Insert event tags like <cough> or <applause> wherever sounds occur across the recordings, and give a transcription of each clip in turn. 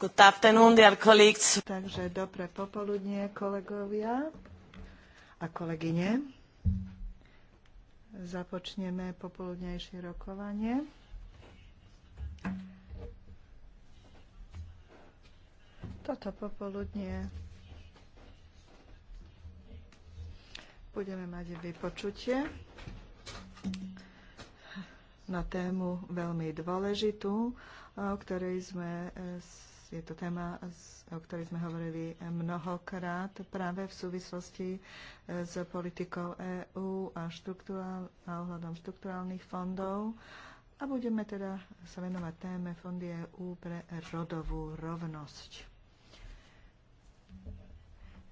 Good afternoon, dear colleagues. Takže dobré popoludnie, kolegovia a kolegyne. Započneme popoludnejšie rokovanie. Toto popoludnie budeme mať vypočutie na tému veľmi dôležitú, o ktorej sme s je to téma, o ktorej sme hovorili mnohokrát práve v súvislosti e, s politikou EÚ a, štruktúral, a ohľadom štrukturálnych fondov. A budeme teda sa venovať téme Fondy EÚ pre rodovú rovnosť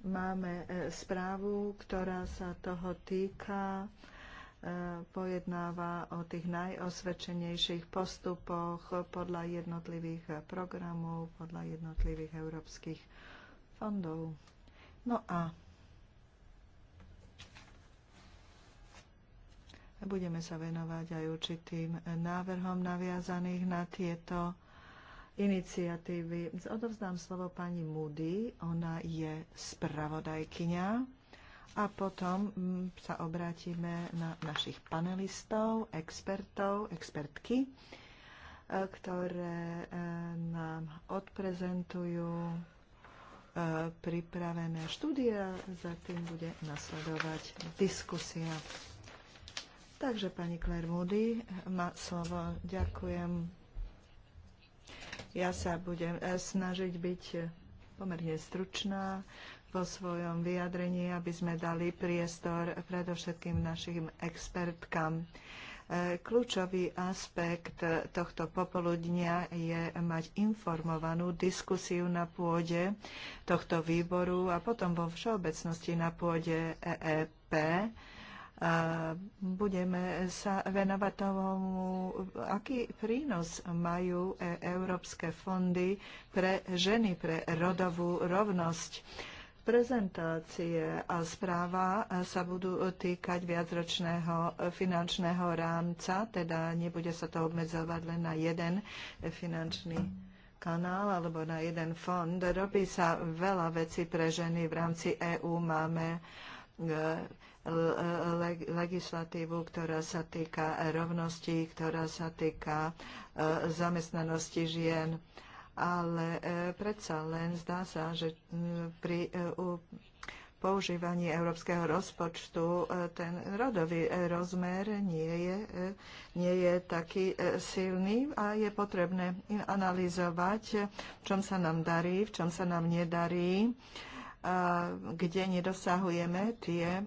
máme e, správu, ktorá sa toho týka pojednáva o tých najosvedčenejších postupoch podľa jednotlivých programov, podľa jednotlivých európskych fondov. No a budeme sa venovať aj určitým návrhom naviazaných na tieto iniciatívy. Odovzdám slovo pani Moody, ona je spravodajkyňa a potom mm, sa obrátime na našich panelistov, expertov, expertky, e, ktoré e, nám odprezentujú e, pripravené štúdia, za tým bude nasledovať diskusia. Takže pani Claire Moody má slovo. Ďakujem. Ja sa budem snažiť byť pomerne stručná vo svojom vyjadrení, aby sme dali priestor predovšetkým našim expertkám. E, kľúčový aspekt tohto popoludnia je mať informovanú diskusiu na pôde tohto výboru a potom vo všeobecnosti na pôde EEP. E, budeme sa venovať tomu, aký prínos majú e, európske fondy pre ženy, pre rodovú rovnosť prezentácie a správa sa budú týkať viacročného finančného rámca, teda nebude sa to obmedzovať len na jeden finančný kanál alebo na jeden fond. Robí sa veľa vecí pre ženy. V rámci EÚ máme e, legislatívu, ktorá sa týka rovnosti, ktorá sa týka e, zamestnanosti žien ale e, predsa len zdá sa, že e, pri e, používaní európskeho rozpočtu ten rodový rozmer nie je, nie je taký silný a je potrebné analyzovať, v čom sa nám darí, v čom sa nám nedarí, kde nedosahujeme tie,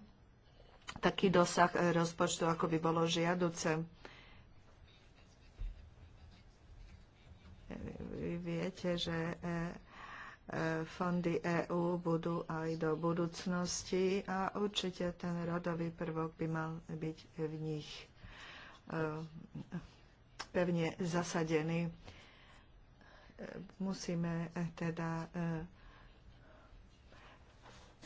taký dosah rozpočtu, ako by bolo žiaduce viete, že e, e, fondy EÚ budú aj do budúcnosti a určite ten rodový prvok by mal byť v nich e, pevne zasadený. Musíme teda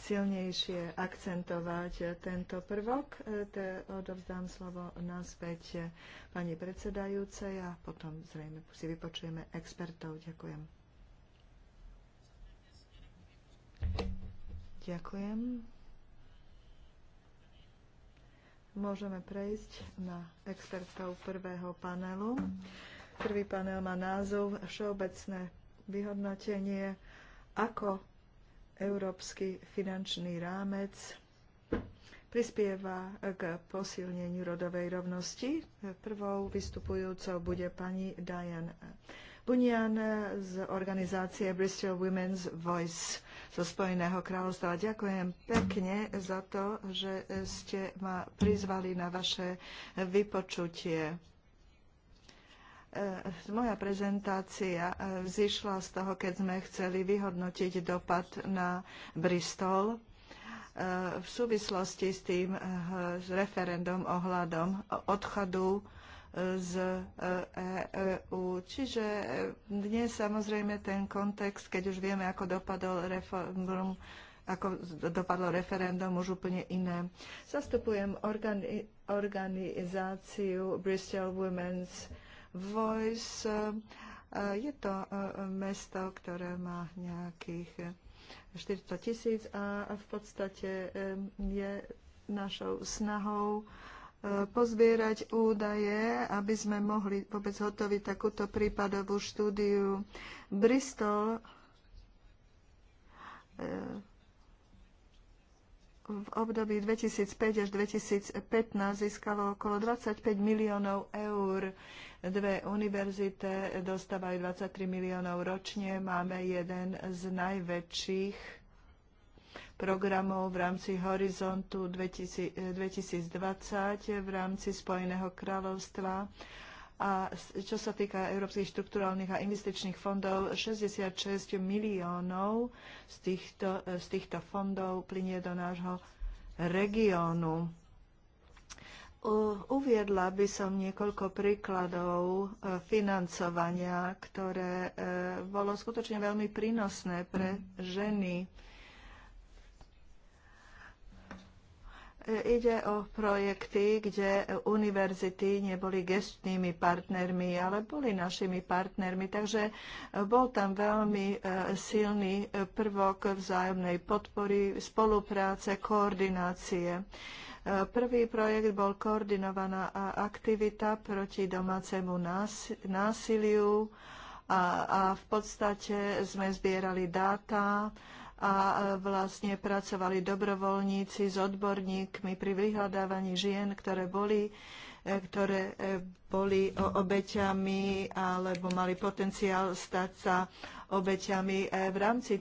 silnejšie akcentovať tento prvok. E, te odovzdám slovo naspäť pani predsedajúcej a potom zrejme si vypočujeme expertov. Ďakujem. Ďakujem. Môžeme prejsť na expertov prvého panelu. Prvý panel má názov Všeobecné vyhodnotenie, ako Európsky finančný rámec prispieva k posilneniu rodovej rovnosti. Prvou vystupujúcou bude pani Diane Bunian z organizácie Bristol Women's Voice zo Spojeného kráľovstva. Ďakujem pekne za to, že ste ma prizvali na vaše vypočutie E, moja prezentácia vzýšla e, z toho, keď sme chceli vyhodnotiť dopad na Bristol e, v súvislosti s tým s referendum ohľadom odchodu z EU. Čiže dnes samozrejme ten kontext, keď už vieme, ako dopadol reform, ako dopadlo referendum, už úplne iné. Zastupujem organi- organizáciu Bristol Women's Voice. E, je to e, mesto, ktoré má nejakých 400 e, tisíc a v podstate je našou snahou pozbierať údaje, aby sme mohli vôbec hotoviť takúto prípadovú štúdiu. Bristol v období 2005 až 2015 získalo okolo 25 miliónov eur. Dve univerzite dostávajú 23 miliónov ročne. Máme jeden z najväčších programov v rámci Horizontu 2020 v rámci Spojeného kráľovstva. A čo sa týka európskych štrukturálnych a investičných fondov, 66 miliónov z týchto, z týchto fondov plinie do nášho regiónu Uviedla by som niekoľko príkladov e, financovania, ktoré e, bolo skutočne veľmi prínosné pre ženy. E, ide o projekty, kde univerzity neboli gestnými partnermi, ale boli našimi partnermi. Takže bol tam veľmi silný prvok vzájomnej podpory, spolupráce, koordinácie. Prvý projekt bol koordinovaná aktivita proti domácemu násiliu a, a v podstate sme zbierali dáta a vlastne pracovali dobrovoľníci s odborníkmi pri vyhľadávaní žien, ktoré boli eh, ktoré eh, boli obeťami alebo mali potenciál stať sa obeťami. E, v rámci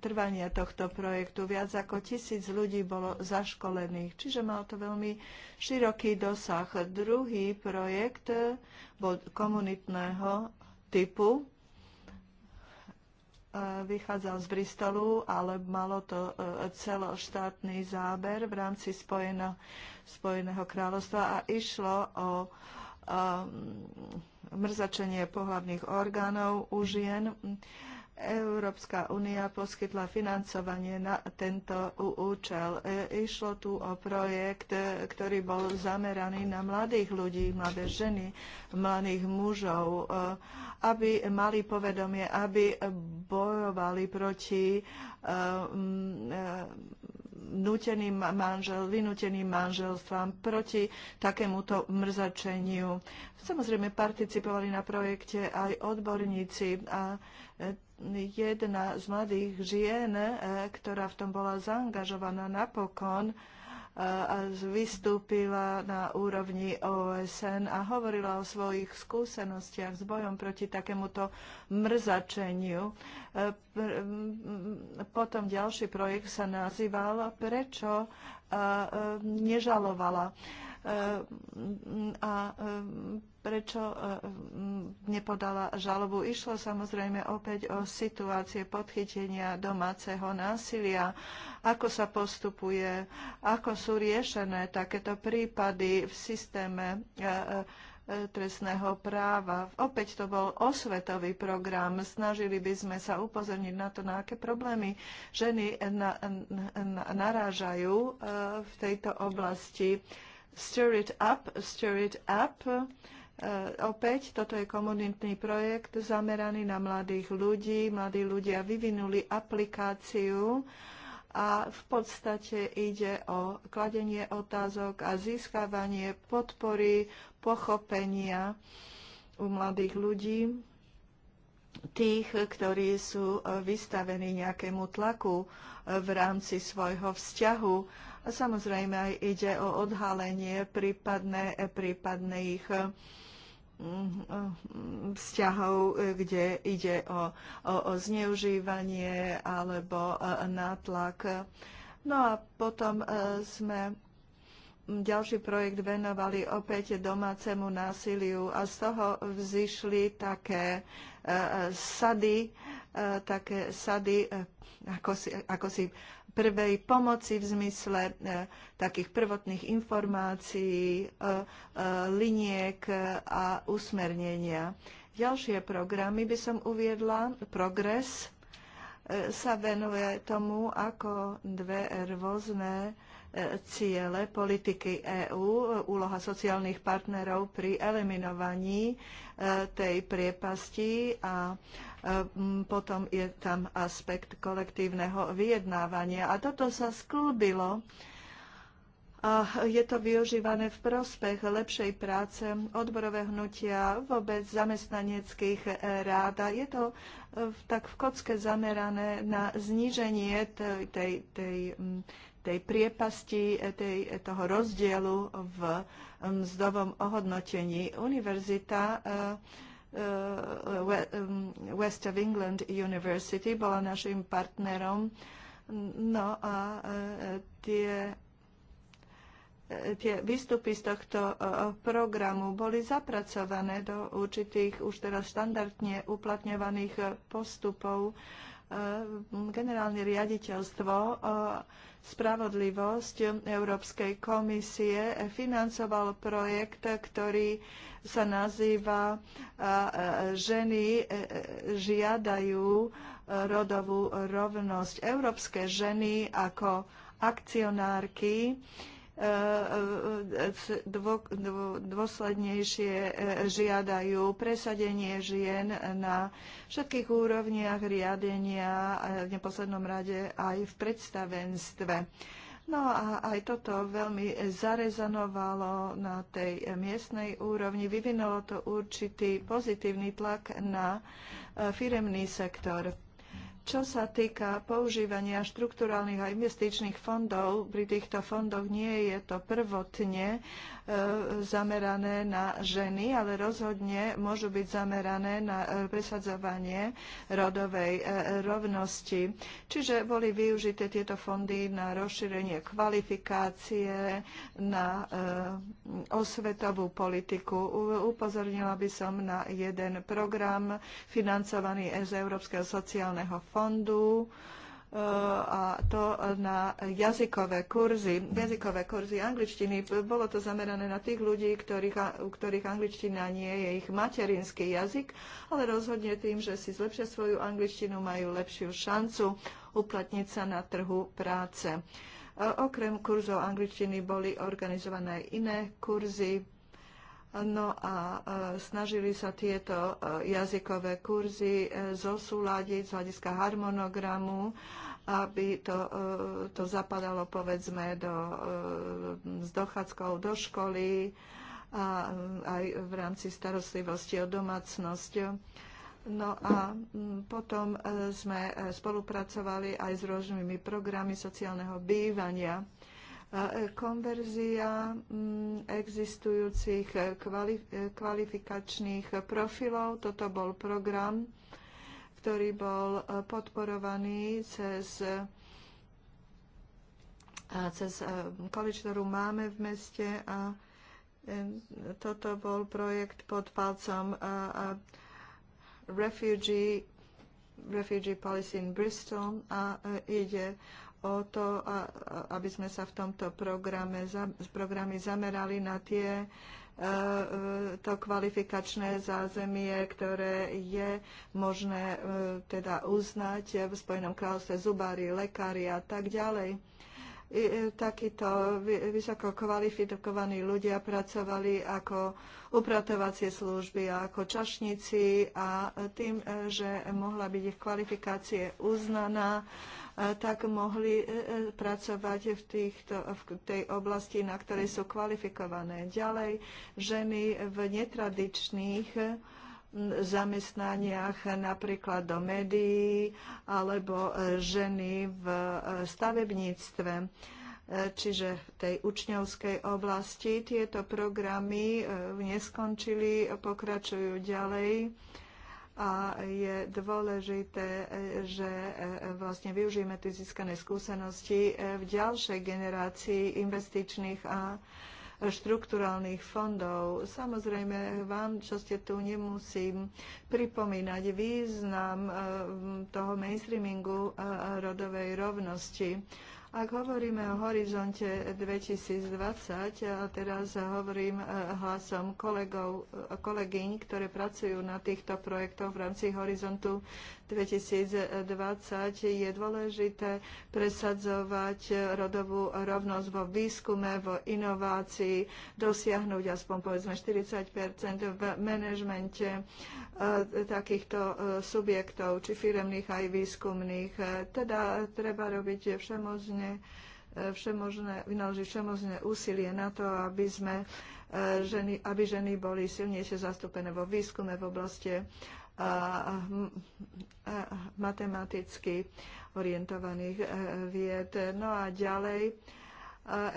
trvania tohto projektu viac ako tisíc ľudí bolo zaškolených, čiže mal to veľmi široký dosah. Druhý projekt e, bol komunitného typu, e, vychádzal z Bristolu, ale malo to celoštátny záber v rámci Spojeného, Spojeného kráľovstva a išlo o, o mrzačenie pohlavných orgánov u žien. Európska únia poskytla financovanie na tento účel. E, išlo tu o projekt, ktorý bol zameraný na mladých ľudí, mladé ženy, mladých mužov, e, aby mali povedomie, aby bojovali proti e, nuteným manžel, vynuteným manželstvám, proti takémuto mrzačeniu. Samozrejme participovali na projekte aj odborníci a e, jedna z mladých žien, e, ktorá v tom bola zaangažovaná napokon, e, vystúpila na úrovni OSN a hovorila o svojich skúsenostiach s bojom proti takémuto mrzačeniu. Potom ďalší projekt sa nazýval Prečo e, e, nežalovala e, a prečo nepodala žalobu. Išlo samozrejme opäť o situácie podchytenia domáceho násilia, ako sa postupuje, ako sú riešené takéto prípady v systéme E, trestného práva. Opäť to bol osvetový program. Snažili by sme sa upozorniť na to, na aké problémy ženy na, na, narážajú e, v tejto oblasti. Stir it up, stir it up. E, opäť, toto je komunitný projekt zameraný na mladých ľudí. Mladí ľudia vyvinuli aplikáciu, a v podstate ide o kladenie otázok a získavanie podpory, pochopenia u mladých ľudí, tých, ktorí sú e, vystavení nejakému tlaku e, v rámci svojho vzťahu. A samozrejme aj ide o odhalenie prípadné e, prípadných vzťahov, kde ide o, o, o zneužívanie alebo e, nátlak. No a potom e, sme ďalší projekt venovali opäť domácemu násiliu a z toho vzýšli také e, sady, také sady, ako si, ako si prvej pomoci v zmysle e, takých prvotných informácií, e, e, liniek a usmernenia. Ďalšie programy by som uviedla. Progres sa venuje tomu, ako dve rôzne ciele politiky EÚ, úloha sociálnych partnerov pri eliminovaní tej priepasti a Ehm, potom je tam aspekt kolektívneho vyjednávania. A toto sa sklbilo a je to využívané v prospech lepšej práce odborové hnutia, vôbec zamestnaneckých e, rád. A je to e, tak v kocke zamerané na zníženie tej, tej, tej priepasti, e, tej, toho rozdielu v mzdovom ohodnotení. Univerzita uh, Uh, um, West of England University, bola našim partnerom. No a uh, tie uh, tie výstupy z tohto programu boli zapracované do určitých už teraz štandardne uplatňovaných postupov generálne riaditeľstvo Spravodlivosť Európskej komisie financoval projekt, ktorý sa nazýva Ženy e, e, žiadajú rodovú rovnosť. Európske ženy ako akcionárky dôslednejšie eh, žiadajú presadenie žien na všetkých úrovniach riadenia, eh, v neposlednom rade aj v predstavenstve. No a aj toto veľmi zarezanovalo na tej miestnej úrovni. Vyvinulo to určitý pozitívny tlak na eh, firemný sektor. Čo sa týka používania štrukturálnych a investičných fondov, pri týchto fondoch nie je to prvotne e, zamerané na ženy, ale rozhodne môžu byť zamerané na e, presadzovanie rodovej e, rovnosti. Čiže boli využité tieto fondy na rozšírenie kvalifikácie, na osvetovú politiku. Upozornila by som na jeden program financovaný z Európskeho sociálneho fondu fondu eh, a to na jazykové kurzy, jazykové kurzy angličtiny. Bolo to zamerané na tých ľudí, ktorých, u ktorých angličtina nie je ich materinský jazyk, ale rozhodne tým, že si zlepšia svoju angličtinu, majú lepšiu šancu uplatniť sa na trhu práce. Eh, okrem kurzov angličtiny boli organizované iné kurzy No a e, snažili sa tieto e, jazykové kurzy e, zosúľadiť z hľadiska harmonogramu, aby to, to zapadalo povedzme do, s dochádzkou do školy a aj v rámci starostlivosti o domácnosť. No a potom sme spolupracovali aj s rôznymi programy sociálneho bývania E, konverzia mm, existujúcich e, e, kvalifikačných profilov. Toto bol program, ktorý bol podporovaný cez cez college, ktorú máme v meste a toto bol projekt pod palcom Refugee, Refugee Policy in Bristol a ide o to, aby sme sa v tomto programe, programy zamerali na tie e, e, to kvalifikačné zázemie, ktoré je možné e, teda uznať v Spojenom kráľovstve zubári, lekári a tak ďalej. E, takíto vysoko kvalifikovaní ľudia pracovali ako upratovacie služby, ako čašníci a tým, e, že mohla byť ich kvalifikácie uznaná, e, tak mohli pracovať v, týchto, v tej oblasti, na ktorej sú kvalifikované. Ďalej, ženy v netradičných zamestnaniach, napríklad do médií alebo e, ženy v e, stavebníctve. E, čiže v tej učňovskej oblasti tieto programy neskončili, pokračujú ďalej a je dôležité, že vlastne využijeme tie získané skúsenosti v ďalšej generácii investičných a štrukturálnych fondov. Samozrejme, vám, čo ste tu, nemusím pripomínať význam eh, toho mainstreamingu eh, rodovej rovnosti. Ak hovoríme o horizonte 2020, a teraz hovorím eh, hlasom kolegov, kolegyň, ktoré pracujú na týchto projektoch v rámci horizontu 2020 je dôležité presadzovať rodovú rovnosť vo výskume, vo inovácii, dosiahnuť aspoň povedzme 40 v manažmente e, takýchto e, subjektov, či firemných aj výskumných. E, teda treba robiť všemožne všemožné, vynaložiť všemožné úsilie na to, aby, sme, ženy, aby ženy boli silnejšie zastúpené vo výskume v oblasti a matematicky orientovaných e, vied. No a ďalej, e,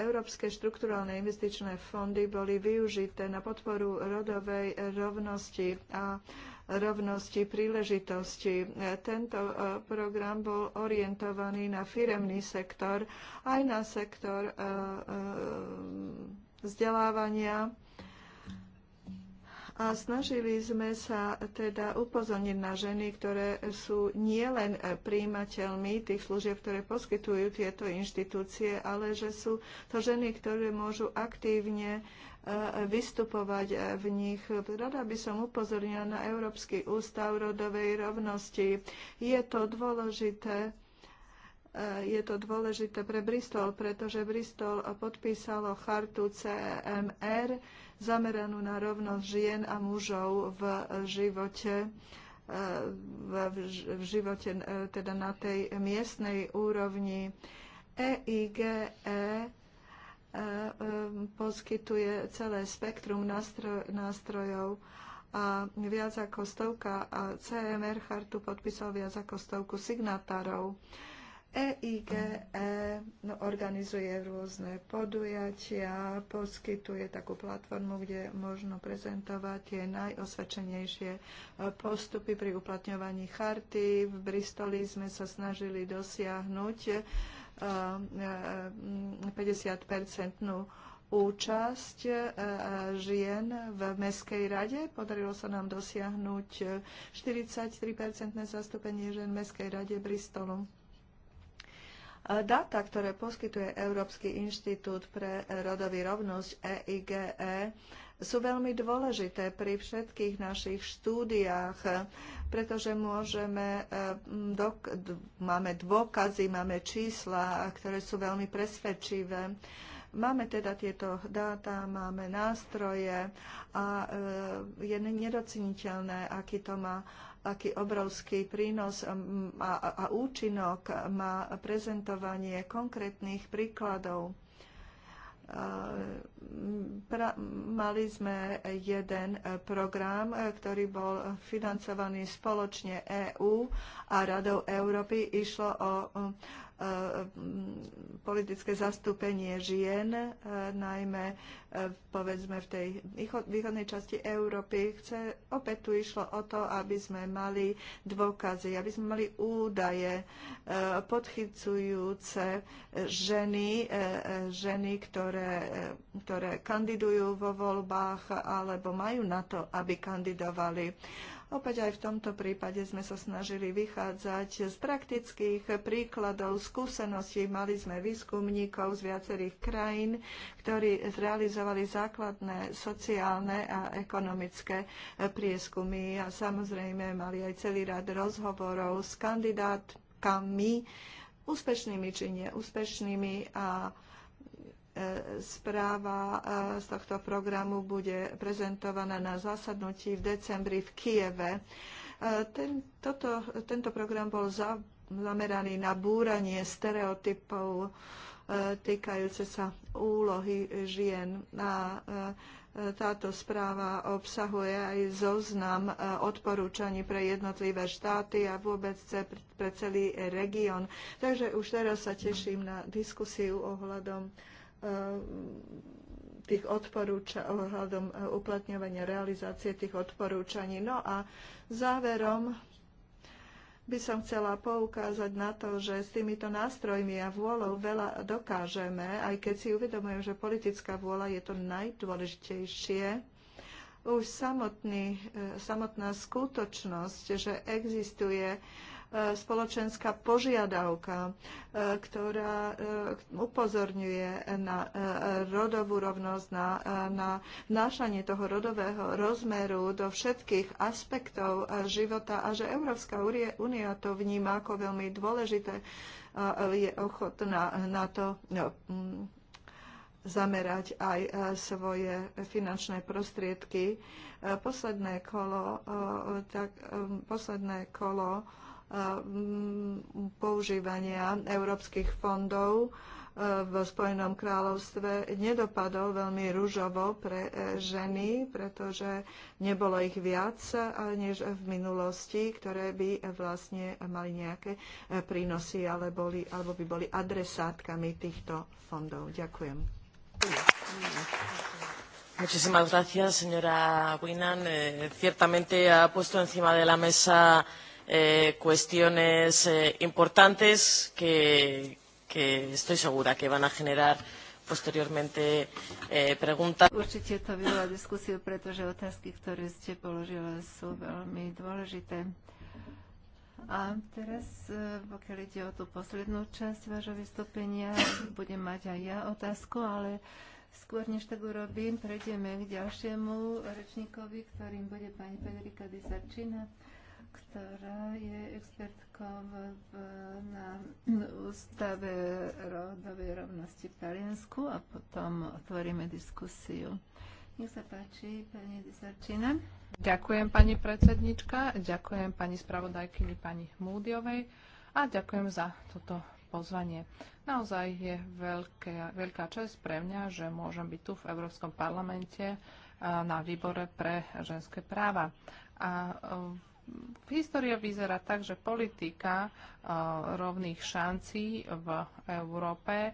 Európske štrukturálne investičné fondy boli využité na podporu rodovej rovnosti a rovnosti príležitosti. E, tento program bol orientovaný na firemný sektor, aj na sektor vzdelávania a snažili sme sa teda upozorniť na ženy, ktoré sú nielen príjimateľmi tých služieb, ktoré poskytujú tieto inštitúcie, ale že sú to ženy, ktoré môžu aktívne e, vystupovať e, v nich. Rada by som upozornila na Európsky ústav rodovej rovnosti. Je to dôležité e, je to dôležité pre Bristol, pretože Bristol podpísalo chartu CMR, zameranú na rovnosť žien a mužov v živote e, v živote e, teda na tej miestnej úrovni. EIGE e, poskytuje celé spektrum nástroj, nástrojov a viac ako stovka a CMR chartu podpísal viac ako stovku signatárov. EIGE e, no, organizuje rôzne podujatia, poskytuje takú platformu, kde možno prezentovať tie najosvedčenejšie e, postupy pri uplatňovaní charty. V Bristoli sme sa snažili dosiahnuť 50-percentnú e, účasť žien v Mestskej rade. Podarilo sa nám dosiahnuť 43-percentné zastúpenie žien v Mestskej rade Bristolu Data, ktoré poskytuje Európsky inštitút pre rodový rovnosť EIGE, e, sú veľmi dôležité pri všetkých našich štúdiách, pretože môžeme, eh, dok- máme dôkazy, máme čísla, ktoré sú veľmi presvedčivé. Máme teda tieto dáta, máme nástroje a eh, je nedoceniteľné, aký to má aký obrovský prínos um, a, a účinok má prezentovanie konkrétnych príkladov. Uh, pra, mali sme jeden uh, program, uh, ktorý bol financovaný spoločne EÚ a Radou Európy. Išlo o um, Eh, politické zastúpenie žien, eh, najmä eh, povedzme v tej východnej časti Európy. Chce, opäť tu išlo o to, aby sme mali dôkazy, aby sme mali údaje podchycujúce ženy, ženy, ktoré, ktoré kandidujú vo voľbách alebo majú na to, aby kandidovali. Opäť aj v tomto prípade sme sa snažili vychádzať z praktických príkladov, skúseností. Mali sme výskumníkov z viacerých krajín, ktorí zrealizovali základné sociálne a ekonomické prieskumy a samozrejme mali aj celý rad rozhovorov s kandidátkami, úspešnými či neúspešnými a E, správa e, z tohto programu bude prezentovaná na zasadnutí v decembri v Kieve. E, ten, toto, tento program bol za, zameraný na búranie stereotypov týkajúce sa úlohy žien. A táto správa obsahuje aj zoznam odporúčaní pre jednotlivé štáty a vôbec pre celý región. Takže už teraz sa teším na diskusiu ohľadom Eh, tých odporúča- ohľadom eh, uplatňovania realizácie tých odporúčaní. No a záverom by som chcela poukázať na to, že s týmito nástrojmi a vôľou veľa dokážeme, aj keď si uvedomujem, že politická vôľa je to najdôležitejšie. Už samotný, eh, samotná skutočnosť, že existuje E, spoločenská požiadavka, e, ktorá e, upozorňuje na rodovú rovnosť, na, na vnášanie toho rodového rozmeru do všetkých aspektov života a že Európska únia to vníma ako veľmi dôležité je ochotná na to no, mm, zamerať aj svoje finančné prostriedky. Posledné kolo, tak, posledné kolo Mm, používania európskych fondov e, v Spojenom kráľovstve nedopadol veľmi rúžovo pre e, ženy, pretože nebolo ich viac e, než v minulosti, ktoré by vlastne mali nejaké prínosy ale boli, alebo by boli adresátkami týchto fondov. Ďakujem. Muchísimas gracias, señora Winan. Eh, ciertamente ha puesto encima de la mesa eh, cuestiones eh, importantes que, que estoy segura que van a generar posteriormente eh, preguntas. Určite to vyvolá diskusiu, pretože otázky, ktoré ste položila, sú veľmi dôležité. A teraz, eh, pokiaľ ide o tú poslednú časť vášho vystúpenia, budem mať aj ja otázku, ale skôr než tak urobím, prejdeme k ďalšiemu rečníkovi, ktorým bude pani Federika Disarčina ktorá je expertkou v, na ústave rodovej rovnosti v Taliansku a potom otvoríme diskusiu. Nech sa páči, pani Sarčina. Ďakujem pani predsednička, ďakujem pani spravodajkyni pani Múdiovej a ďakujem za toto pozvanie. Naozaj je veľké, veľká čest pre mňa, že môžem byť tu v Európskom parlamente na výbore pre ženské práva. A História vyzerá tak, že politika e, rovných šancí v Európe e,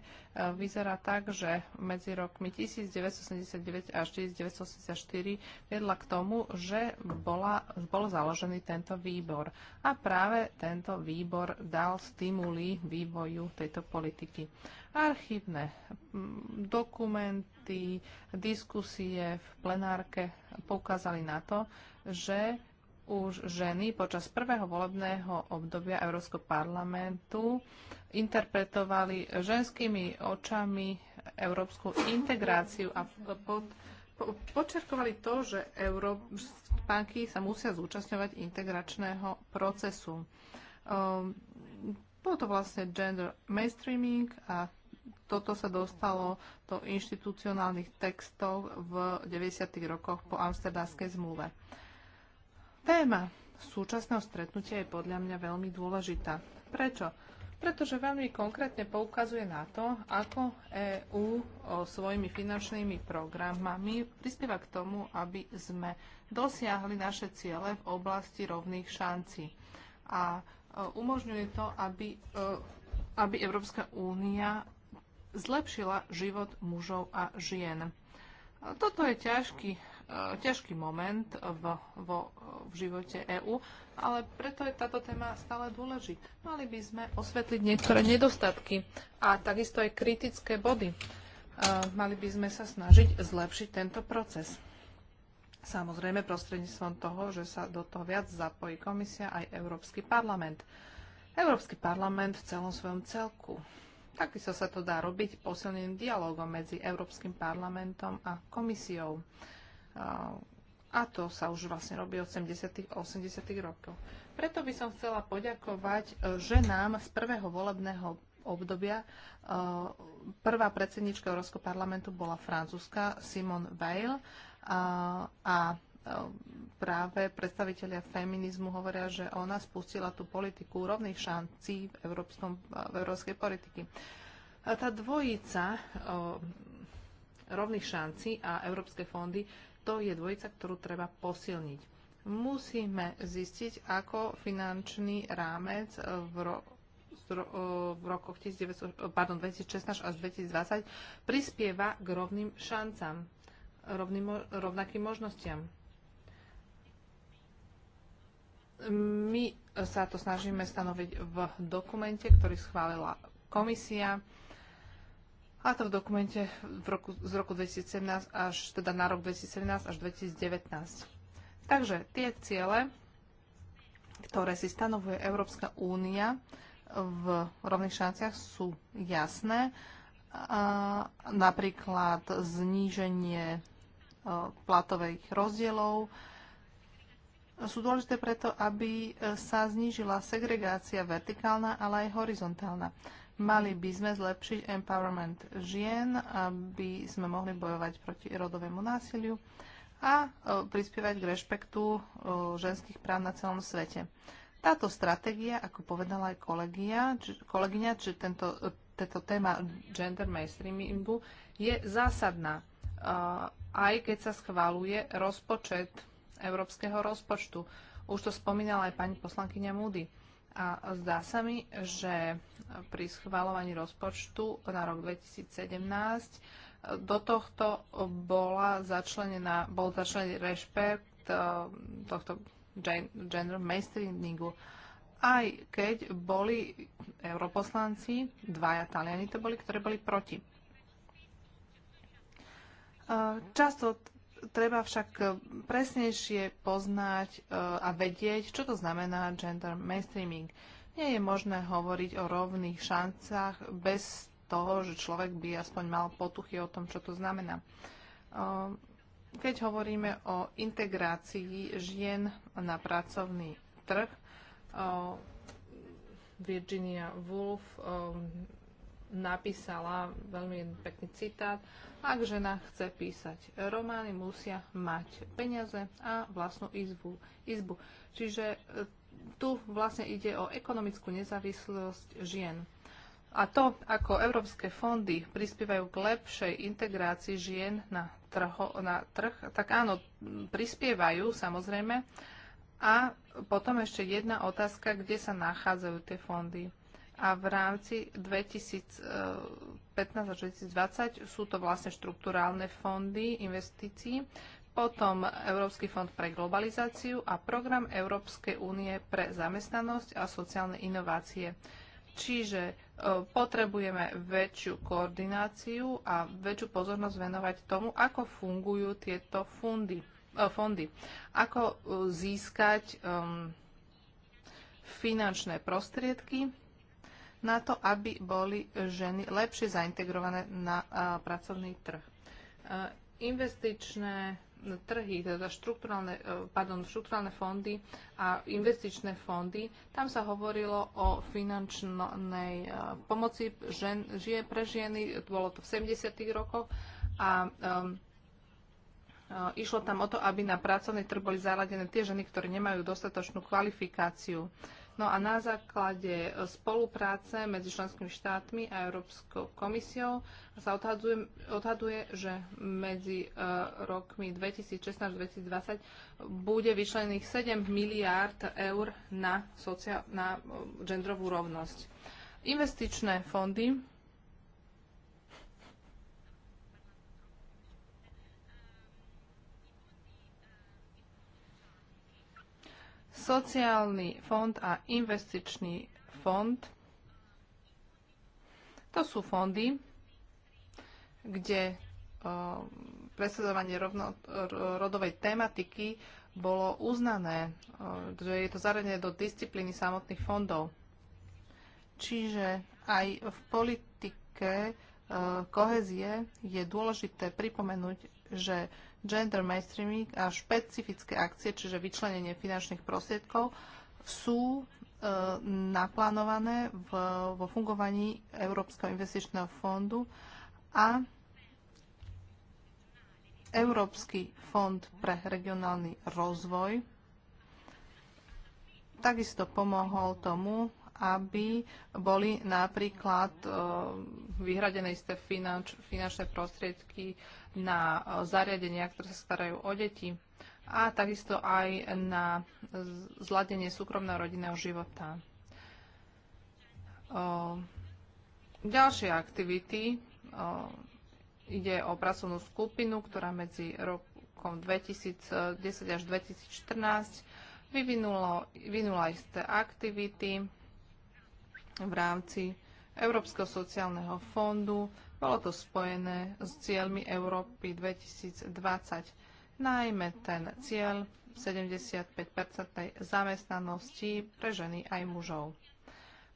vyzerá tak, že medzi rokmi 1979 až 1984 viedla k tomu, že bola, bol založený tento výbor. A práve tento výbor dal stimuly vývoju tejto politiky. Archívne dokumenty, diskusie v plenárke poukázali na to, že už ženy počas prvého volebného obdobia Európskeho parlamentu interpretovali ženskými očami európsku integráciu a pod, po, počerkovali to, že európsky sa musia zúčastňovať integračného procesu. Um, bolo to vlastne gender mainstreaming a toto sa dostalo do inštitucionálnych textov v 90. rokoch po Amsterdamskej zmluve. Téma súčasného stretnutia je podľa mňa veľmi dôležitá. Prečo? Pretože veľmi konkrétne poukazuje na to, ako EÚ svojimi finančnými programami prispieva k tomu, aby sme dosiahli naše ciele v oblasti rovných šancí. A e, umožňuje to, aby, e, aby Európska únia zlepšila život mužov a žien. Toto je ťažký ťažký moment v, vo, v živote EÚ, ale preto je táto téma stále dôležitá. Mali by sme osvetliť niektoré nedostatky a takisto aj kritické body. Mali by sme sa snažiť zlepšiť tento proces. Samozrejme prostredníctvom toho, že sa do toho viac zapojí komisia aj Európsky parlament. Európsky parlament v celom svojom celku. Takisto sa to dá robiť posilneným dialogom medzi Európskym parlamentom a komisiou. A to sa už vlastne robí od 70. 80. rokov. Preto by som chcela poďakovať e, nám z prvého volebného obdobia. E, prvá predsednička Európskeho parlamentu bola francúzska Simone Weil a, a e, práve predstavitelia feminizmu hovoria, že ona spustila tú politiku rovných šancí v, európskom, v európskej politiky. Tá dvojica rovných šancí a európske fondy to je dvojica, ktorú treba posilniť. Musíme zistiť, ako finančný rámec v, ro- e, v rokoch 19- e, pardon, 2016 až 2020 prispieva k rovným šancam, rovným, rovnakým možnostiam my sa to snažíme stanoviť v dokumente, ktorý schválila komisia a to v dokumente v roku, z roku 2017 až, teda na rok 2017 až 2019. Takže tie ciele, ktoré si stanovuje Európska únia v rovných šanciach sú jasné. A napríklad zníženie e, platových rozdielov sú dôležité preto, aby sa znížila segregácia vertikálna, ale aj horizontálna. Mali by sme zlepšiť empowerment žien, aby sme mohli bojovať proti rodovému násiliu a e, prispievať k rešpektu e, ženských práv na celom svete. Táto stratégia, ako povedala aj kolegia, či, kolegyňa, či tento, e, tento téma gender mainstreamingu je zásadná, aj keď sa schváluje rozpočet európskeho rozpočtu. Už to spomínala aj pani poslankyňa Moody. A zdá sa mi, že pri schvalovaní rozpočtu na rok 2017 do tohto bola začlenená, bol začlenený rešpekt e, tohto gender mainstreamingu. Aj keď boli europoslanci, dvaja Taliani to boli, ktorí boli proti. E, často Treba však e, presnejšie poznať e, a vedieť, čo to znamená gender mainstreaming. Nie je možné hovoriť o rovných šancách bez toho, že človek by aspoň mal potuchy o tom, čo to znamená. E, keď hovoríme o integrácii žien na pracovný trh, Virginia Woolf napísala veľmi pekný citát. Ak žena chce písať romány, musia mať peniaze a vlastnú izbu. izbu. Čiže e, tu vlastne ide o ekonomickú nezávislosť žien. A to, ako európske fondy prispievajú k lepšej integrácii žien na, trho, na trh, tak áno, prispievajú samozrejme. A potom ešte jedna otázka, kde sa nachádzajú tie fondy a v rámci 2015 až 2020 sú to vlastne štruktúrálne fondy investícií, potom Európsky fond pre globalizáciu a program Európskej únie pre zamestnanosť a sociálne inovácie. Čiže eh, potrebujeme väčšiu koordináciu a väčšiu pozornosť venovať tomu, ako fungujú tieto fundy, eh, fondy. Ako eh, získať ehm, finančné prostriedky na to, aby boli ženy lepšie zaintegrované na pracovný trh. Investičné trhy, teda štruktúralne, e, pardon, štruktúralne fondy a investičné fondy. Tam sa hovorilo o finančnej e, pomoci žen, žije pre ženy, bolo to v 70. rokoch a um, Išlo tam o to, aby na pracovný trh boli zaradené tie ženy, ktoré nemajú dostatočnú kvalifikáciu. No a na základe e, spolupráce medzi členskými štátmi a Európskou komisiou sa odhaduje, odhaduje že medzi e, rokmi 2016-2020 bude vyčlených 7 miliárd eur na, sociál, na e, genderovú rovnosť. Investičné fondy Sociálny fond a investičný fond to sú fondy, kde presadzovanie rodovej tematiky bolo uznané, že je to zaradené do disciplíny samotných fondov. Čiže aj v politike kohezie je dôležité pripomenúť, že gender mainstreaming a špecifické akcie, čiže vyčlenenie finančných prostriedkov, sú e, naplánované v, vo fungovaní Európskeho investičného fondu a Európsky fond pre regionálny rozvoj takisto pomohol tomu, aby boli napríklad e, vyhradené isté finanč, finančné prostriedky na e, zariadenia, ktoré sa starajú o deti a takisto aj na zladenie súkromného rodinného života. E, ďalšie aktivity. Ide o pracovnú skupinu, ktorá medzi rokom 2010 až 2014 vyvinula isté aktivity v rámci Európskeho sociálneho fondu. Bolo to spojené s cieľmi Európy 2020, najmä ten cieľ 75-percentnej zamestnanosti pre ženy aj mužov.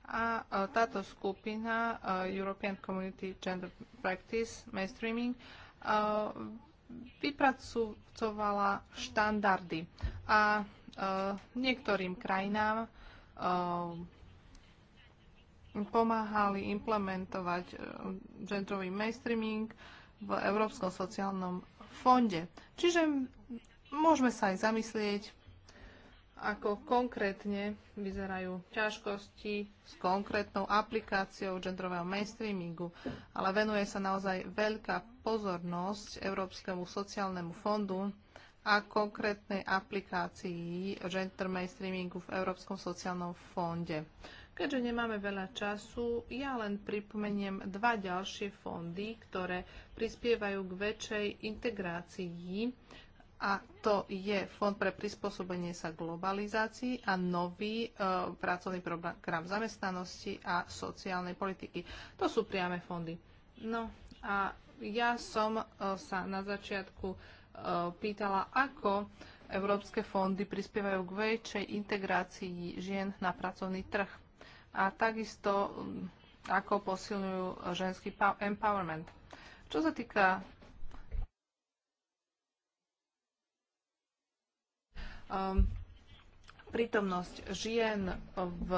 A e, táto skupina e, European Community Gender Practice Mainstreaming e, vypracovala štandardy a niektorým krajinám pomáhali implementovať e, genderový mainstreaming v Európskom sociálnom fonde. Čiže môžeme sa aj zamyslieť, ako konkrétne vyzerajú ťažkosti s konkrétnou aplikáciou genderového mainstreamingu, ale venuje sa naozaj veľká pozornosť Európskemu sociálnemu fondu a konkrétnej aplikácii gender mainstreamingu v Európskom sociálnom fonde. Keďže nemáme veľa času, ja len pripomeniem dva ďalšie fondy, ktoré prispievajú k väčšej integrácii a to je Fond pre prispôsobenie sa globalizácii a nový e, pracovný program zamestnanosti a sociálnej politiky. To sú priame fondy. No a ja som e, sa na začiatku e, pýtala, ako európske fondy prispievajú k väčšej integrácii žien na pracovný trh a takisto mm, ako posilňujú ženský empowerment. Čo sa týka um, prítomnosť žien v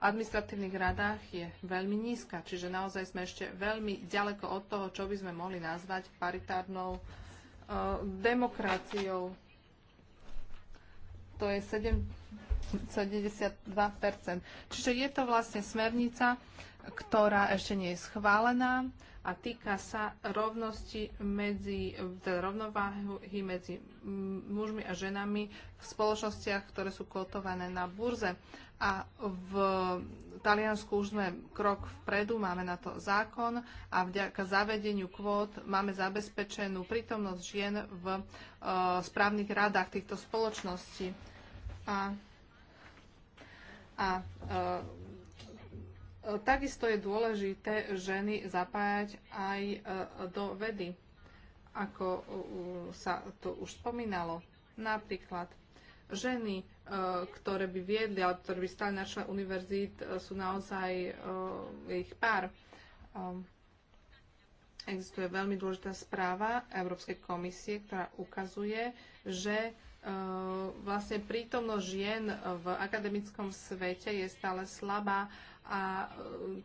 administratívnych radách je veľmi nízka, čiže naozaj sme ešte veľmi ďaleko od toho, čo by sme mohli nazvať paritárnou uh, demokraciou to je 72%. Čiže je to vlastne smernica, ktorá ešte nie je schválená, a týka sa rovnosti medzi, teda rovnováhy medzi mužmi a ženami v spoločnostiach, ktoré sú kotované na burze. A v Taliansku už sme krok vpredu, máme na to zákon a vďaka zavedeniu kvót máme zabezpečenú prítomnosť žien v uh, správnych radách týchto spoločností. A, a uh, E, takisto je dôležité ženy zapájať aj e, do vedy, ako sa to už spomínalo. Napríklad ženy, e, ktoré by viedli, alebo ktoré by stali na čele univerzít, sú naozaj ich pár. Existuje veľmi dôležitá správa Európskej komisie, ktorá ukazuje, že vlastne prítomnosť žien v akademickom svete je stále slabá a e,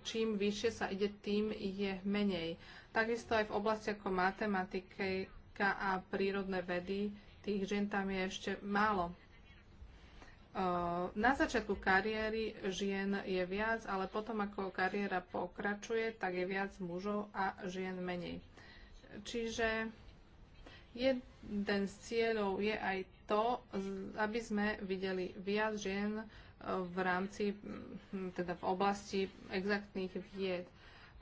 čím vyššie sa ide, tým je menej. Takisto aj v oblasti ako matematika a prírodné vedy tých žien tam je ešte málo. E, na začiatku kariéry žien je viac, ale potom ako kariéra pokračuje, tak je viac mužov a žien menej. Čiže jeden z cieľov je aj to, aby sme videli viac žien v rámci, hm, teda v oblasti exaktných vied.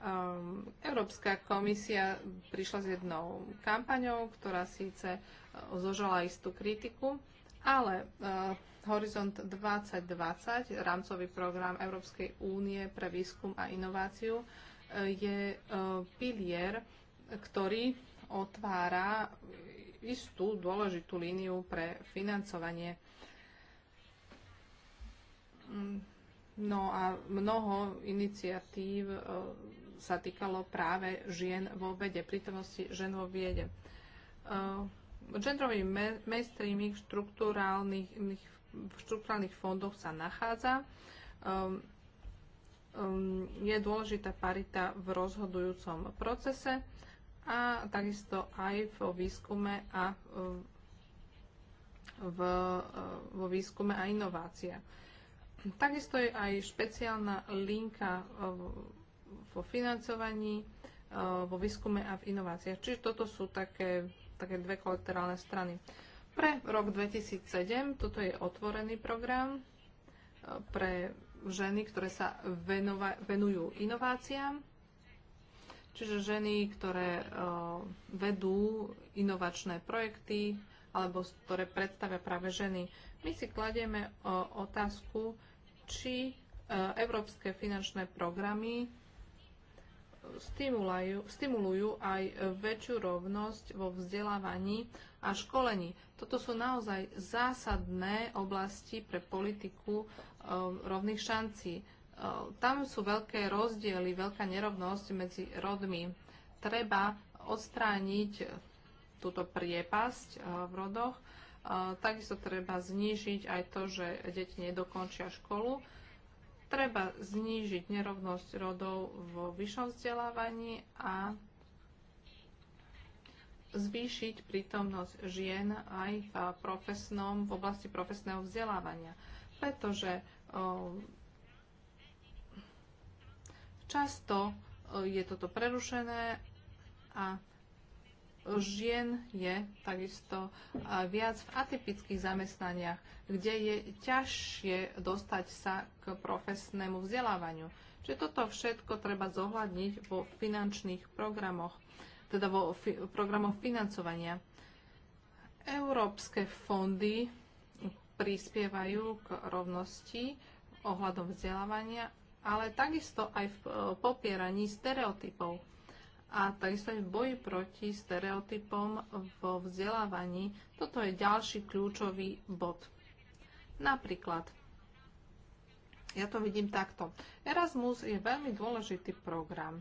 Ehm, Európska komisia prišla s jednou kampaňou, ktorá síce e, zožala istú kritiku, ale e, Horizont 2020, rámcový program Európskej únie pre výskum a inováciu, e, je pilier, ktorý otvára istú dôležitú líniu pre financovanie Mm, no a mnoho iniciatív e, sa týkalo práve žien vo vede, prítomnosti žien vo viede. E, genderový mainstreaming štruktúrálnych, v štruktúrálnych fondoch sa nachádza. E, je dôležitá parita v rozhodujúcom procese a takisto aj vo výskume a v, vo výskume a inováciách. Takisto je aj špeciálna linka eh, vo financovaní, eh, vo výskume a v inováciách. Čiže toto sú také, také dve kolaterálne strany. Pre rok 2007 toto je otvorený program eh, pre ženy, ktoré sa venova, venujú inováciám. Čiže ženy, ktoré vedú inovačné projekty alebo ktoré predstavia práve ženy. My si kladieme otázku, či e, európske finančné programy stimulujú, stimulujú aj väčšiu rovnosť vo vzdelávaní a školení. Toto sú naozaj zásadné oblasti pre politiku e, rovných šancí. E, tam sú veľké rozdiely, veľká nerovnosť medzi rodmi. Treba odstrániť túto priepasť v rodoch Takisto treba znížiť aj to, že deti nedokončia školu. Treba znížiť nerovnosť rodov vo vyššom vzdelávaní a zvýšiť prítomnosť žien aj v, profesnom, v oblasti profesného vzdelávania, pretože často je toto prerušené a žien je takisto viac v atypických zamestnaniach, kde je ťažšie dostať sa k profesnému vzdelávaniu. Čiže toto všetko treba zohľadniť vo finančných programoch, teda vo fi- programoch financovania. Európske fondy prispievajú k rovnosti ohľadom vzdelávania, ale takisto aj v e, popieraní stereotypov a takisto aj v boji proti stereotypom vo vzdelávaní. Toto je ďalší kľúčový bod. Napríklad, ja to vidím takto. Erasmus je veľmi dôležitý program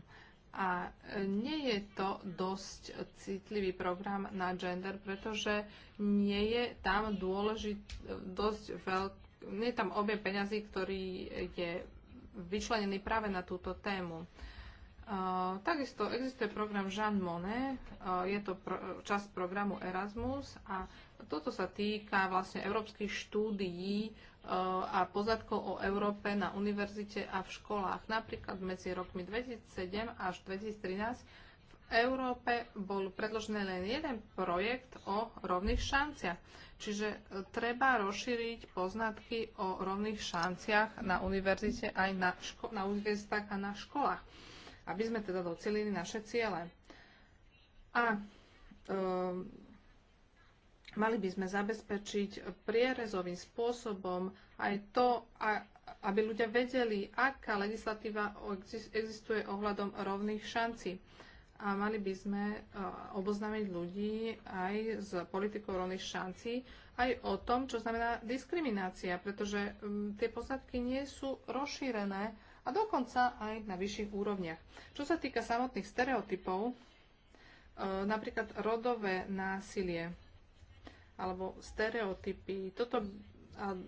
a nie je to dosť citlivý program na gender, pretože nie je tam dôležit, dosť veľk, nie je tam objem peňazí, ktorý je vyčlenený práve na túto tému. Uh, takisto existuje program Jean Monnet, uh, je to pro, časť programu Erasmus a toto sa týka vlastne európskych štúdií uh, a poznatkov o Európe na univerzite a v školách. Napríklad medzi rokmi 2007 až 2013 v Európe bol predložený len jeden projekt o rovných šanciach. Čiže e, treba rozšíriť poznatky o rovných šanciach na univerzite aj na, ško- na univerzitách a na školách aby sme teda docelili naše ciele. A um, mali by sme zabezpečiť prierezovým spôsobom aj to, a, aby ľudia vedeli, aká legislatíva existuje ohľadom rovných šancí. A mali by sme uh, oboznámiť ľudí aj s politikou rovných šancí, aj o tom, čo znamená diskriminácia, pretože um, tie poznatky nie sú rozšírené a dokonca aj na vyšších úrovniach. Čo sa týka samotných stereotypov, e, napríklad rodové násilie alebo stereotypy, toto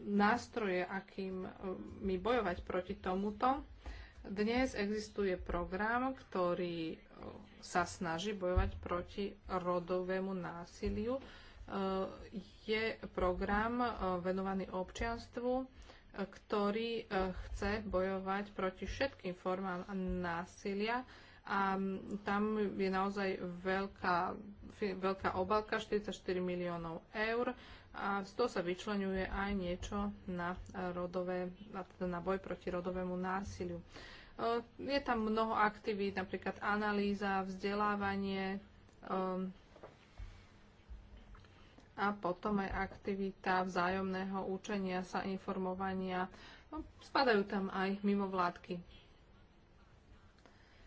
nástroje, e, mi bojovať proti tomuto. Dnes existuje program, ktorý e, sa snaží bojovať proti rodovému násiliu. Je program venovaný občianstvu ktorý e, chce bojovať proti všetkým formám násilia a tam je naozaj veľká, veľká obalka, 44 miliónov eur a z toho sa vyčlenuje aj niečo na, rodové, na boj proti rodovému násiliu. E, je tam mnoho aktivít, napríklad analýza, vzdelávanie, e, a potom aj aktivita vzájomného učenia sa, informovania. No, spadajú tam aj mimovládky.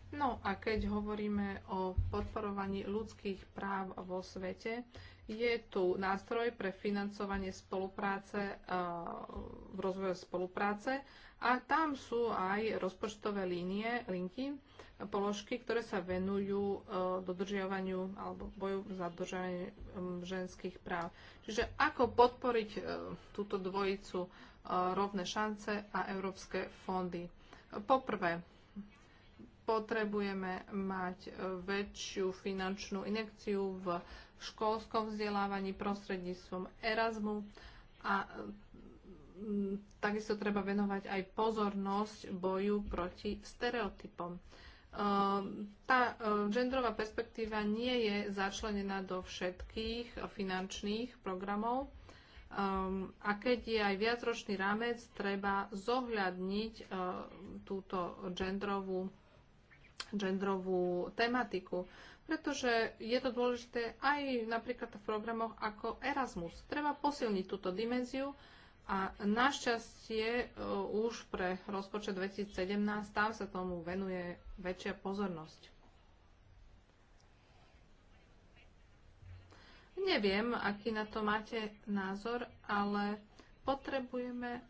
No a keď hovoríme o podporovaní ľudských práv vo svete, je tu nástroj pre financovanie spolupráce, v rozvoju spolupráce a tam sú aj rozpočtové línie, linky, položky, ktoré sa venujú e, dodržiavaniu alebo boju za dodržiavanie ženských práv. Čiže ako podporiť e, túto dvojicu e, rovné šance a európske fondy. Poprvé, potrebujeme mať väčšiu finančnú inekciu v školskom vzdelávaní prostredníctvom Erasmu a Mm, takisto treba venovať aj pozornosť boju proti stereotypom. Ehm, tá ehm, genderová perspektíva nie je začlenená do všetkých finančných programov ehm, a keď je aj viacročný rámec, treba zohľadniť túto genderovú, genderovú tematiku pretože je to dôležité aj napríklad v programoch ako Erasmus. Treba posilniť túto dimenziu a našťastie e, už pre rozpočet 2017 tam sa tomu venuje väčšia pozornosť. Neviem, aký na to máte názor, ale potrebujeme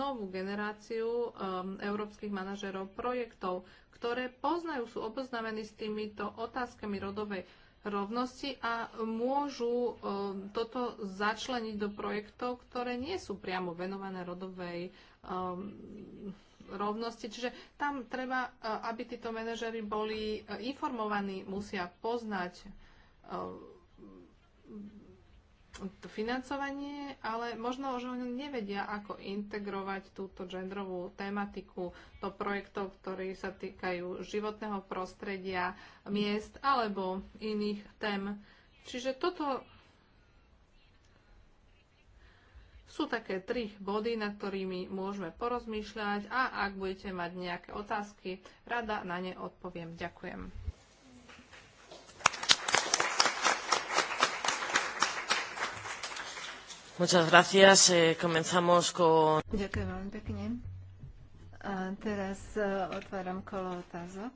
novú generáciu um, európskych manažerov projektov, ktoré poznajú, sú oboznamení s týmito otázkami rodovej rovnosti a môžu um, toto začleniť do projektov, ktoré nie sú priamo venované rodovej um, rovnosti. Čiže tam treba, uh, aby títo manažery boli uh, informovaní, musia poznať uh, to financovanie, ale možno, že oni nevedia, ako integrovať túto genderovú tematiku do projektov, ktorí sa týkajú životného prostredia, miest alebo iných tém. Čiže toto sú také tri body, nad ktorými môžeme porozmýšľať a ak budete mať nejaké otázky, rada na ne odpoviem. Ďakujem. Muchas gracias. Eh, comenzamos con... Ďakujem veľmi pekne. A teraz uh, otváram kolo otázok.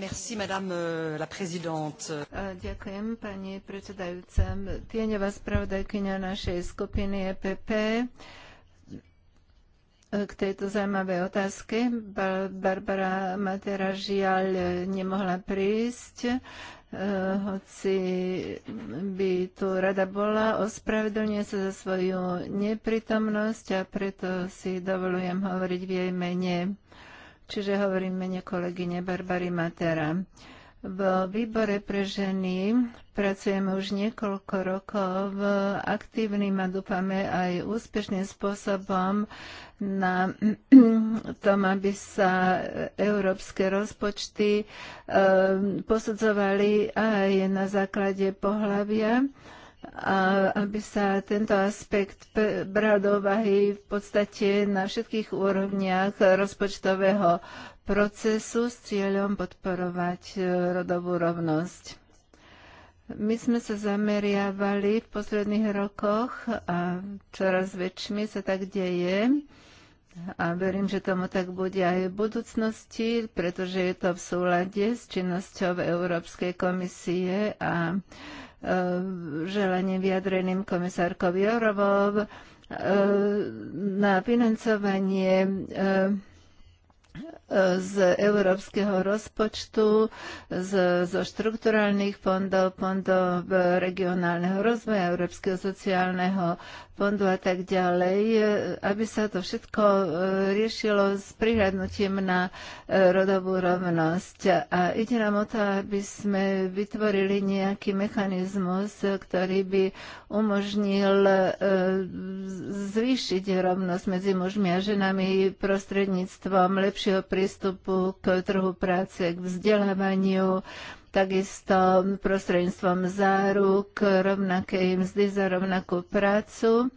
Merci, madame eh, la présidente. Eh, ďakujem, pani predsedajúca. Tieňová spravodajkynia našej skupiny EPP. Uh, k tejto zaujímavej otázke. Barbara Matera žiaľ nemohla prísť, eh, hoci by tu rada bola. Ospravedlňuje sa za svoju neprítomnosť a preto si dovolujem hovoriť v jej mene. Čiže hovorím mene kolegyne Barbary Matera. V výbore pre ženy pracujeme už niekoľko rokov aktívnym a dúfame aj úspešným spôsobom na <clears throat> tom, aby sa európske rozpočty eh, posudzovali aj na základe pohľavia a aby sa tento aspekt bral do úvahy v podstate na všetkých úrovniach rozpočtového procesu s cieľom podporovať e, rodovú rovnosť. My sme sa zameriavali v posledných rokoch a čoraz väčšmi sa tak deje a verím, že tomu tak bude aj v budúcnosti, pretože je to v súlade s činnosťou Európskej komisie a e, želaním vyjadreným komisárkov Jorovov e, na financovanie e, z európskeho rozpočtu, z, zo štrukturálnych fondov, fondov regionálneho rozvoja, Európskeho sociálneho fondu a tak ďalej, e, aby sa to všetko e, riešilo s prihľadnutím na e, rodovú rovnosť. A ide nám o to, aby sme vytvorili nejaký mechanizmus, ktorý by umožnil zvýšiť rovnosť medzi mužmi a ženami prostredníctvom lepšieho prístupu k trhu práce, k vzdelávaniu, takisto prostredníctvom záruk, rovnakej mzdy za rovnakú prácu,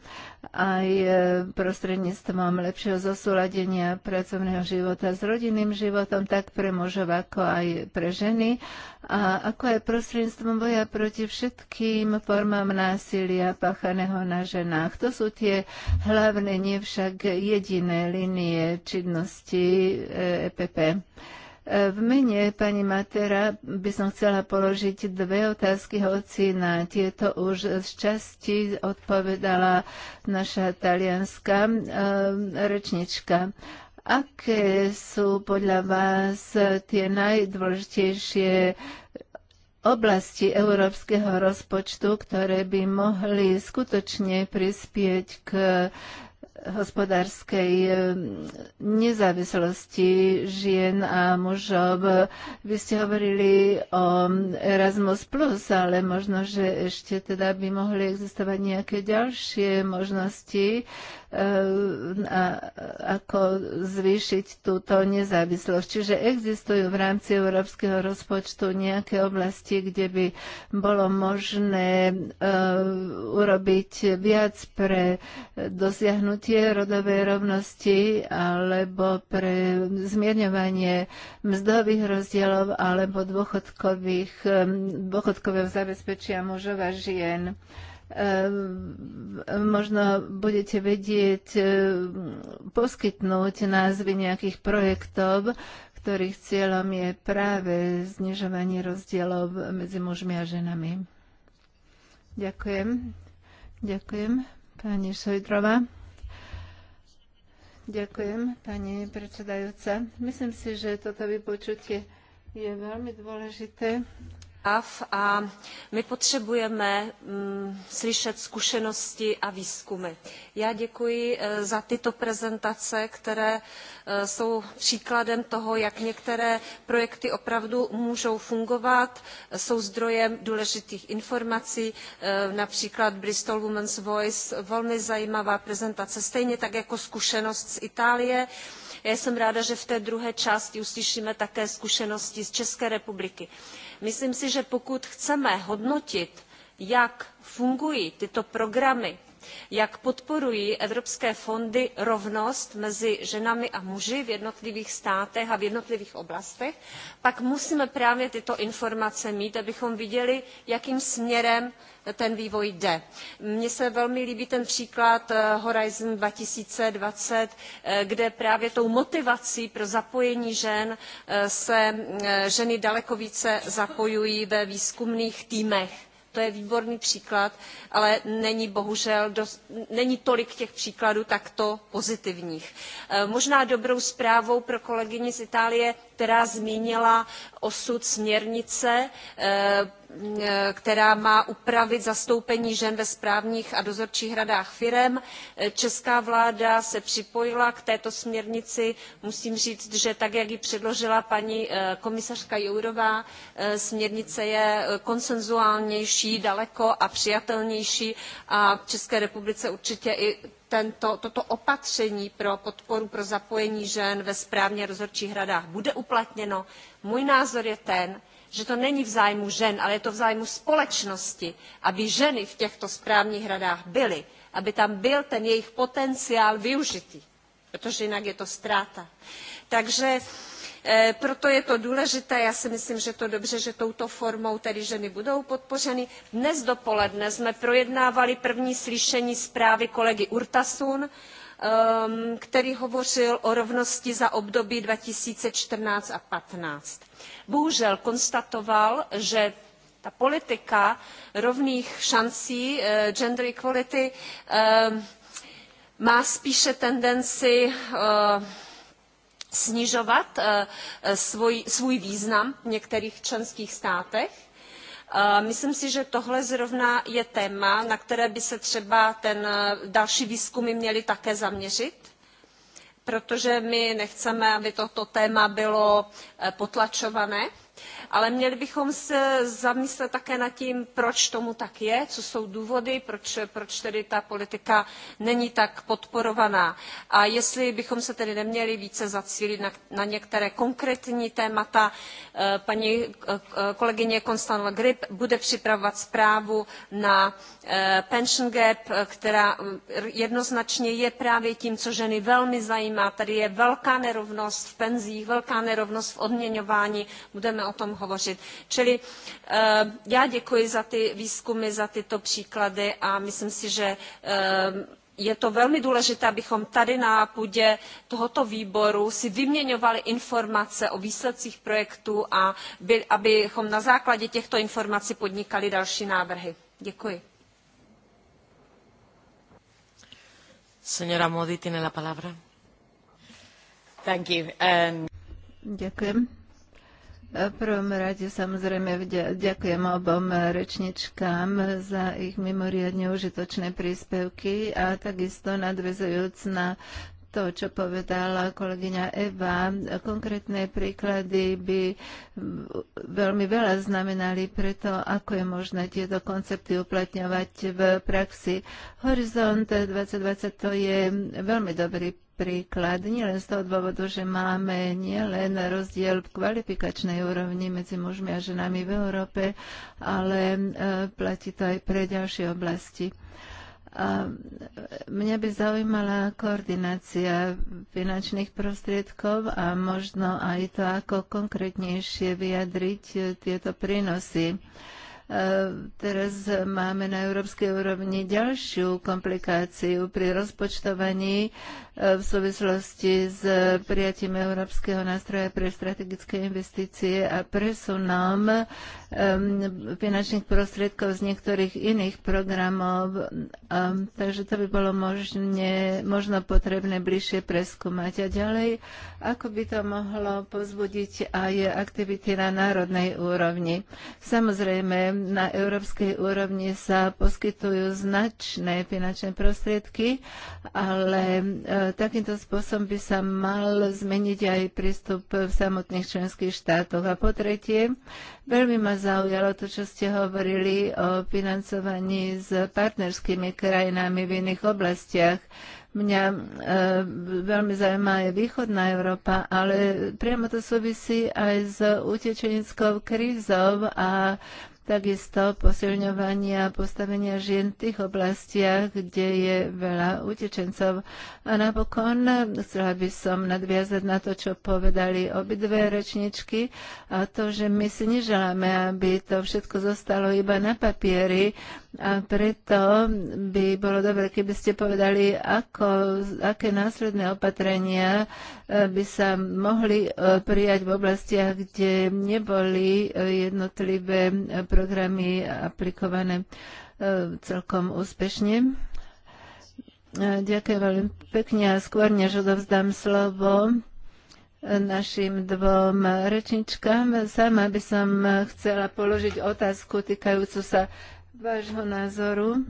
aj e, prostredníctvom lepšieho zosúladenia pracovného života s rodinným životom, tak pre mužov ako aj pre ženy, a ako aj prostredníctvom boja proti všetkým formám násilia pachaného na ženách. To sú tie hlavné, nie však jediné linie činnosti EPP. E v mene pani Matera by som chcela položiť dve otázky, hoci na tieto už z časti odpovedala naša talianská eh, rečnička. Aké sú podľa vás tie najdôležitejšie oblasti európskeho rozpočtu, ktoré by mohli skutočne prispieť k hospodárskej eh, nezávislosti žien a mužov. Vy ste hovorili o Erasmus+, Plus, ale možno, že ešte teda by mohli existovať nejaké ďalšie možnosti, eh, a ako zvýšiť túto nezávislosť. Čiže existujú v rámci európskeho rozpočtu nejaké oblasti, kde by bolo možné eh, urobiť viac pre dosiahnutie využitie rodovej rovnosti alebo pre zmierňovanie mzdových rozdielov alebo dôchodkových, dôchodkového zabezpečia mužov a žien možno budete vedieť poskytnúť názvy nejakých projektov, ktorých cieľom je práve znižovanie rozdielov medzi mužmi a ženami. Ďakujem. Ďakujem, pani Šojdrova. Ďakujem, pani predsedajúca. Myslím si, že toto vypočutie je veľmi dôležité práv a my potřebujeme mm, slyšet zkušenosti a výzkumy. Já děkuji e, za tyto prezentace, které e, jsou příkladem toho, jak některé projekty opravdu můžou fungovat, jsou zdrojem důležitých informací, e, například Bristol Women's Voice, velmi zajímavá prezentace, stejně tak jako zkušenost z Itálie. Uh, Já jsem ráda, že v té druhé části uslyšíme také zkušenosti z České republiky. Myslím si, že pokud chceme hodnotit, jak fungují tyto programy jak podporují evropské fondy rovnost mezi ženami a muži v jednotlivých státech a v jednotlivých oblastech, pak musíme právě tyto informace mít, abychom viděli, jakým směrem ten vývoj jde. Mně se velmi líbí ten příklad eh, Horizon 2020, eh, kde právě tou motivací pro zapojení žen eh, se ženy daleko více zapojují ve výzkumných týmech to je výborný příklad, ale není bohužel dost, není tolik těch příkladů takto pozitivních. Eh, možná dobrou zprávou pro kolegyni z Itálie která zmínila osud směrnice eh, eh, která má upravit zastoupení žen ve správních a dozorčích radách firem. Eh, česká vláda se připojila k této směrnici musím říct že tak jak ji předložila paní komisařka jourová směrnice je konsensuálnější daleko a přijatelnější a české republice určitě i tento, toto opatření pro podporu pro zapojení žen ve správně rozhodčích radách bude uplatněno. Můj názor je ten, že to není v zájmu žen, ale je to v zájmu společnosti, aby ženy v těchto správních radách byly, aby tam byl ten jejich potenciál využitý, protože jinak je to ztráta. Takže E, proto je to důležité já si myslím že to dobře že touto formou tedy ženy budou podpořeny. dnes dopoledne jsme projednávali první slyšení zprávy kolegy urtasuna ehm, který hovořil o rovnosti za období two thousand and fourteen a two thousand and fifteen bohužel konstatoval že ta politika rovných šancí e, gender equality ehm, má spíše tendenci ehm, snižovat eh, eh, svůj, svůj význam v některých členských státech. Eh, myslím si, že tohle zrovna je téma, na které by se třeba ten další výzkumy měly také zaměřit, protože my nechceme, aby toto téma bylo potlačované ale měli bychom se zamyslet také nad tím proč tomu tak je co jsou důvody proč, proč tedy ta politika není tak podporovaná a jestli bychom se tedy neměli více zacílit na, na některé konkrétní témata. Eh, paní eh, kolegyně constance le grip bude připravovat zprávu na eh, pension gap která jednoznačně je právě tím co ženy velmi zajímá tady je velká nerovnost v penzích velká nerovnost v odměňování budeme o tom hovořit. Čili eh, já děkuji za ty výzkumy, za tyto příklady a myslím si, že eh, je to velmi důležité, abychom tady na půdě tohoto výboru si vyměňovali informace o výsledcích projektů a by, abychom na základě těchto informací podnikali další návrhy. Děkuji. Señora Modi tiene la palabra. Thank you. Um... Ďakujem. V prvom rade samozrejme ďakujem obom rečničkám za ich mimoriadne užitočné príspevky a takisto nadvezujúc na to, čo povedala kolegyňa Eva. Konkrétne príklady by veľmi veľa znamenali pre to, ako je možné tieto koncepty uplatňovať v praxi. Horizont 2020 to je veľmi dobrý príklad len z toho dôvodu, že máme nielen rozdiel v kvalifikačnej úrovni medzi mužmi a ženami v Európe, ale e, platí to aj pre ďalšie oblasti. A e, mňa by zaujímala koordinácia finančných prostriedkov a možno aj to, ako konkrétnejšie vyjadriť e, tieto prínosy. Teraz máme na európskej úrovni ďalšiu komplikáciu pri rozpočtovaní e, v súvislosti s prijatím Európskeho nástroja pre strategické investície a presunom Um, finančných prostriedkov z niektorých iných programov, um, takže to by bolo možne, možno potrebné bližšie preskúmať. A ďalej, ako by to mohlo pozbudiť aj aktivity na národnej úrovni. Samozrejme, na európskej úrovni sa poskytujú značné finančné prostriedky, ale e, takýmto spôsobom by sa mal zmeniť aj prístup v samotných členských štátoch. A po tretie, Veľmi ma zaujalo to, čo ste hovorili o financovaní s partnerskými krajinami v iných oblastiach. Mňa e, veľmi zaujímá je východná Európa, ale priamo to súvisí aj s utečenickou krízou a takisto posilňovania postavenia žien v tých oblastiach, kde je veľa utečencov. A napokon chcela by som nadviazať na to, čo povedali obidve rečničky a to, že my si neželáme, aby to všetko zostalo iba na papieri, a preto by bolo dobre, keby ste povedali, ako, aké následné opatrenia e, by sa mohli e, prijať v oblastiach, kde neboli e, jednotlivé programy aplikované celkom úspešne. Ďakujem veľmi pekne a skôr, než odovzdám slovo našim dvom rečničkám, sama by som chcela položiť otázku týkajúcu sa vášho názoru.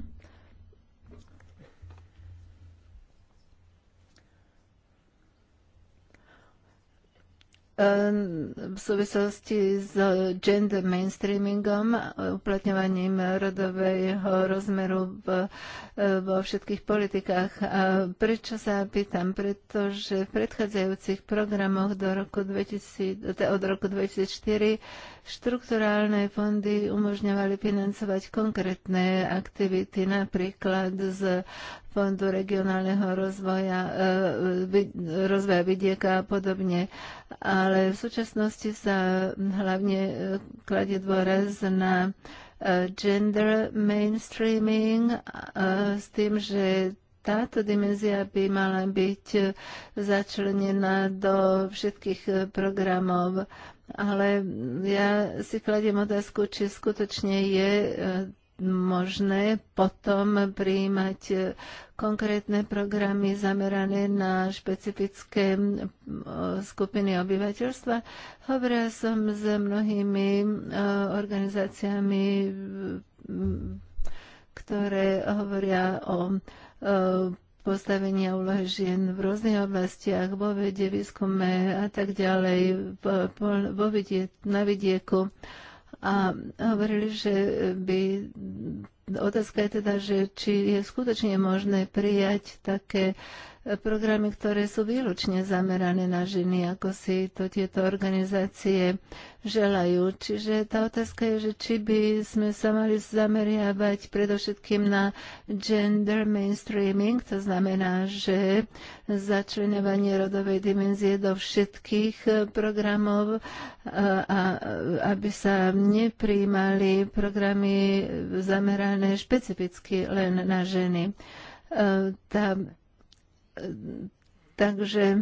Ehm, v súvislosti s gender mainstreamingom, uplatňovaním rodového rozmeru v, e, vo všetkých politikách. A prečo sa pýtam? Pretože v predchádzajúcich programoch do roku 2000, od roku 2004 Štrukturálne fondy umožňovali financovať konkrétne aktivity, napríklad z Fondu regionálneho rozvoja, e, rozvoja vidieka a podobne. Ale v súčasnosti sa hlavne e, kladie dôraz na e, gender mainstreaming s tým, že táto dimenzia by mala byť začlenená do všetkých programov ale ja si kladiem otázku, či skutočne je e, možné potom prijímať e, konkrétne programy zamerané na špecifické skupiny obyvateľstva. Hovorila som s mnohými e, organizáciami, ktoré hovoria o postavenia úlohy žien v rôznych oblastiach, vo vede, výskume a tak ďalej, vo, vidie, na vidieku. A hovorili, že by otázka je teda, že či je skutočne možné prijať také programy, ktoré sú výlučne zamerané na ženy, ako si to tieto organizácie želajú. Čiže tá otázka je, že či by sme sa mali zameriavať predovšetkým na gender mainstreaming, to znamená, že začlenovanie rodovej dimenzie do všetkých e, programov, e, a aby sa nepríjmali programy zamerané špecificky len na ženy. E, tá Takže e,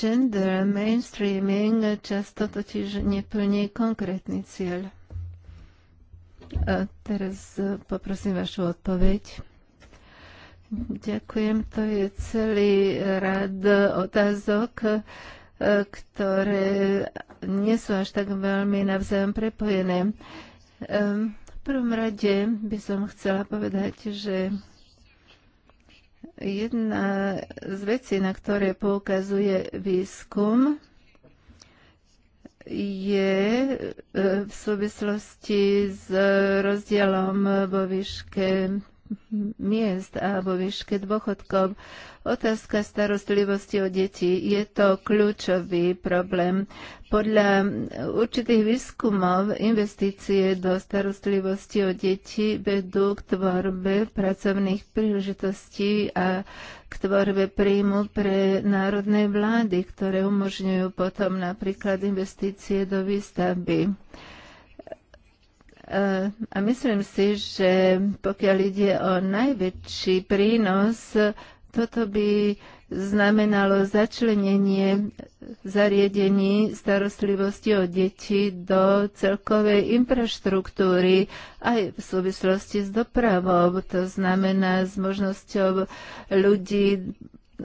gender mainstreaming často totiž neplní konkrétny cieľ. A teraz e, poprosím vašu odpoveď. Ďakujem, to je celý rad otázok, e, ktoré nie sú až tak veľmi navzájom prepojené. V prvom rade by som chcela povedať, že Jedna z vecí, na ktoré poukazuje výskum, je e, v súvislosti s rozdielom vo výške miest alebo výške dôchodkov. Otázka starostlivosti o deti je to kľúčový problém. Podľa určitých výskumov investície do starostlivosti o deti vedú k tvorbe pracovných príležitostí a k tvorbe príjmu pre národné vlády, ktoré umožňujú potom napríklad investície do výstavby. Eh, a myslím si, že pokiaľ ide o najväčší prínos, toto by znamenalo začlenenie zariadení starostlivosti o deti do celkovej infraštruktúry aj v súvislosti s dopravou. To znamená s možnosťou ľudí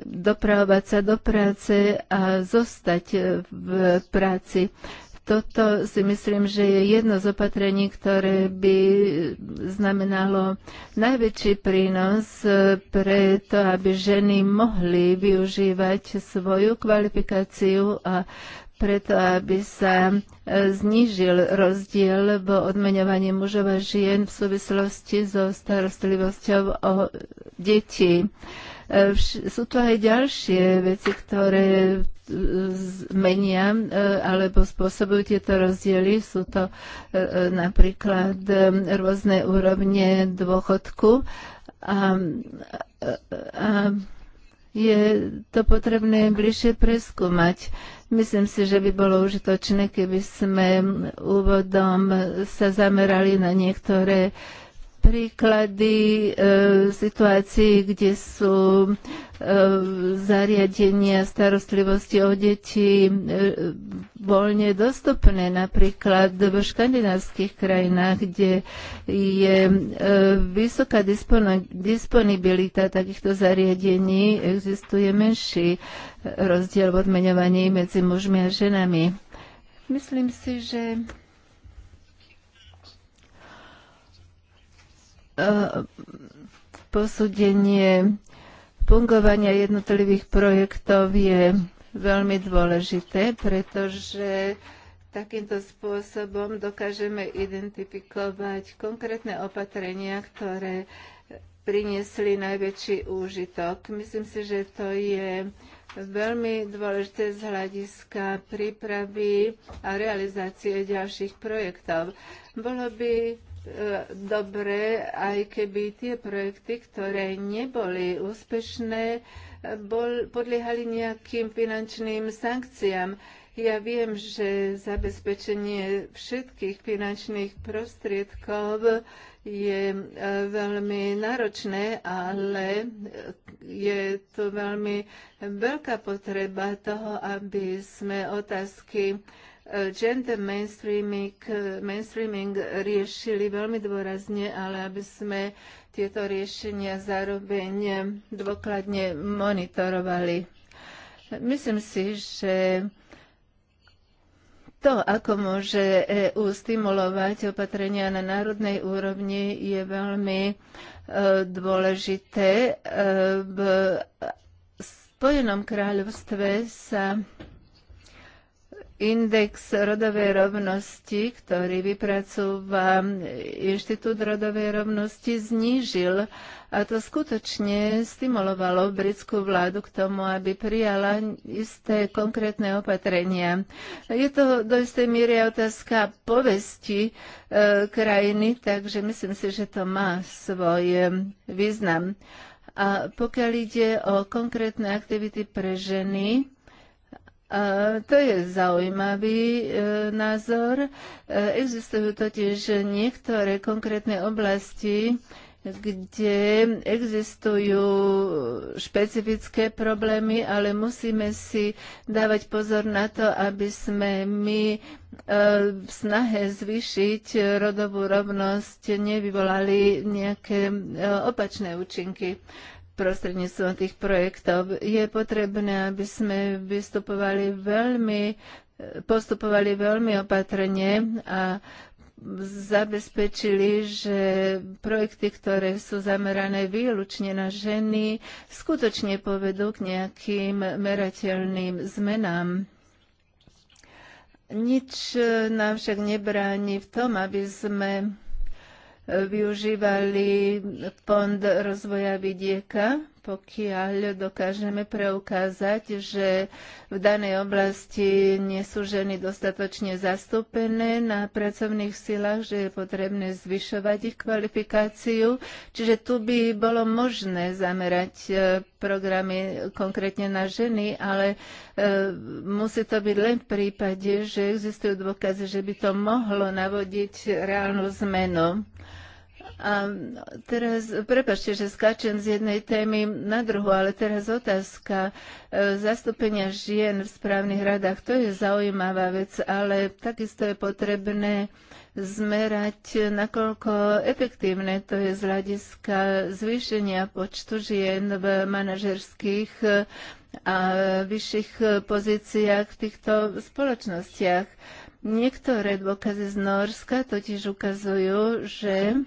dopravovať sa do práce a zostať v práci toto si myslím, že je jedno z opatrení, ktoré by znamenalo najväčší prínos pre to, aby ženy mohli využívať svoju kvalifikáciu a preto, aby sa e, znížil rozdiel vo odmeňovaní mužov a žien v súvislosti so starostlivosťou o deti. Sú to aj ďalšie veci, ktoré e, menia e, alebo spôsobujú tieto rozdiely. Sú to e, napríklad rôzne úrovne dôchodku a, a je to potrebné bližšie preskúmať. Myslím si, že by bolo užitočné, keby sme úvodom sa zamerali na niektoré príklady e, situácií, kde sú e, zariadenia starostlivosti o deti e, voľne dostupné, napríklad v škandinávskych krajinách, kde je e, vysoká disponibilita takýchto zariadení, existuje menší rozdiel v odmeňovaní medzi mužmi a ženami. Myslím si, že E, posúdenie fungovania jednotlivých projektov je veľmi dôležité, pretože Takýmto spôsobom dokážeme identifikovať konkrétne opatrenia, ktoré priniesli najväčší úžitok. Myslím si, že to je veľmi dôležité z hľadiska prípravy a realizácie ďalších projektov. Bolo by dobre, aj keby tie projekty, ktoré neboli úspešné, bol, podliehali nejakým finančným sankciám. Ja viem, že zabezpečenie všetkých finančných prostriedkov je e, veľmi náročné, ale je tu veľmi veľká potreba toho, aby sme otázky gender mainstreaming, mainstreaming riešili veľmi dôrazne, ale aby sme tieto riešenia zároveň dôkladne monitorovali. Myslím si, že to, ako môže EU stimulovať opatrenia na národnej úrovni, je veľmi e, dôležité. E, v Spojenom kráľovstve sa Index rodovej rovnosti, ktorý vypracúva Inštitút rodovej rovnosti, znížil a to skutočne stimulovalo britskú vládu k tomu, aby prijala isté konkrétne opatrenia. Je to do istej míry otázka povesti e, krajiny, takže myslím si, že to má svoj e, význam. A pokiaľ ide o konkrétne aktivity pre ženy, to je zaujímavý e, názor. E, existujú totiž niektoré konkrétne oblasti, kde existujú špecifické problémy, ale musíme si dávať pozor na to, aby sme my e, v snahe zvýšiť rodovú rovnosť nevyvolali nejaké opačné účinky prostredníctvom tých projektov. Je potrebné, aby sme vystupovali veľmi, postupovali veľmi opatrne a zabezpečili, že projekty, ktoré sú zamerané výlučne na ženy, skutočne povedú k nejakým merateľným zmenám. Nič nám však nebráni v tom, aby sme využívali Fond rozvoja vidieka, pokiaľ dokážeme preukázať, že v danej oblasti nie sú ženy dostatočne zastúpené na pracovných silách, že je potrebné zvyšovať ich kvalifikáciu. Čiže tu by bolo možné zamerať e, programy konkrétne na ženy, ale e, musí to byť len v prípade, že existujú dôkazy, že by to mohlo navodiť reálnu zmenu. A teraz, prepačte, že skáčem z jednej témy na druhú, ale teraz otázka e, zastúpenia žien v správnych radách. To je zaujímavá vec, ale takisto je potrebné zmerať, nakoľko efektívne to je z hľadiska zvýšenia počtu žien v manažerských e, a vyšších pozíciách v týchto spoločnostiach. Niektoré dôkazy z Norska totiž ukazujú, že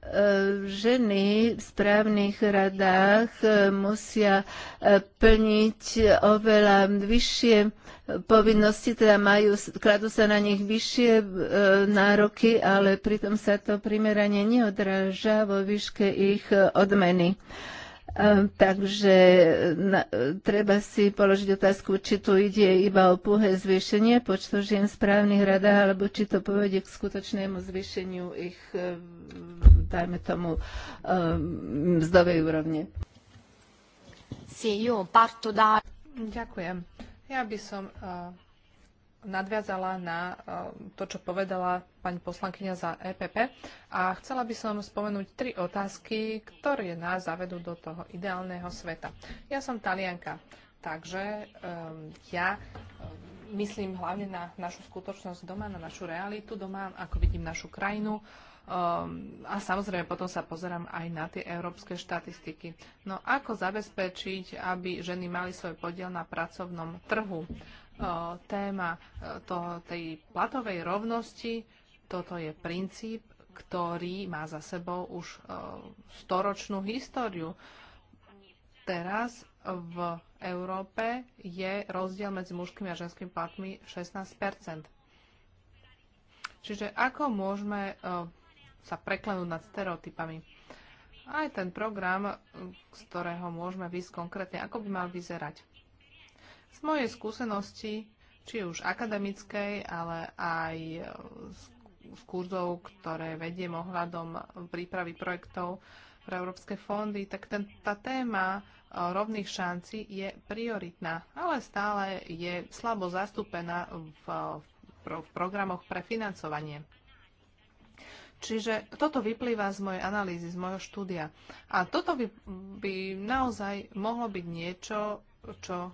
E, ženy v správnych radách e, musia e, plniť oveľa vyššie povinnosti, teda majú, kladú sa na nich vyššie nároky, ale pritom sa to primerane neodráža vo výške ich odmeny. Takže na, treba si položiť otázku, či tu ide iba o puhé zvýšenie počtu žien v správnych radách, alebo či to povedie k skutočnému zvýšeniu ich dajme tomu, ehm, mzdovej úrovne. Ďakujem. Ja by som eh, nadviazala na eh, to, čo povedala pani poslankyňa za EPP a chcela by som spomenúť tri otázky, ktoré nás zavedú do toho ideálneho sveta. Ja som talianka, takže ehm, ja eh, myslím hlavne na našu skutočnosť doma, na našu realitu doma, ako vidím našu krajinu, Um, a samozrejme potom sa pozerám aj na tie európske štatistiky. No ako zabezpečiť, aby ženy mali svoj podiel na pracovnom trhu? Uh, téma eh, to, tej platovej rovnosti, toto je princíp, ktorý má za sebou už eh, storočnú históriu. Teraz v Európe je rozdiel medzi mužskými a ženskými platmi 16 Čiže ako môžeme uh, sa preklenúť nad stereotypami. Aj ten program, z ktorého môžeme výsť konkrétne, ako by mal vyzerať. Z mojej skúsenosti, či už akademickej, ale aj z kurzov, ktoré vediem ohľadom prípravy projektov pre európske fondy, tak ten, tá téma e, rovných šancí je prioritná, ale stále je slabo zastúpená v, v, v programoch pre financovanie. Čiže toto vyplýva z mojej analýzy, z mojho štúdia. A toto by, by naozaj mohlo byť niečo, čo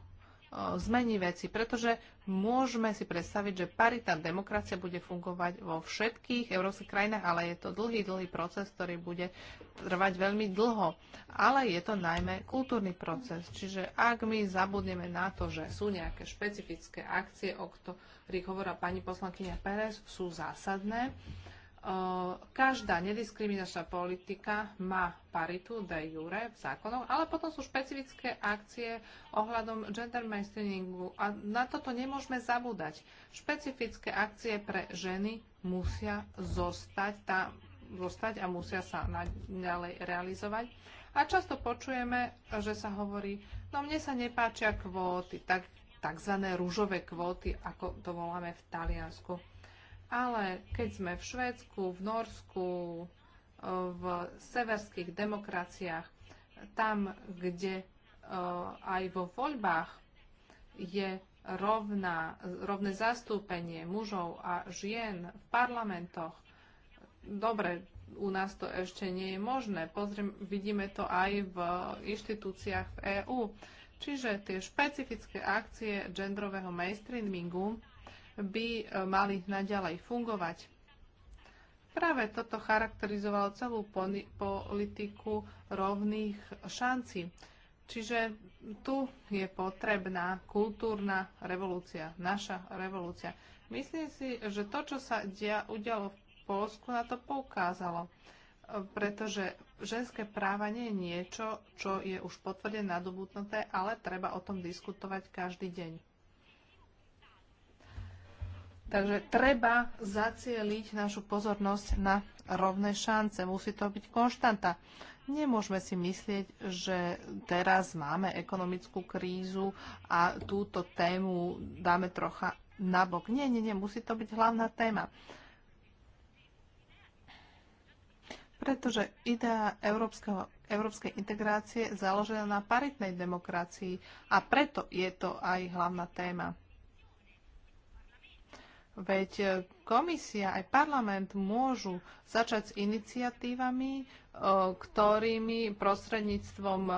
zmení veci, pretože môžeme si predstaviť, že parita demokracia bude fungovať vo všetkých európskych krajinách, ale je to dlhý, dlhý proces, ktorý bude trvať veľmi dlho. Ale je to najmä kultúrny proces, čiže ak my zabudneme na to, že sú nejaké špecifické akcie, o ktorých hovorila pani poslankyňa Pérez, sú zásadné, každá nediskriminačná politika má paritu de jure v zákonoch, ale potom sú špecifické akcie ohľadom gender mainstreamingu a na toto nemôžeme zabúdať. Špecifické akcie pre ženy musia zostať, tá, zostať a musia sa naďalej realizovať. A často počujeme, že sa hovorí, no mne sa nepáčia kvóty, tak, rúžové kvóty, ako to voláme v Taliansku. Ale keď sme v Švédsku, v Norsku, e, v severských demokraciách, tam, kde e, aj vo voľbách je rovná, rovné zastúpenie mužov a žien v parlamentoch. Dobre, u nás to ešte nie je možné. Pozriem, vidíme to aj v inštitúciách v EÚ. Čiže tie špecifické akcie genderového mainstreamingu by e, mali naďalej fungovať. Práve toto charakterizovalo celú politiku rovných šancí. Čiže tu je potrebná kultúrna revolúcia, naša revolúcia. Myslím si, že to, čo sa dia, udialo v Polsku, na to poukázalo, e, pretože ženské práva nie je niečo, čo je už potvrdené nadobudnuté, ale treba o tom diskutovať každý deň. Takže treba zacieliť našu pozornosť na rovné šance. Musí to byť konštanta. Nemôžeme si myslieť, že teraz máme ekonomickú krízu a túto tému dáme trocha nabok. Nie, nie, nie, musí to byť hlavná téma. Pretože idea európskeho, európskej integrácie je založená na paritnej demokracii a preto je to aj hlavná téma. Veď e, komisia aj parlament môžu začať s iniciatívami, e, ktorými prostredníctvom e,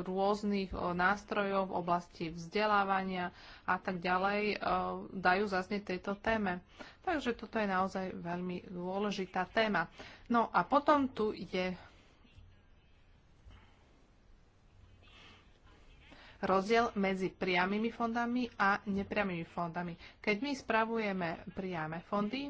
rôznych nástrojov v oblasti vzdelávania a tak ďalej dajú zaznieť tejto téme. Takže toto je naozaj veľmi dôležitá téma. No a potom tu je rozdiel medzi priamými fondami a nepriamými fondami. Keď my spravujeme priame fondy,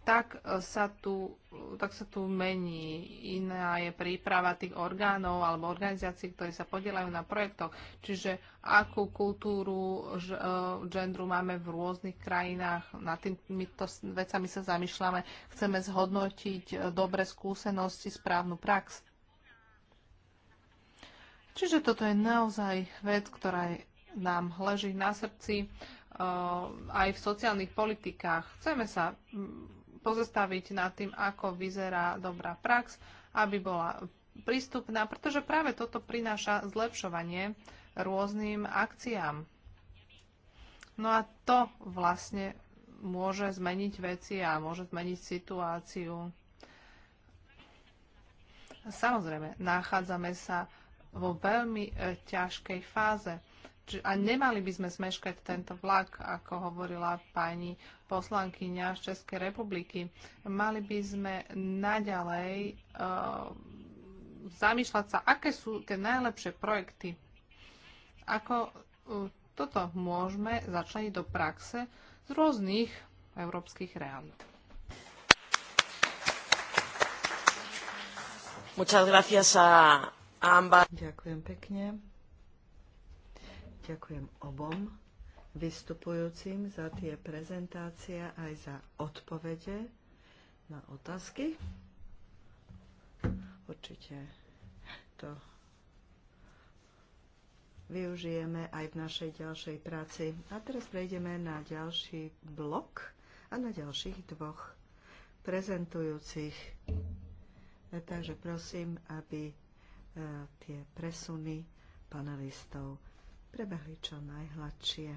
tak e, sa, tu, tak sa tu mení. Iná je príprava tých orgánov alebo organizácií, ktoré sa podielajú na projektoch. Čiže akú kultúru e, gendru máme v rôznych krajinách, nad týmito vecami sa zamýšľame. Chceme zhodnotiť e, dobre skúsenosti, správnu prax. Čiže toto je naozaj vec, ktorá nám leží na srdci eh, aj v sociálnych politikách. Chceme sa mm, pozastaviť nad tým, ako vyzerá dobrá prax, aby bola prístupná, pretože práve toto prináša zlepšovanie rôznym akciám. No a to vlastne môže zmeniť veci a môže zmeniť situáciu. Samozrejme, nachádzame sa vo veľmi e, ťažkej fáze. A nemali by sme zmeškať tento vlak, ako hovorila pani poslankyňa z Českej republiky. Mali by sme naďalej uh, zamýšľať sa, aké sú tie najlepšie projekty. Ako uh, toto môžeme začleniť do praxe z rôznych európskych realít. Muchas gracias a, Ďakujem pekne. Ďakujem obom vystupujúcim za tie prezentácie aj za odpovede na otázky. Určite to využijeme aj v našej ďalšej práci. A teraz prejdeme na ďalší blok a na ďalších dvoch prezentujúcich. Takže prosím, aby E, tie presuny panelistov prebehli čo najhladšie.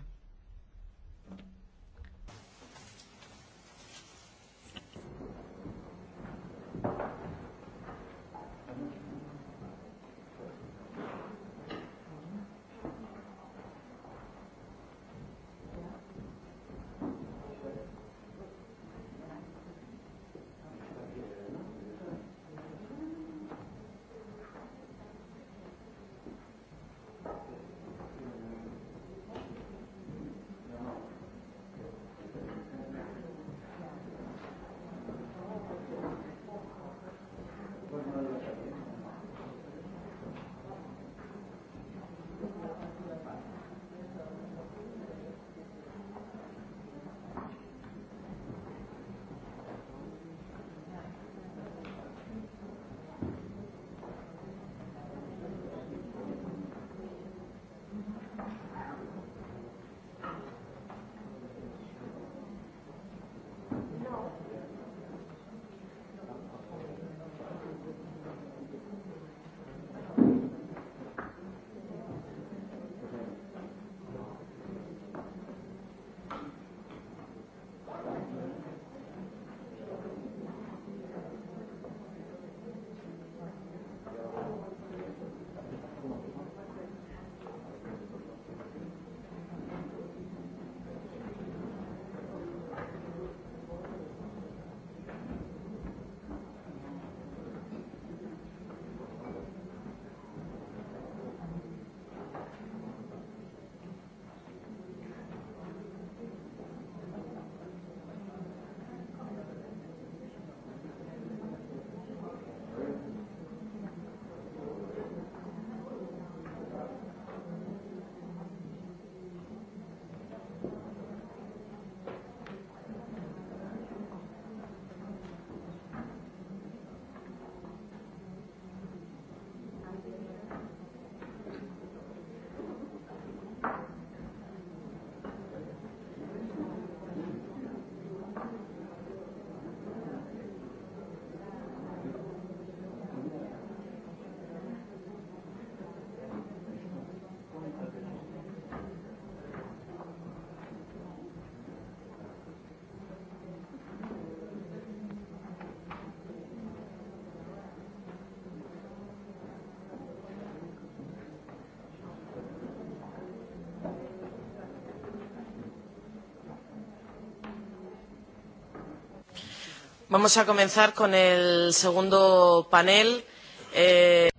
Vamos a comenzar con el segundo panel. Eh...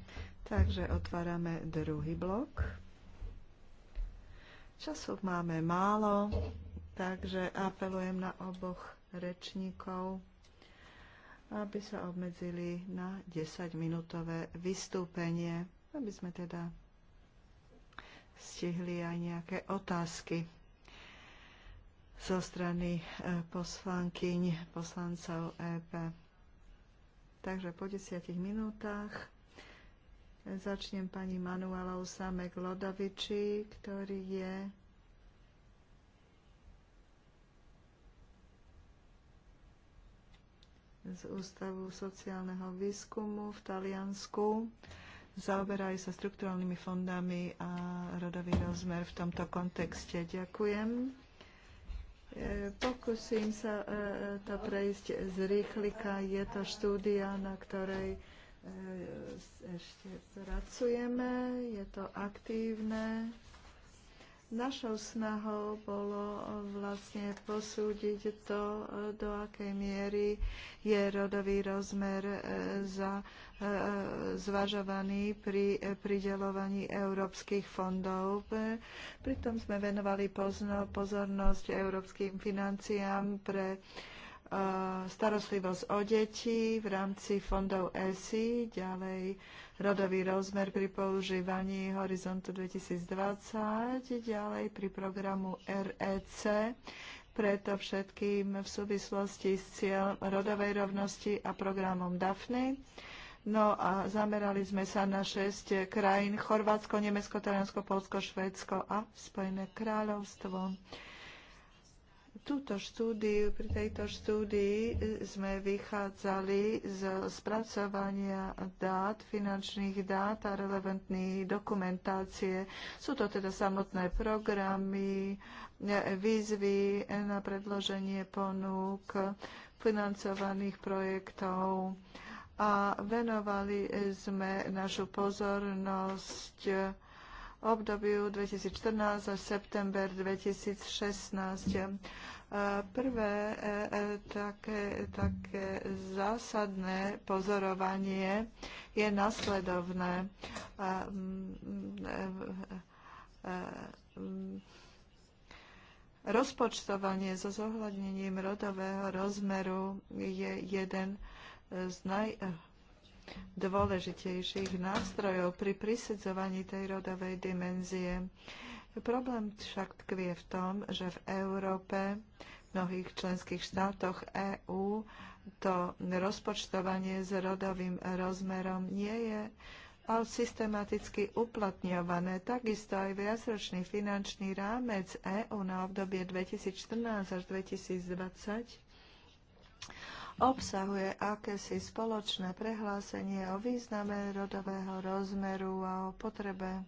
Takže otvárame druhý blok. Času máme málo, takže apelujem na oboch rečníkov, aby sa obmedzili na 10-minútové vystúpenie, aby sme teda stihli aj nejaké otázky zo strany e, poslankyň poslancov EP. Takže po desiatich minútach e, začnem pani Manuela Samek Lodoviči, ktorý je z Ústavu sociálneho výskumu v Taliansku. Zaoberajú sa strukturálnymi fondami a rodový rozmer v tomto kontexte. Ďakujem. E, pokúsim sa e, e, to prejsť z rýchlika. Je to štúdia, na ktorej ešte pracujeme. Je to aktívne Našou snahou bolo eh, vlastne posúdiť to, eh, do akej miery je rodový rozmer eh, za, zvažovaný pri pridelovaní európskych fondov. Pritom sme venovali pozornosť európskym financiám pre starostlivosť o deti v rámci fondov ESI, ďalej rodový rozmer pri používaní Horizontu 2020, ďalej pri programu REC, preto všetkým v súvislosti s cieľom rodovej rovnosti a programom DAFNY. No a zamerali sme sa na šesť krajín Chorvátsko, Nemecko, Taliansko, Polsko, Švédsko a Spojené kráľovstvo túto štúdiu, pri tejto štúdii e, sme vychádzali z spracovania dát, finančných dát a relevantnej dokumentácie. Sú to teda samotné programy, e, výzvy e, na predloženie ponúk, financovaných projektov a venovali sme našu pozornosť obdobiu 2014 až september 2016. Prvé e, e, také, také zásadné pozorovanie je nasledovné mm, e, mm, mm, rozpočtovanie so zohľadnením rodového rozmeru je jeden z naj, dôležitejších nástrojov pri prisedzovaní tej rodovej dimenzie. Problém však tkvie v tom, že v Európe, v mnohých členských štátoch EÚ, to rozpočtovanie s rodovým rozmerom nie je ale systematicky uplatňované. Takisto aj viacročný finančný rámec EÚ na obdobie 2014 až 2020 obsahuje akési spoločné prehlásenie o význame rodového rozmeru a o potrebe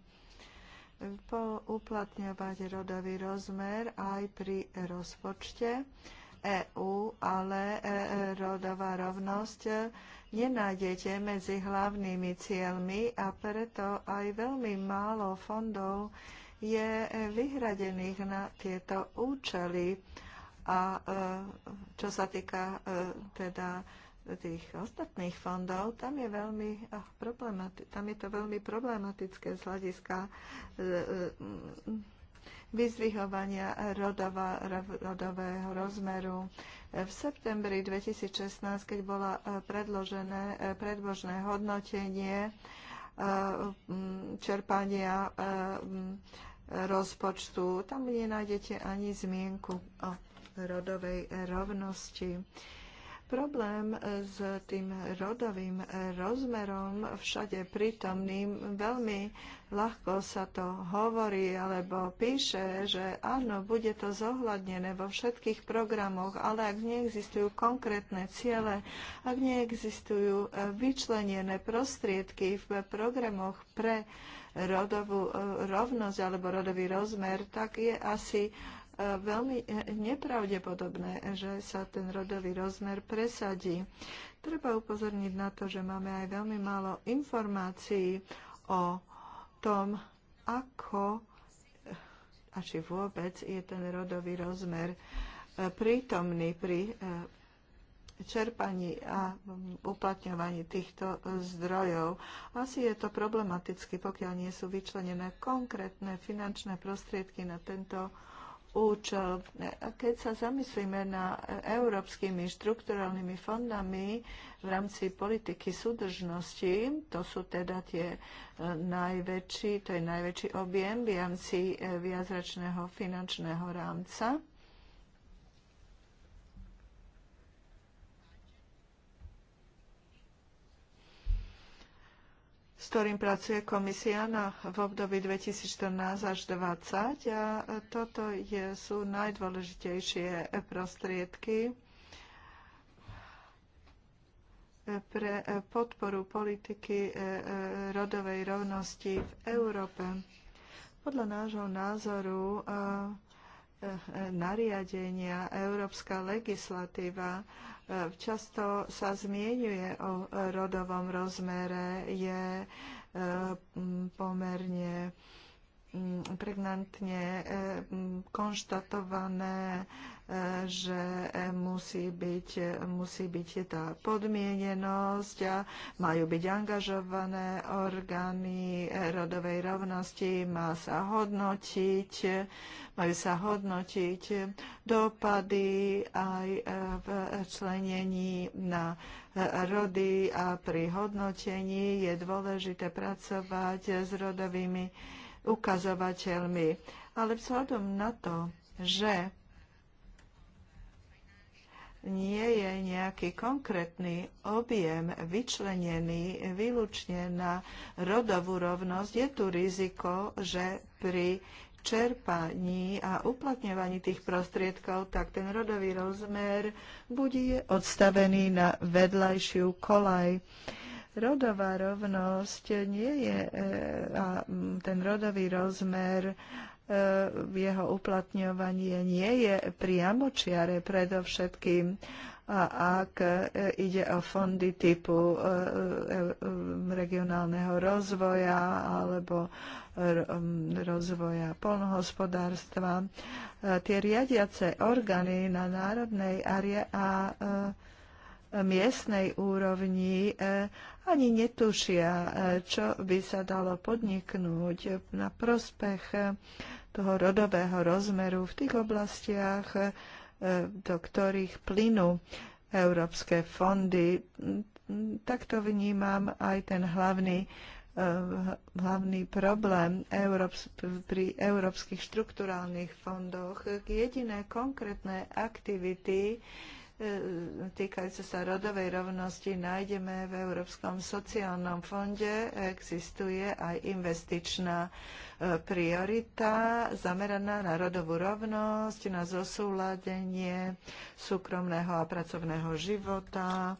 uplatňovať rodový rozmer aj pri rozpočte EÚ, ale e, rodová rovnosť nenájdete medzi hlavnými cieľmi a preto aj veľmi málo fondov je vyhradených na tieto účely a e, čo sa týka e, teda tých ostatných fondov, tam je, veľmi problemati- tam je to veľmi problematické z hľadiska e, vyzvihovania rodova, rodového rozmeru. V septembri 2016, keď bola predložené predbožné hodnotenie čerpania rozpočtu, tam nenájdete ani zmienku o rodovej rovnosti. Problém s tým rodovým rozmerom všade prítomným veľmi ľahko sa to hovorí alebo píše, že áno, bude to zohľadnené vo všetkých programoch, ale ak neexistujú konkrétne ciele, ak neexistujú vyčlenené prostriedky v programoch pre rodovú eh, rovnosť alebo rodový rozmer, tak je asi veľmi e, e, nepravdepodobné, že sa ten rodový rozmer presadí. Treba upozorniť na to, že máme aj veľmi málo informácií o tom, ako e, a či vôbec je ten rodový rozmer prítomný pri čerpaní a uplatňovaní týchto zdrojov. Asi je to problematicky, pokiaľ nie sú vyčlenené konkrétne finančné prostriedky na tento účel. A keď sa zamyslíme na európskymi štrukturálnymi fondami v rámci politiky súdržnosti, to sú teda tie e, najväčší, to je najväčší objem v rámci e, viacračného finančného rámca, s ktorým pracuje komisia na, v období 2014 až 2020 a toto je, sú najdôležitejšie prostriedky pre podporu politiky e, e, rodovej rovnosti v Európe. Podľa nášho názoru e, nariadenia, európska legislatíva Často sa zmienuje o rodovom rozmere, je eh, pomerne pregnantne eh, konštatované, eh, že musí byť, musí byť tá podmienenosť a majú byť angažované orgány eh, rodovej rovnosti, má sa hodnotiť, majú sa hodnotiť dopady aj v členení na rody a pri hodnotení je dôležité pracovať s rodovými ukazovateľmi. Ale vzhľadom na to, že nie je nejaký konkrétny objem vyčlenený výlučne na rodovú rovnosť, je tu riziko, že pri čerpaní a uplatňovaní tých prostriedkov, tak ten rodový rozmer bude odstavený na vedľajšiu kolaj rodová rovnosť nie je e, a ten rodový rozmer e, jeho uplatňovanie nie je priamočiare predovšetkým a ak e, ide o fondy typu regionálneho rozvoja alebo rozvoja polnohospodárstva. Tie riadiace orgány na národnej a miestnej úrovni e, ani netušia, e, čo by sa dalo podniknúť na prospech e, toho rodového rozmeru v tých oblastiach, do ktorých plynú európske fondy. Takto vnímam aj ten hlavný hlavný problém pri európskych štruktúrálnych fondoch. Jediné konkrétne aktivity, E, týkajúce sa rodovej rovnosti nájdeme v Európskom sociálnom fonde. Existuje aj investičná e, priorita zameraná na rodovú rovnosť, na zosúladenie súkromného a pracovného života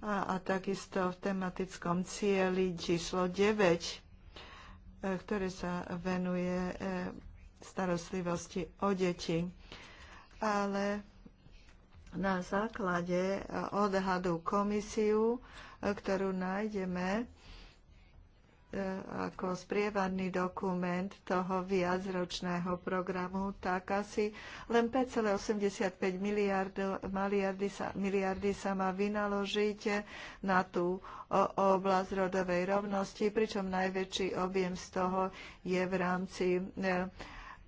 a, a takisto v tematickom cieli číslo 9, e, ktoré sa venuje starostlivosti o deti. Ale na základe e, odhadu komisiu, e, ktorú nájdeme e, ako sprievanný dokument toho viacročného programu, tak asi len 5,85 miliardy, miliardy, sa, miliardy sa má vynaložiť na tú oblasť rodovej rovnosti, pričom najväčší objem z toho je v rámci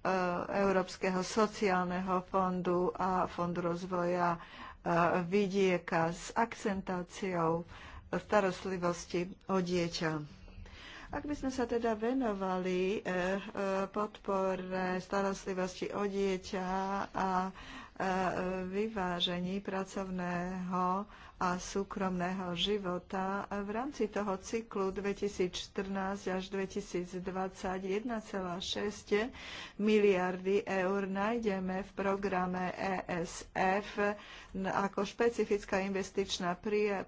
Eh, Európskeho sociálneho fondu a Fondu rozvoja eh, vidieka s akcentáciou starostlivosti o dieťa. Ak by sme sa teda venovali eh, podpore starostlivosti o dieťa a vyvážení pracovného a súkromného života. V rámci toho cyklu 2014 až 2020 1,6 miliardy eur nájdeme v programe ESF ako špecifická investičná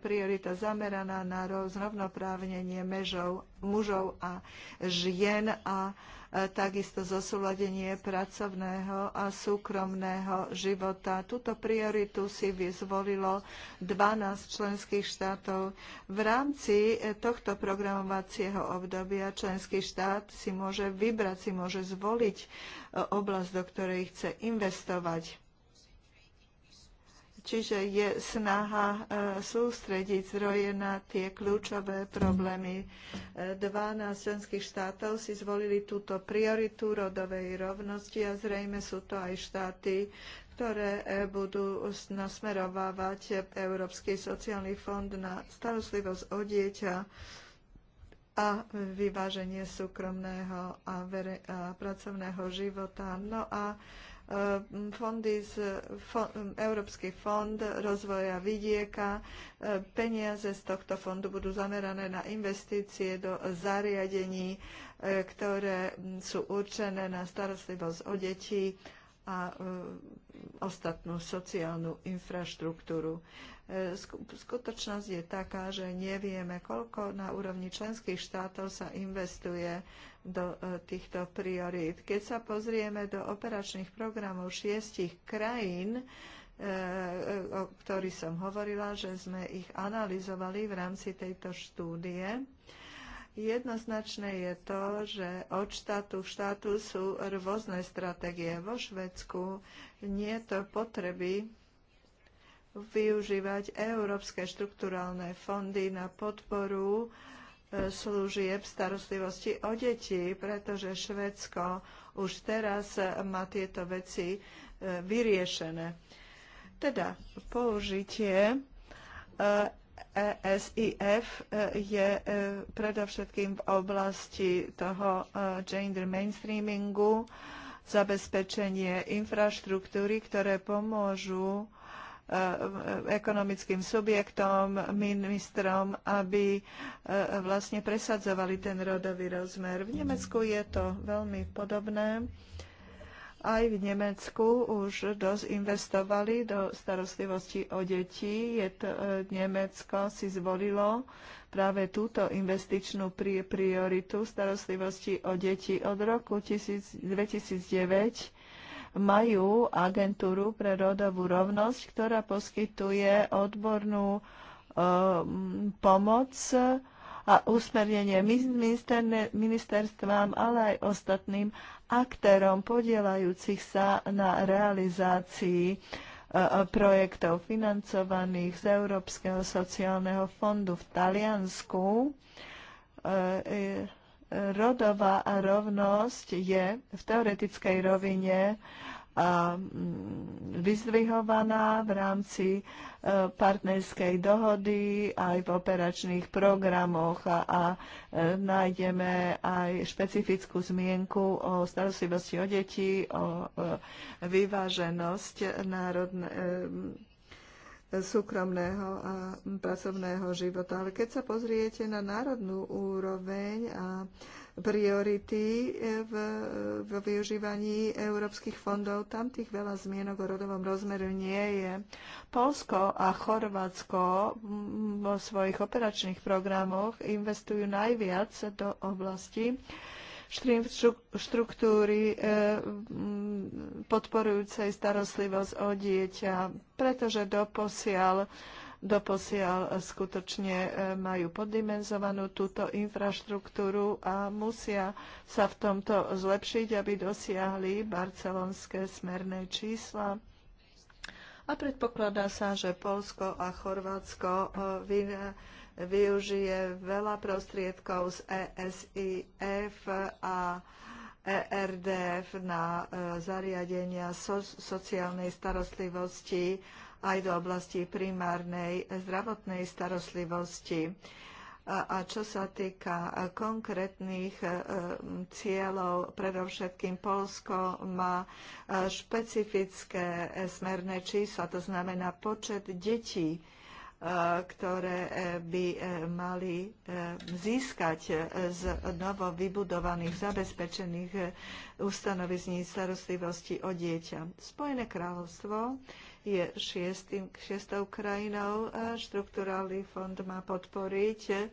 priorita zameraná na rovnoprávnenie mužov a žien a takisto zosúladenie pracovného a súkromného života. Tuto prioritu si vyzvolilo 12 členských štátov. V rámci e, tohto programovacieho obdobia členský štát si môže vybrať, si môže zvoliť e, oblasť, do ktorej chce investovať Čiže je snaha e, sústrediť zdroje na tie kľúčové problémy. 12 e, členských štátov si zvolili túto prioritu rodovej rovnosti a zrejme sú to aj štáty, ktoré e, budú nasmerovávať Európsky sociálny fond na starostlivosť o dieťa a vyváženie súkromného a, vere, a pracovného života. No a Ehm, fondy z Európsky fond rozvoja vidieka. Ehm, peniaze z tohto fondu budú zamerané na investície do zariadení, ehm, ktoré sú určené na starostlivosť o deti a ostatnú sociálnu infraštruktúru. Skutočnosť je taká, že nevieme, koľko na úrovni členských štátov sa investuje do e, týchto priorít. Keď sa pozrieme do operačných programov šiestich krajín, e, e, o ktorých som hovorila, že sme ich analyzovali v rámci tejto štúdie, Jednoznačné je to, že od štátu k štátu sú rôzne stratégie. Vo Švedsku nie je to potreby využívať európske štrukturálne fondy na podporu E, služieb starostlivosti o deti, pretože Švedsko už teraz má tieto veci e, vyriešené. Teda použitie ESIF e je predovšetkým v oblasti toho gender mainstreamingu, zabezpečenie infraštruktúry, ktoré pomôžu Eh, ekonomickým subjektom, ministrom, aby eh, vlastne presadzovali ten rodový rozmer. V Nemecku je to veľmi podobné. Aj v Nemecku už dosť investovali do starostlivosti o deti. Je to, eh, Nemecko si zvolilo práve túto investičnú prioritu starostlivosti o deti od roku 2009 majú agentúru pre rodovú rovnosť, ktorá poskytuje odbornú eh, pomoc a usmernenie ministerstvám, ale aj ostatným aktérom podielajúcich sa na realizácii eh, projektov financovaných z Európskeho sociálneho fondu v Taliansku. Eh, rodová rovnosť je v teoretickej rovine mm, vyzdvihovaná v rámci e, partnerskej dohody aj v operačných programoch a, a e, nájdeme aj špecifickú zmienku o starostlivosti o deti, o, o vyváženosť národne, súkromného a pracovného života. Ale keď sa pozriete na národnú úroveň a priority e, v, v využívaní európskych fondov, tam tých veľa zmienok o rodovom rozmeru nie je. Polsko a Chorvátsko mm, vo svojich operačných programoch investujú najviac do oblasti štruktúry e, podporujúcej starostlivosť o dieťa, pretože doposiaľ doposiaľ skutočne e, majú poddimenzovanú túto infraštruktúru a musia sa v tomto zlepšiť, aby dosiahli barcelonské smerné čísla. A predpokladá sa, že Polsko a Chorvátsko e, vyvíjajú využije veľa prostriedkov z ESIF a ERDF na e, zariadenia so, sociálnej starostlivosti aj do oblasti primárnej zdravotnej starostlivosti. A, a čo sa týka e, konkrétnych e, cieľov, predovšetkým Polsko má špecifické smerné čísla, to znamená počet detí, ktoré e, by e, mali e, získať z novo vybudovaných, zabezpečených ustanovizní starostlivosti o dieťa. Spojené kráľovstvo je šiestým, šiestou krajinou. Štrukturálny fond má podporiť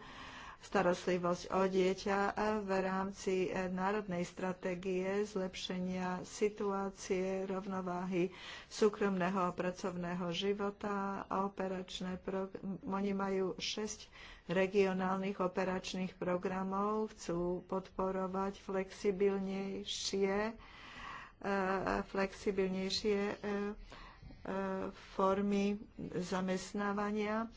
starostlivosť o dieťa v rámci eh, národnej stratégie zlepšenia situácie rovnováhy súkromného a pracovného života. Operačné program... Oni majú 6 regionálnych operačných programov, chcú podporovať flexibilnejšie eh, flexibilnejšie eh, formy zamestnávania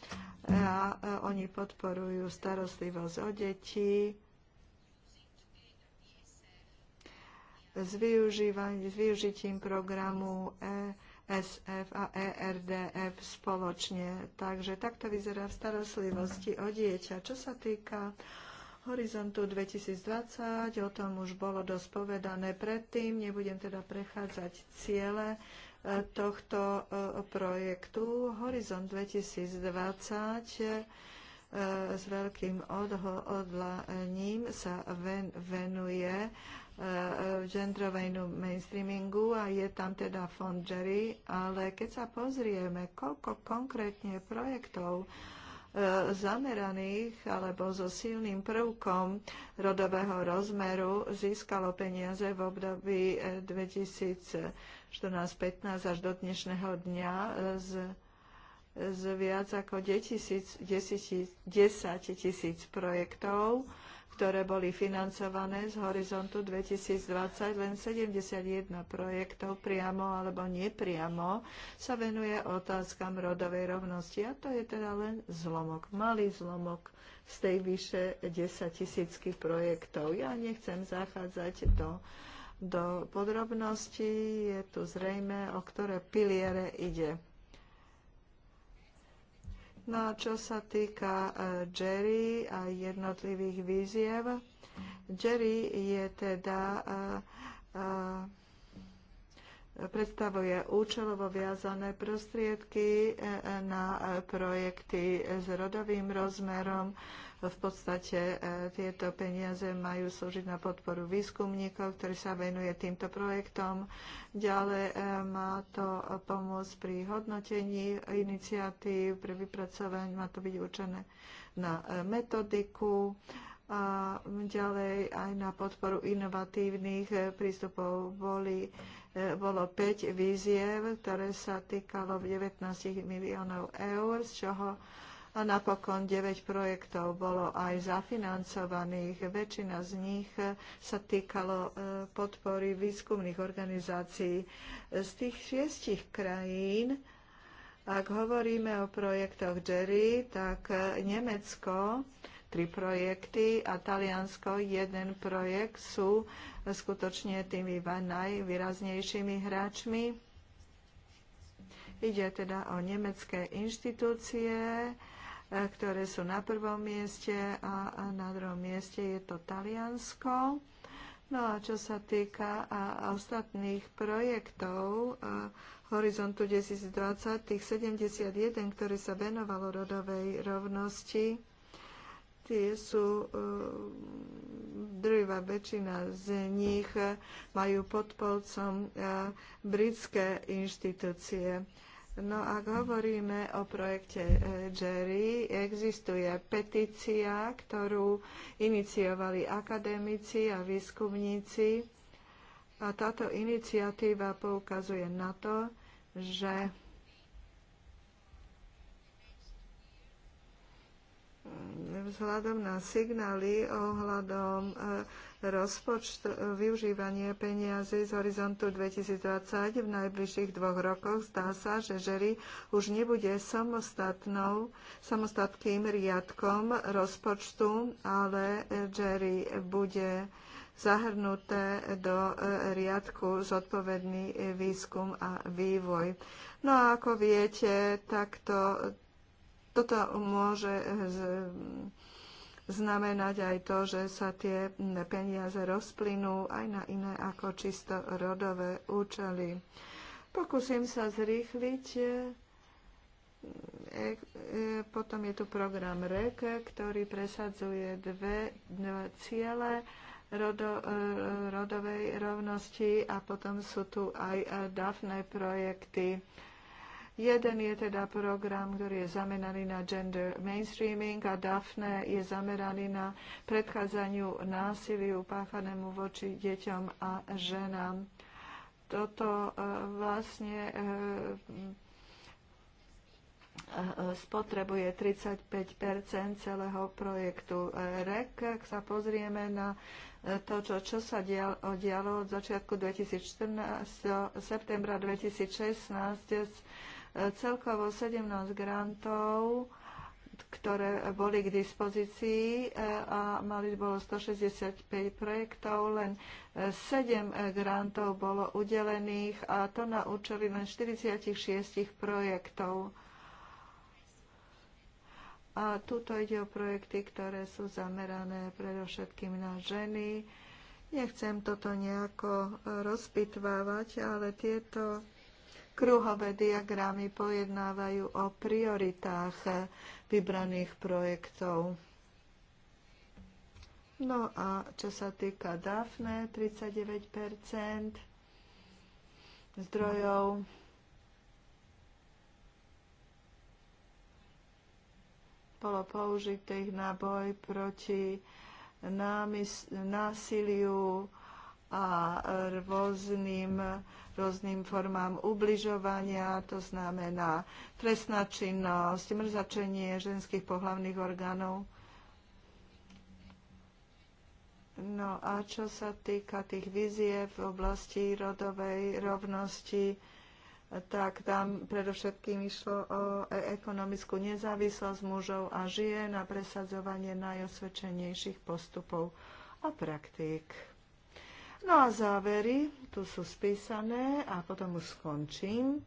a oni podporujú starostlivosť o deti, s, s využitím programu ESF a ERDF spoločne. Takže takto vyzerá v starostlivosti o dieťa. Čo sa týka Horizontu 2020, o tom už bolo dosť povedané predtým, nebudem teda prechádzať ciele tohto e, projektu Horizon 2020 e, s veľkým odhodlaním sa venuje e, genderovému mainstreamingu a je tam teda fond Jerry, ale keď sa pozrieme, koľko konkrétne projektov zameraných alebo so silným prvkom rodového rozmeru získalo peniaze v období 2000 14-15 až do dnešného dňa z, z viac ako 10 tisíc projektov, ktoré boli financované z horizontu 2020, len 71 projektov priamo alebo nepriamo sa venuje otázkam rodovej rovnosti. A to je teda len zlomok, malý zlomok z tej vyše 10 tisícky projektov. Ja nechcem zachádzať do uh, do podrobností. Je tu zrejme, o ktoré piliere ide. No a čo sa týka e, Jerry a jednotlivých víziev, Jerry je teda e, e, predstavuje účelovo viazané prostriedky na projekty s rodovým rozmerom, v podstate e, tieto peniaze majú slúžiť na podporu výskumníkov, ktorí sa venuje týmto projektom. Ďalej e, má to pomôcť pri hodnotení iniciatív, pri vypracovaní má to byť určené na e, metodiku a ďalej aj na podporu inovatívnych prístupov boli, bolo 5 víziev, ktoré sa týkalo 19 miliónov eur, z čoho a napokon 9 projektov bolo aj zafinancovaných. Väčšina z nich sa týkalo e, podpory výskumných organizácií. Z tých šiestich krajín, ak hovoríme o projektoch Jerry, tak e, Nemecko tri projekty a Taliansko jeden projekt sú e, skutočne tými najvýraznejšími hráčmi. Ide teda o nemecké inštitúcie, ktoré sú na prvom mieste a, a na druhom mieste je to Taliansko. No a čo sa týka a ostatných projektov a Horizontu 2020, tých 71, ktorý sa venovalo rodovej rovnosti, tie sú, e, druhá väčšina z nich majú pod polcom e, britské inštitúcie No ak hovoríme o projekte e, Jerry, existuje petícia, ktorú iniciovali akademici a výskumníci. A táto iniciatíva poukazuje na to, že vzhľadom na signály ohľadom e, rozpočt, využívanie peniazy z horizontu 2020 v najbližších dvoch rokoch. Zdá sa, že žery už nebude samostatnou, samostatným riadkom rozpočtu, ale Jerry bude zahrnuté do e, riadku zodpovedný e, výskum a vývoj. No a ako viete, takto toto môže z, znamenať aj to, že sa tie peniaze rozplynú aj na iné ako čisto rodové účely. Pokúsim sa zrýchliť. E, e, potom je tu program REC, ktorý presadzuje dve, dve ciele rodo, e, rodovej rovnosti a potom sú tu aj DAFNE projekty Jeden je teda program, ktorý je zameraný na gender mainstreaming a DAFNE je zameraný na predchádzaniu násiliu páchanému voči deťom a ženám. Toto e, vlastne e, e, spotrebuje 35 celého projektu REC. Ak sa pozrieme na to, čo, čo sa dial, dialo od začiatku 2014 septembra 2016, celkovo 17 grantov ktoré boli k dispozícii e, a mali bolo 165 projektov, len 7 e, grantov bolo udelených a to na účely len 46 projektov. A tuto ide o projekty, ktoré sú zamerané predovšetkým na ženy. Nechcem toto nejako e, rozpitvávať, ale tieto Kruhové diagramy pojednávajú o prioritách vybraných projektov. No a čo sa týka DAFNE, 39 zdrojov. Bolo použitých na boj proti námys- násiliu a rôznym rôznym formám ubližovania, to znamená trestná činnosť, mrzačenie ženských pohlavných orgánov. No a čo sa týka tých víziev v oblasti rodovej rovnosti, tak tam predovšetkým išlo o ekonomickú nezávislosť mužov a žien a presadzovanie najosvedčenejších postupov a praktík. No a závery, tu sú spísané a potom už skončím.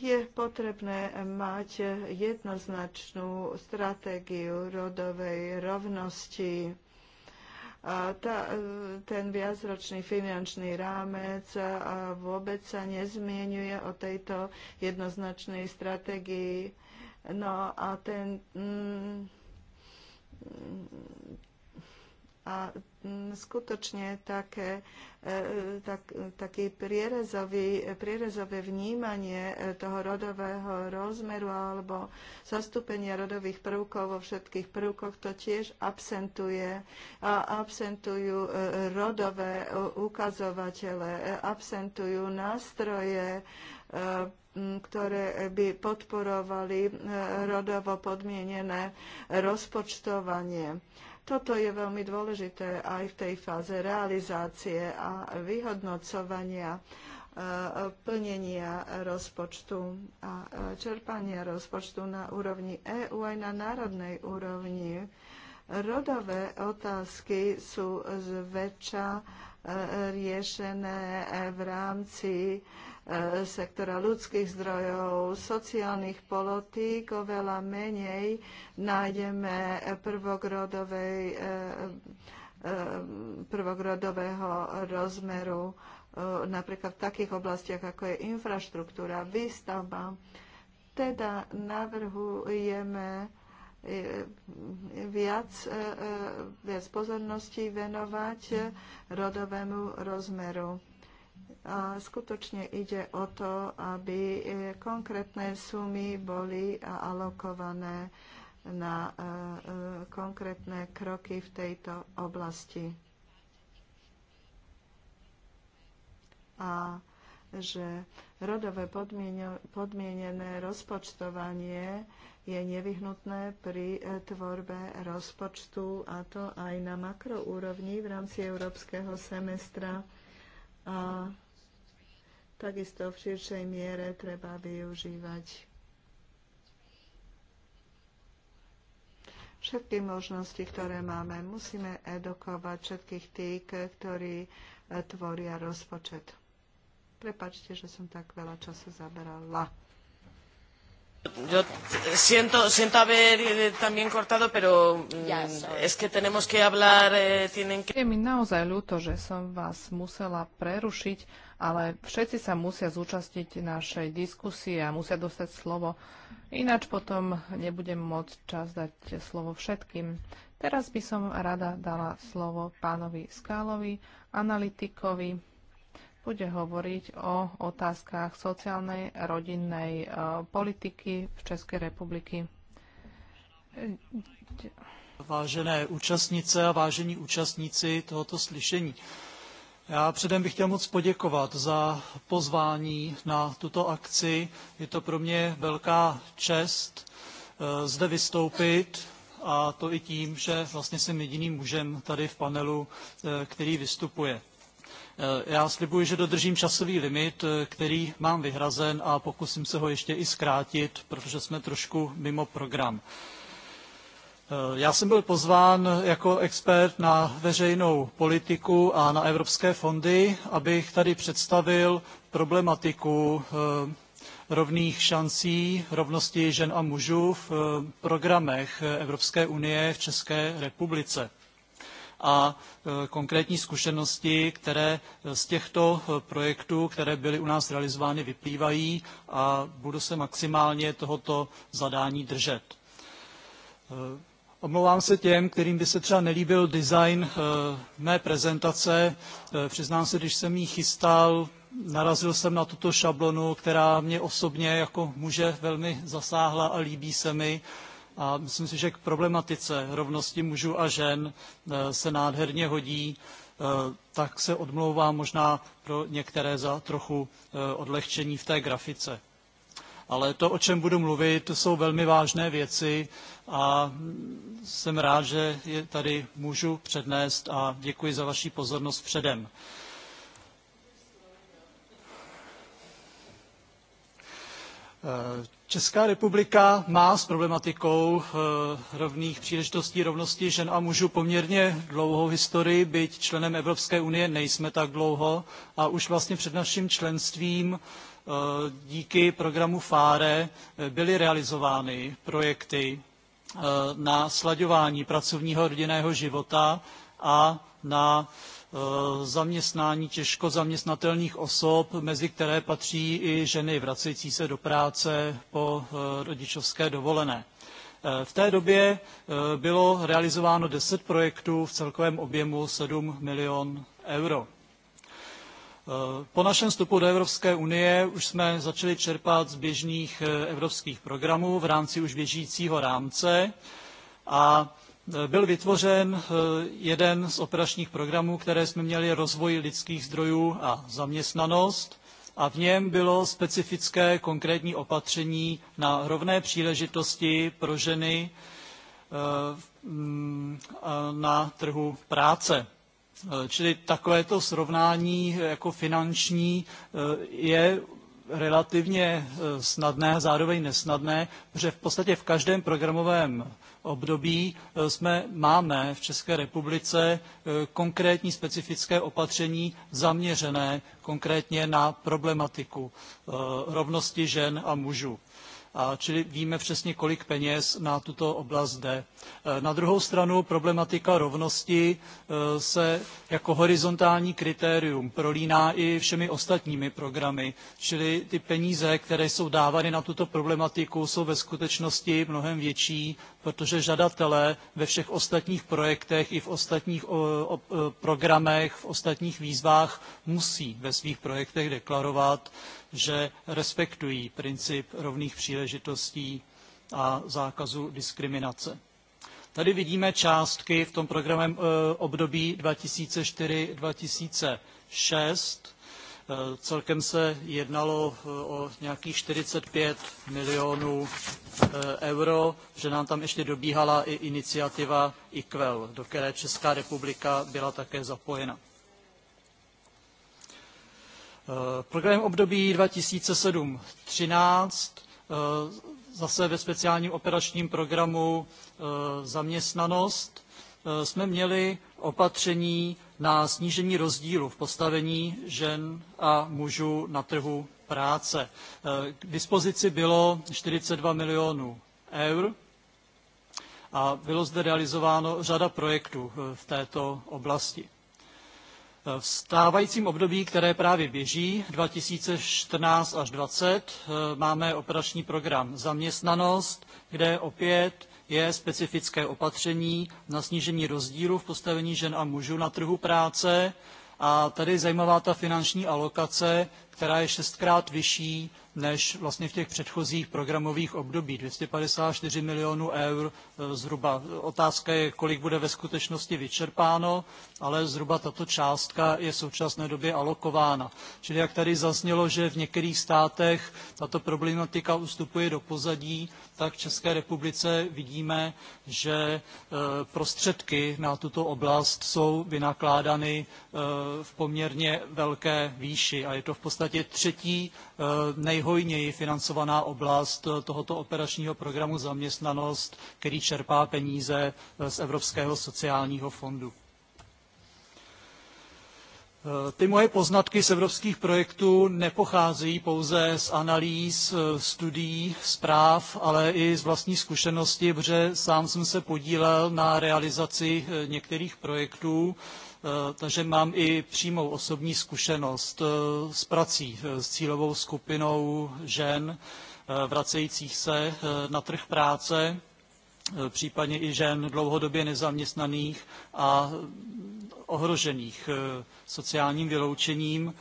Je potrebné mať jednoznačnú stratégiu rodovej rovnosti. A ta, ten viacročný finančný rámec a vôbec sa nezmienuje o tejto jednoznačnej stratégii. No a ten, mm, a mm, skutočne také, e, e, tak, také prierezové, prierezové vnímanie e, toho rodového rozmeru alebo zastúpenia rodových prvkov vo všetkých prvkoch to tiež absentuje. A absentujú rodové ukazovatele, absentujú nástroje, ktoré by podporovali rodovo podmienené rozpočtovanie toto je veľmi dôležité aj v tej fáze realizácie a vyhodnocovania e, plnenia rozpočtu a e, čerpania rozpočtu na úrovni EÚ aj na národnej úrovni. Rodové otázky sú zväčša e, riešené v rámci E, sektora ľudských zdrojov, sociálnych politík, oveľa menej nájdeme prvok rodovej, e, e, rozmeru napríklad v takých oblastiach, ako je infraštruktúra, výstavba. Teda navrhujeme viac, viac pozorností venovať rodovému rozmeru a skutočne ide o to, aby e, konkrétne sumy boli alokované na e, e, konkrétne kroky v tejto oblasti. A že rodové podmienené rozpočtovanie je nevyhnutné pri tvorbe rozpočtu a to aj na makroúrovni v rámci európskeho semestra. A Takisto v širšej miere treba využívať všetky možnosti, ktoré máme. Musíme edukovať všetkých tých, ktorí e, tvoria rozpočet. Prepačte, že som tak veľa času zaberala. Yo siento, siento haber eh, también cortado, pero mm, es que tenemos que hablar, eh, tienen que... Je mi naozaj ľúto, že som vás musela prerušiť, ale všetci sa musia zúčastniť našej diskusie a musia dostať slovo. Ináč potom nebudem môcť čas dať slovo všetkým. Teraz by som rada dala slovo pánovi Skálovi, analytikovi, bude hovoriť o otázkach sociálnej rodinnej e, politiky v Českej republiky. Vážené účastnice a vážení účastníci tohoto slyšení, já předem bych chtěl moc poděkovat za pozvání na tuto akci. Je to pro mě velká čest e, zde vystoupit a to i tím, že vlastně jsem jediným mužem tady v panelu, e, který vystupuje. Eh, já slibuji, že dodržím časový limit, eh, který mám vyhrazen a pokusím se ho ještě i zkrátit, protože jsme trošku mimo program. Eh, já jsem byl pozván jako expert na veřejnou politiku a na evropské fondy, abych tady představil problematiku rovných šancí, rovnosti žen a mužů v programech Evropské unie v České republice a e, konkrétní zkušenosti, které e, z těchto e, projektů, které byly u nás realizovány, vyplývají a budu se maximálně tohoto zadání držet. Omlouvám se těm, kterým by se třeba nelíbil design mé prezentace. Přiznám se, když jsem ji chystal, narazil jsem na tuto šablonu, která mě osobně jako muže velmi zasáhla a líbí se mi. A myslím si, že k problematice rovnosti mužů a žen eh, se nádherně hodí, eh, tak se odmlouvá možná pro některé za trochu eh, odlehčení v té grafice. Ale to, o čem budu mluvit, jsou velmi vážné věci a jsem rád, že je tady můžu přednést a děkuji za vaši pozornost předem. Česká republika má s problematikou eh, rovných příležitostí rovnosti žen a mužů poměrně dlouhou historii, byť členem Evropské unie nejsme tak dlouho a už vlastně před naším členstvím eh, díky programu FARE eh, byly realizovány projekty na slaďování pracovního a rodinného života a na Eh, zaměstnání těžko zaměstnatelných osob, mezi které patří i ženy vracející se do práce po eh, rodičovské dovolené. Eh, v té době bylo realizováno 10 projektů v celkovém objemu 7 milion euro. Po našem vstupu do Evropské unie už jsme začali čerpat z běžných evropských programů v rámci už běžícího rámce a byl vytvořen eh, jeden z operačních programů, které jsme měli rozvoj lidských zdrojů a zaměstnanost a v něm bylo specifické konkrétní opatření na rovné příležitosti pro ženy eh, mm, na trhu práce. Eh, čili takovéto srovnání jako finanční je relativně snadné a zároveň nesnadné, protože v podstatě v každém programovém období e, jsme, máme v České republice e, konkrétní specifické opatření zaměřené konkrétně na problematiku e, rovnosti žen a mužů čili víme přesně, kolik peněz na tuto oblast jde. E, na druhou stranu problematika rovnosti e, se jako horizontální kritérium prolíná i všemi ostatními programy, čili ty peníze, které jsou dávány na tuto problematiku, jsou ve skutečnosti mnohem větší, protože žadatelé ve všech ostatních projektech i v ostatních programech, v ostatních výzvách musí ve svých projektech deklarovat, že respektují princip rovných příležitostí příležitostí a zákazu diskriminace. Tady vidíme částky v tom programem eh, období 2004-2006. Eh, celkem se jednalo eh, o nějakých 45 milionů euro, že nám tam ještě dobíhala i iniciativa IQUEL, do které Česká republika byla také zapojena. Program období 2007-13 Eh, zase ve speciálním operačním programu eh, zaměstnanost eh, jsme měli opatření na snížení rozdílu v postavení žen a mužů na trhu práce. K dispozici bylo 42 milionů eur a bylo zde realizováno řada projektů v této oblasti. V stávajícím období, které právě běží, 2014 až 2020, eh, máme operační program Zaměstnanost, kde opět je specifické opatření na snížení rozdílu v postavení žen a mužů na trhu práce. A tady je zajímavá ta finanční alokace, která je šestkrát vyšší než vlastně v těch předchozích programových období. 254 milionů eur e, zhruba. Otázka je, kolik bude ve skutečnosti vyčerpáno, ale zhruba tato částka je v současné době alokována. Čili jak tady zaznělo, že v některých státech tato problematika ustupuje do pozadí, tak v České republice vidíme, že e, prostředky na tuto oblast jsou vynakládány e, v poměrně velké výši a je to v podstatě podstatě třetí eh, nejhojněji financovaná oblast eh, tohoto operačního programu zaměstnanost, který čerpá peníze eh, z Evropského sociálního fondu. Ty moje poznatky z evropských projektů nepocházejí pouze z analýz, studií, zpráv, ale i z vlastní zkušenosti, protože sám jsem se podílel na realizaci některých projektů. Eh, takže mám i přímou osobní zkušenost eh, s prací eh, s cílovou skupinou žen vracejících se na trh práce, případně i žen dlouhodobě nezaměstnaných a ohrožených sociálním vyloučením.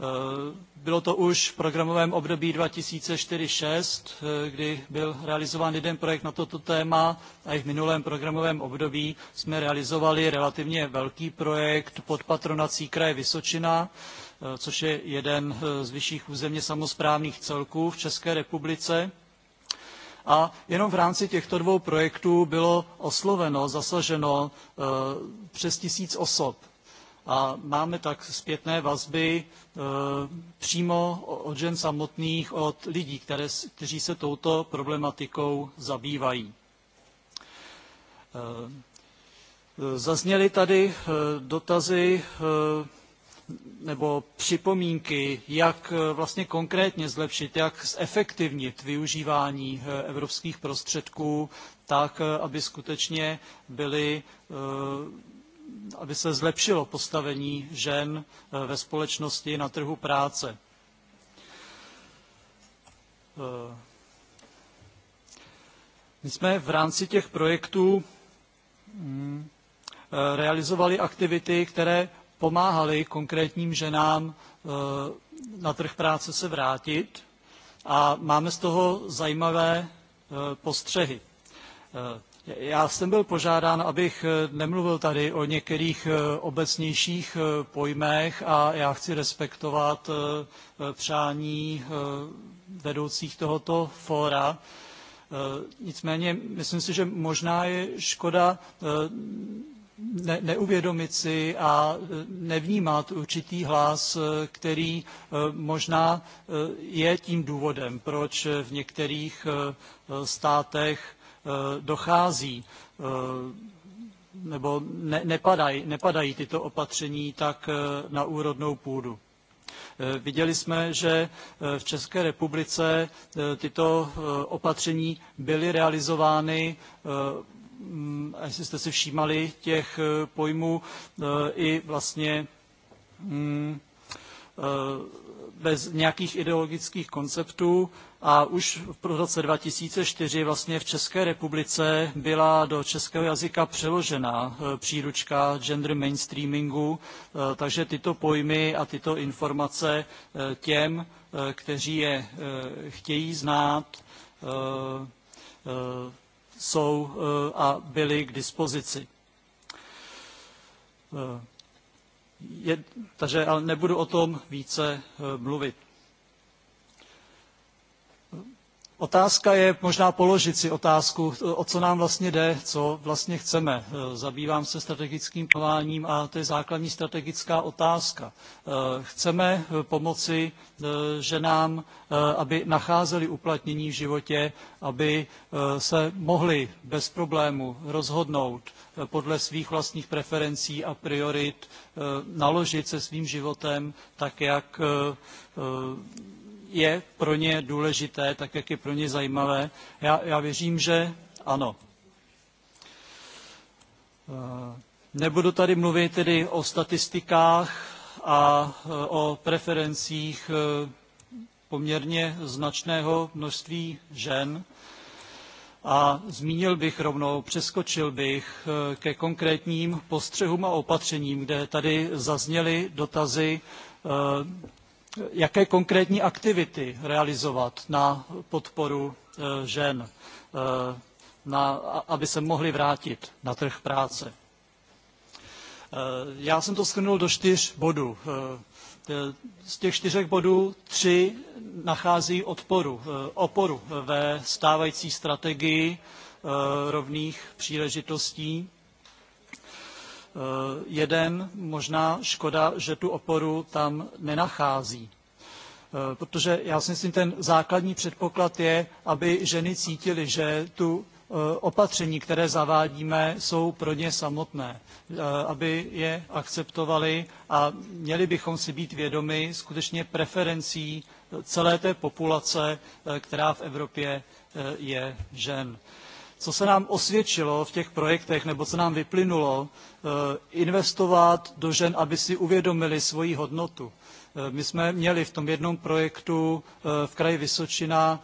Eh, bylo to už v programovém období 2004-2006, eh, kdy byl realizován jeden projekt na toto téma a i v minulém programovém období jsme realizovali relativně velký projekt pod patronací kraje Vysočina, eh, což je jeden z vyšších územně samozprávných celků v České republice. A jenom v rámci těchto dvou projektů bylo osloveno, zasaženo přes tisíc osob a máme tak zpětné vazby e, přímo od žen samotných, od lidí, které, kteří se touto problematikou zabývají. E, e zazněly tady e, dotazy e, nebo připomínky, jak e, vlastně konkrétně zlepšit, jak zefektivnit využívání evropských prostředků tak, aby skutečně byly e, aby se zlepšilo postavení žen eh, ve společnosti na trhu práce. Eh, my jsme v rámci těch projektů mm, eh, realizovali aktivity, které pomáhaly konkrétním ženám na trh práce se vrátit a máme z toho zajímavé postřehy. Já jsem byl požádán, abych eh, nemluvil tady o některých eh, obecnějších eh, pojmech a já chci respektovat přání vedoucích tohoto fóra. Nicméně myslím si, že možná je škoda ne, neuvědomit si a nevnímat určitý hlas, který možná je tím důvodem, proč v některých státech Eh, dochází eh, nebo ne, nepadaj, nepadají tyto opatření tak eh, na úrodnou půdu. Viděli jsme, že v České republice tyto opatření byly realizovány mm, jestli jste si všímali těch pojmů i vlastně mm, bez nějakých ideologických konceptů a už v roce 2004 vlastně v České republice byla do českého jazyka přeložena e, příručka gender mainstreamingu, e, takže tyto pojmy a tyto informace e, těm, kteří je chtějí znát, jsou a byly k dispozici takže ale nebudu o tom více eh, mluvit. Otázka je možná položit si otázku, o co nám vlastně jde, co vlastně chceme. E, zabývám se strategickým plánováním a to je základní strategická otázka. E, chceme e, pomoci ženám, aby nacházeli uplatnění v životě, aby se mohli bez problému rozhodnout podle svých vlastních preferencí a priorit, naložit se svým životem tak, jak je pro ně důležité, tak jak je pro ně zajímavé. Já, já věřím, že ano. Eh, nebudu tady mluvit tedy o statistikách a eh, o preferencích eh, poměrně značného množství žen. A zmínil bych rovnou, přeskočil bych ke konkrétním postřehům a opatřením, kde tady zazněly dotazy jaké konkrétní aktivity realizovat na podporu e, žen, e, na, aby se mohly vrátit na trh práce. E, já jsem to shrnul do čtyř bodů. Z těch čtyřech bodů tři nachází odporu, oporu ve stávající strategii rovných příležitostí Eh, jeden, možná škoda, že tu oporu tam nenachází. Eh, protože já si myslím, ten základní předpoklad je, aby ženy cítily, že tu eh, opatření, které zavádíme, jsou pro ně samotné, aby je akceptovali a měli bychom si být vědomi skutečně preferencí celé té populace, která v Evropě je žen. Co se nám osvědčilo v těch projektech, nebo co nám vyplynulo, Eh, investovat do žen, aby si uvědomili svoji hodnotu. Eh, my jsme měli v tom jednom projektu eh, v kraji Vysočina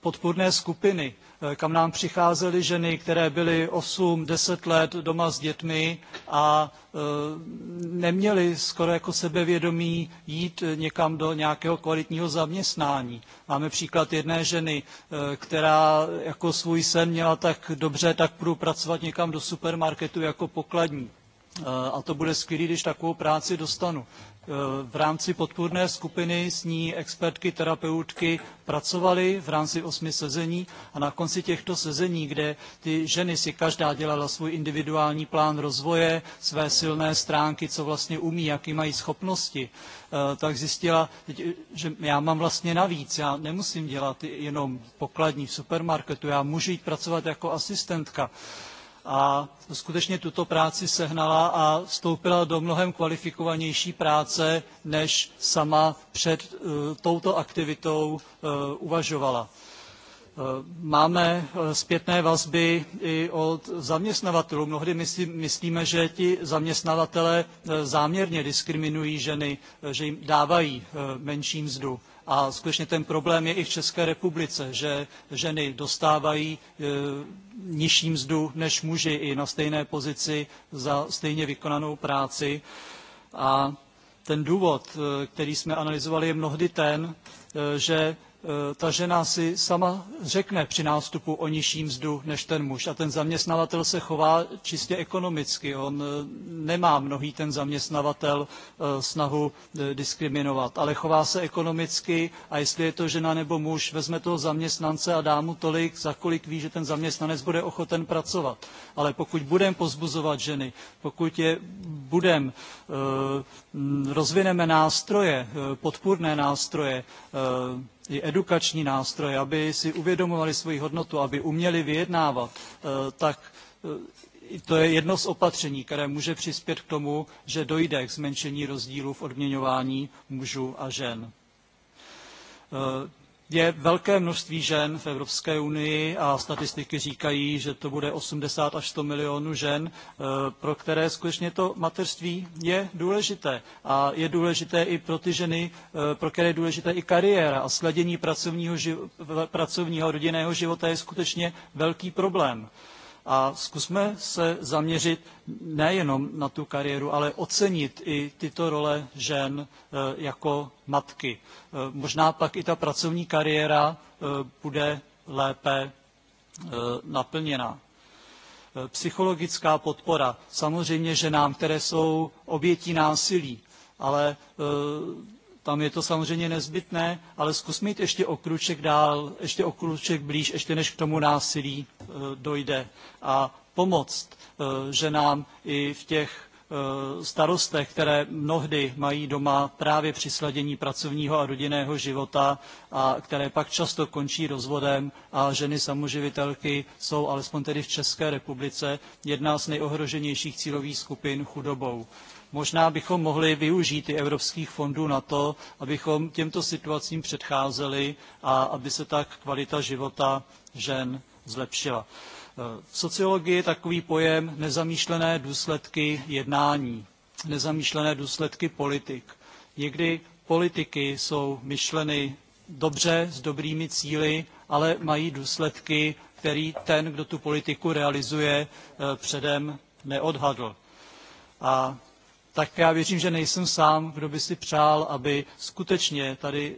podpůrné skupiny, Eh, kam nám přicházely ženy, které byly 8, 10 let doma s dětmi a eh, neměly skoro jako sebevědomí jít někam do nějakého kvalitního zaměstnání. Máme příklad jedné ženy, eh, která jako svůj sen měla tak dobře, tak půjdu pracovat někam do supermarketu jako pokladní a to bude skvělé, když takovou práci dostanu. Eh, v rámci podpůrné skupiny s ní expertky, terapeutky pracovaly v rámci osmi sezení a na konci těchto sezení, kde ty ženy si každá dělala svůj individuální plán rozvoje, své silné stránky, co vlastně umí, jaký mají schopnosti, eh, tak zjistila, že já mám vlastně navíc, já nemusím dělat jenom pokladní v supermarketu, já můžu jít pracovat jako asistentka a skutečně tuto práci sehnala a vstoupila do mnohem kvalifikovanější práce, než sama před eh, touto aktivitou eh, uvažovala. Eh, máme zpětné vazby i od zaměstnavatelů. Mnohdy myslíme, že ti zaměstnavatele záměrně diskriminují ženy, že jim dávají menší mzdu. A skutečně ten problém je i v České republice, že ženy dostávají e, nižší mzdu než muži i na stejné pozici za stejně vykonanou práci. A ten důvod, e, který jsme analyzovali, je mnohdy ten, e, že E, ta žena si sama řekne při nástupu o nižší mzdu než ten muž a ten zaměstnavatel se chová čistě ekonomicky. On e, nemá mnohý ten zaměstnavatel e, snahu diskriminovat, ale chová se ekonomicky a jestli je to žena nebo muž, vezme toho zaměstnance a dá mu tolik, za kolik ví, že ten zaměstnanec bude ochoten pracovat. Ale pokud budeme pozbuzovat ženy, pokud je budeme, rozvineme nástroje, podpůrné nástroje, i edukační nástroje, aby si uvědomovali svoji hodnotu, aby uměli vyjednávat, eh, tak eh, to je jedno z opatření, které může přispět k tomu, že dojde k zmenšení rozdílu v odměňování mužů a žen. Eh, je velké množství žen v Evropské unii a statistiky říkají, že to bude 80 až 100 milionů žen, eh, pro které skutečně to mateřství je důležité. A je důležité i pro ty ženy, eh, pro které je důležité i kariéra a sladění pracovního, a pracovního rodinného života je skutečně velký problém a zkusme se zaměřit nejenom na tu kariéru, ale ocenit i tyto role žen e, jako matky. E, možná pak i ta pracovní kariéra e, bude lépe naplněná. Psychologická podpora samozřejmě ženám, které jsou obětí násilí, ale tam je to samozřejmě nezbytné, ale zkusme jít ještě o kruček dál, ještě o kruček blíž, ještě než k tomu násilí e, dojde a pomoct e, ženám i v těch e, starostech, které mnohdy mají doma právě při sladění pracovního a rodinného života a které pak často končí rozvodem a ženy samoživitelky jsou, alespoň tedy v České republice, jedna z nejohroženějších cílových skupin chudobou. Možná bychom mohli využít i evropských fondů na to, abychom těmto situacím předcházeli a aby se tak kvalita života žen zlepšila. Eh, v sociologii je takový pojem nezamýšlené důsledky jednání, nezamýšlené důsledky politik. Někdy politiky jsou myšleny dobře, s dobrými cíly, ale mají důsledky, který ten, kdo tu politiku realizuje, eh, předem neodhadl. A tak já věřím, že nejsem sám, kdo by si přál, aby skutečně tady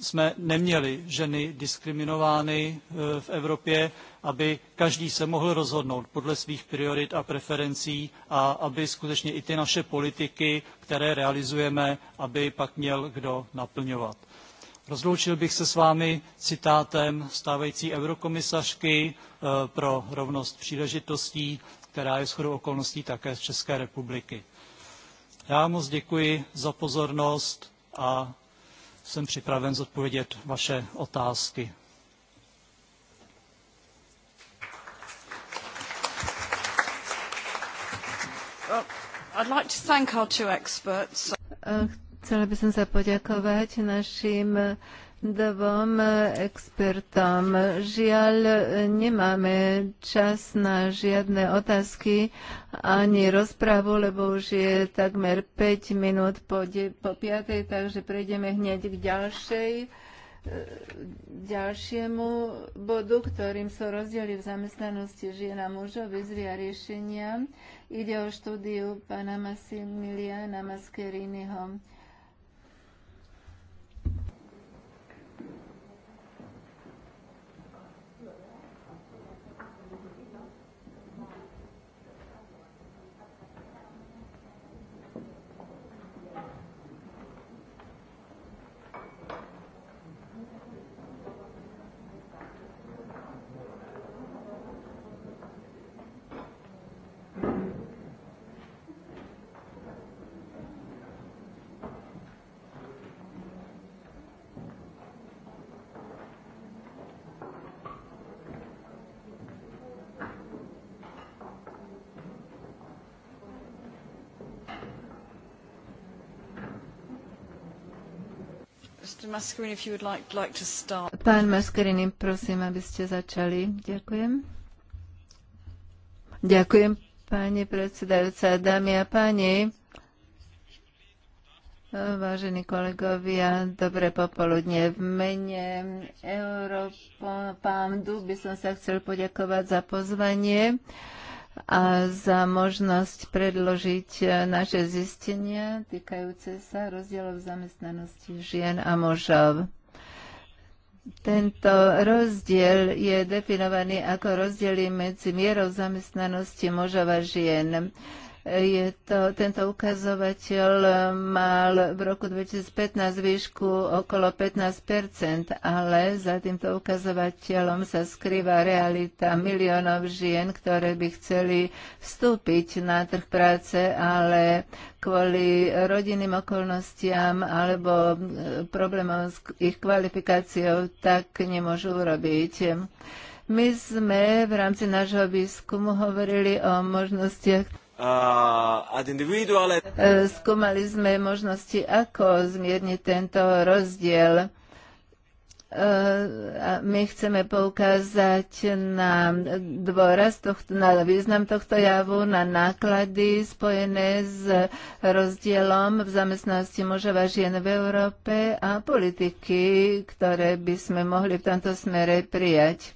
jsme neměli ženy diskriminovány eh, v Evropě, aby každý se mohl rozhodnout podle svých priorit a preferencí a aby skutečně i ty naše politiky, které realizujeme, aby pak měl kdo naplňovat. Rozloučil bych se s vámi citátem stávající eurokomisařky eh, pro rovnost příležitostí, která je shodou okolností také z České republiky. Já moc děkuji za pozornost a jsem připraven zodpovědět vaše otázky. Well, I'd like to thank our two experts. Uh, Chcela by som sa poďakovať našim dvom expertom. Žiaľ, nemáme čas na žiadne otázky ani rozprávu, lebo už je takmer 5 minút po, de- po 5, takže prejdeme hneď k ďalšej e, ďalšiemu bodu, ktorým sú rozdiely v zamestnanosti žien a mužov, výzvy a riešenia. Ide o štúdiu pána Massimiliana Mascheriniho Pán Mascarini, prosím, aby ste začali. Ďakujem. Ďakujem, pani predsedajúca, dámy a páni. Vážení kolegovia, dobré popoludne. V mene Európa Pándu by som sa chcel poďakovať za pozvanie. Uh, a za možnosť predložiť e, naše zistenia týkajúce sa rozdielov zamestnanosti žien a mužov. Tento rozdiel je definovaný ako rozdiel medzi mierou zamestnanosti mužov a žien. Je to, tento ukazovateľ mal v roku 2015 výšku okolo 15 ale za týmto ukazovateľom sa skrýva realita miliónov žien, ktoré by chceli vstúpiť na trh práce, ale kvôli rodinným okolnostiam alebo e, problémom s ich kvalifikáciou tak nemôžu urobiť. My sme v rámci nášho výskumu hovorili o možnostiach E, skúmali sme možnosti, ako zmierniť tento rozdiel. E, my chceme poukázať na dôraz, tohto, na význam tohto javu, na náklady spojené s rozdielom v zamestnanosti mužov a žien v Európe a politiky, ktoré by sme mohli v tomto smere prijať.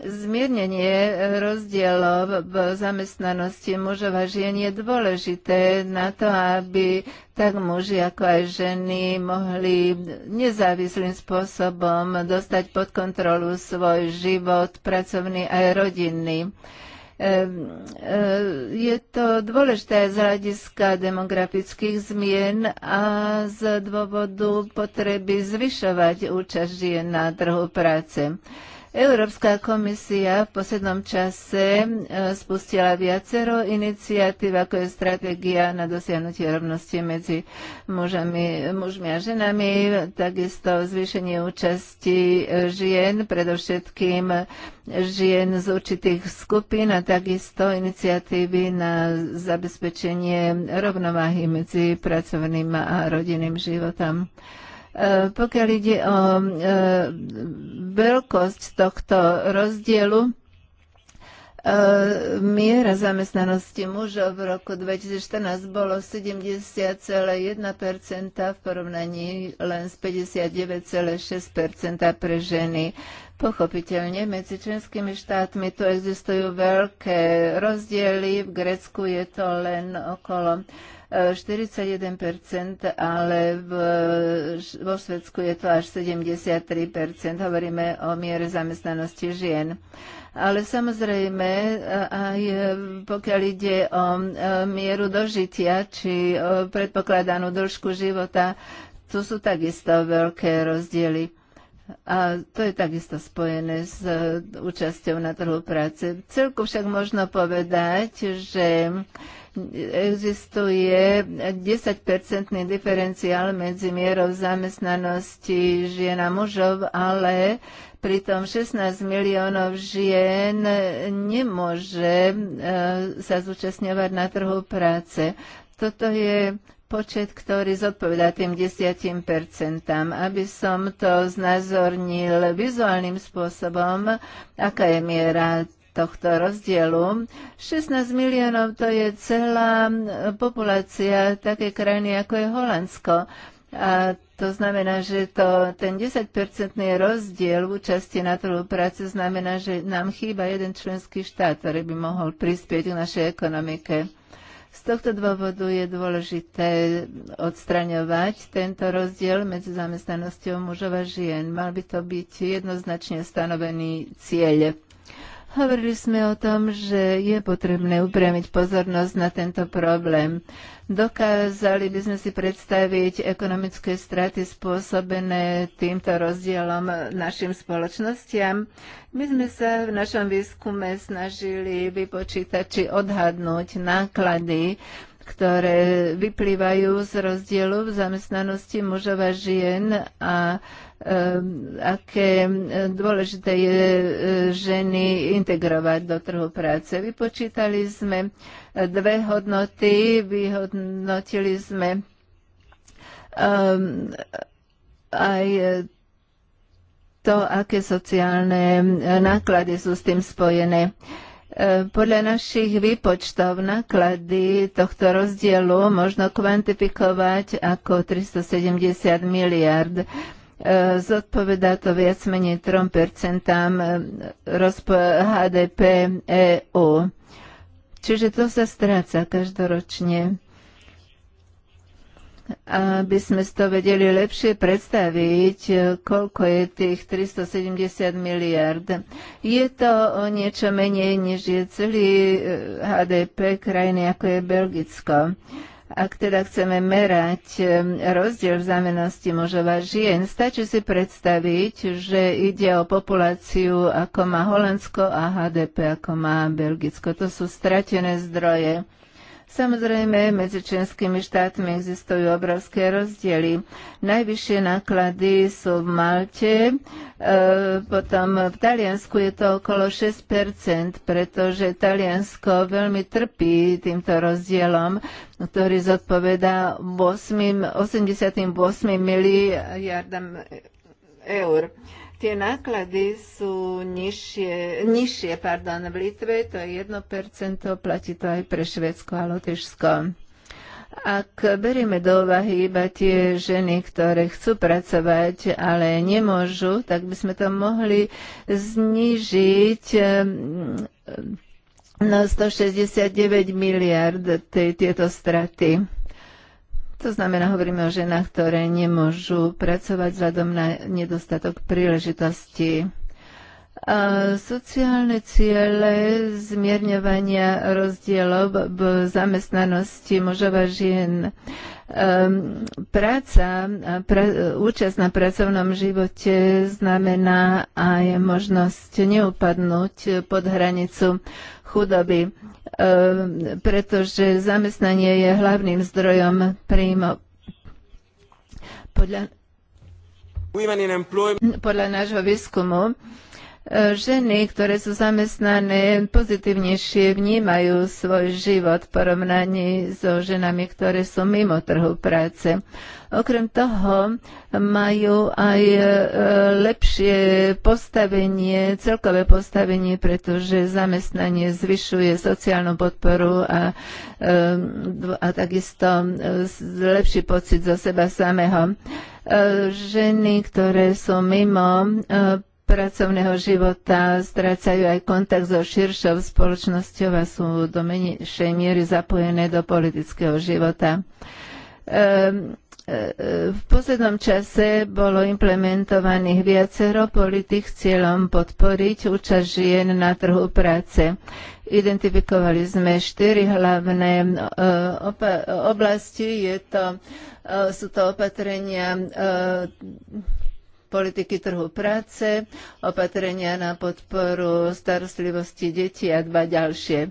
Zmiernenie rozdielov v zamestnanosti mužov a žien je dôležité na to, aby tak muži ako aj ženy mohli nezávislým spôsobom dostať pod kontrolu svoj život, pracovný aj rodinný. E, je to dôležité z hľadiska demografických zmien a z dôvodu potreby zvyšovať účasť žien na trhu práce. Európska komisia v poslednom čase e, spustila viacero iniciatív, ako je stratégia na dosiahnutie rovnosti medzi mužami, mužmi a ženami, takisto zvýšenie účasti žien, predovšetkým žien z určitých skupín a takisto iniciatívy na zabezpečenie rovnováhy medzi pracovným a rodinným životom. E, pokiaľ ide o e, veľkosť tohto rozdielu, E, Miera zamestnanosti mužov v roku 2014 bolo 70,1% v porovnaní len s 59,6% pre ženy. Pochopiteľne, medzi členskými štátmi tu existujú veľké rozdiely. V Grécku je to len okolo 41%, e, ale v, vo Švedsku je to až 73%. Hovoríme o miere zamestnanosti žien. Uh, ale samozrejme, e, aj e, pokiaľ ide o e, mieru dožitia či predpokladanú dĺžku života, tu sú takisto veľké rozdiely. A to je takisto spojené s účasťou na trhu práce. Celku však možno povedať, že existuje 10-percentný diferenciál medzi mierou zamestnanosti žien a mužov, ale Pritom 16 miliónov žien nemôže e, sa zúčastňovať na trhu práce. Toto je počet, ktorý zodpovedá tým 10%. Aby som to znázornil vizuálnym spôsobom, aká je miera tohto rozdielu. 16 miliónov to je celá populácia také krajiny, ako je Holandsko. A to znamená, že to, ten 10-percentný rozdiel v účasti na trhu práce znamená, že nám chýba jeden členský štát, ktorý by mohol prispieť k našej ekonomike. Z tohto dôvodu je dôležité odstraňovať tento rozdiel medzi zamestnanosťou mužov a žien. Mal by to byť jednoznačne stanovený cieľ. Hovorili sme o tom, že je potrebné upriamiť pozornosť na tento problém. Dokázali by sme si predstaviť ekonomické straty spôsobené týmto rozdielom našim spoločnostiam. My sme sa v našom výskume snažili vypočítať či odhadnúť náklady ktoré vyplývajú z rozdielu v zamestnanosti mužov a žien a aké dôležité je eh, ženy integrovať do trhu práce. Vypočítali sme eh, dve hodnoty, vyhodnotili sme aj to, aké sociálne eh, náklady sú s tým spojené. E, podľa našich výpočtov náklady tohto rozdielu možno kvantifikovať ako 370 miliard. E, zodpovedá to viac menej 3% HDP EU. Čiže to sa stráca každoročne aby sme si to vedeli lepšie predstaviť, e, koľko je tých 370 miliard. Je to o niečo menej, než je celý e, HDP krajiny, ako je Belgicko. Ak teda chceme merať e, rozdiel v zamenosti mužov a žien, stačí si predstaviť, že ide o populáciu, ako má Holandsko a HDP, ako má Belgicko. To sú stratené zdroje. Samozrejme, medzi členskými štátmi existujú obrovské rozdiely. Najvyššie náklady sú v Malte, e, potom v Taliansku je to okolo 6%, pretože Taliansko veľmi trpí týmto rozdielom, ktorý zodpovedá 8, 88 miliardám eur. Tie náklady sú nižšie, nižšie pardon, v Litve, to je 1%, platí to aj pre Švedsko a Lotyšsko. Ak berieme do úvahy iba tie ženy, ktoré chcú pracovať, ale nemôžu, tak by sme to mohli znižiť ehm, na 169 miliard tej, tieto straty. To znamená, hovoríme o ženách, ktoré nemôžu pracovať vzhľadom na nedostatok príležitosti. A sociálne ciele zmierňovania rozdielov v zamestnanosti mužov a žien. Ehm, práca, pra, účasť na pracovnom živote znamená aj možnosť neupadnúť pod hranicu chudoby, e, pretože zamestnanie je hlavným zdrojom príjmov. Podľa, podľa nášho výskumu ženy, ktoré sú zamestnané, pozitívnejšie vnímajú svoj život v porovnaní so ženami, ktoré sú mimo trhu práce. Okrem toho majú aj e, lepšie postavenie, celkové postavenie, pretože zamestnanie zvyšuje sociálnu podporu a, e, a takisto e, lepší pocit zo seba samého ženy, ktoré sú mimo pracovného života strácajú aj kontakt so širšou spoločnosťou a sú do menšej miery zapojené do politického života. Ehm, e, e, v poslednom čase bolo implementovaných viacero politik s cieľom podporiť účasť žien na trhu práce. Identifikovali sme štyri hlavné e, oblasti. Je to, sú to opatrenia politiky trhu práce, opatrenia na podporu starostlivosti detí a dva ďalšie. E,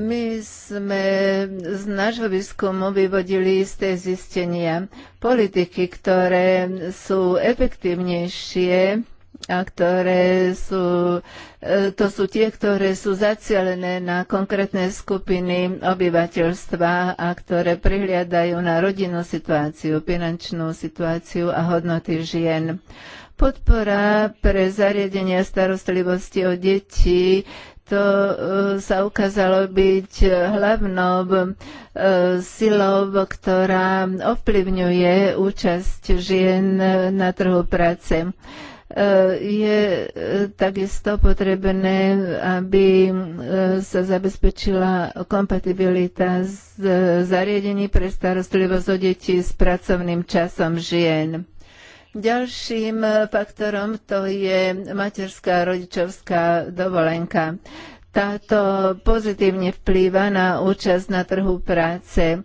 my sme z nášho výskumu vyvodili isté zistenia. Politiky, ktoré sú efektívnejšie, a ktoré sú, e, to sú tie, ktoré sú zacielené na konkrétne skupiny obyvateľstva a ktoré prihliadajú na rodinnú situáciu, finančnú situáciu a hodnoty žien. Podpora pre zariadenia starostlivosti o deti to e, sa ukázalo byť hlavnou e, silou, ktorá ovplyvňuje účasť žien na trhu práce. Eh, je eh, takisto potrebné, aby eh, sa zabezpečila kompatibilita z zariadení pre starostlivosť o deti s pracovným časom žien. Ďalším faktorom to je materská rodičovská dovolenka. Táto pozitívne vplýva na účasť na trhu práce.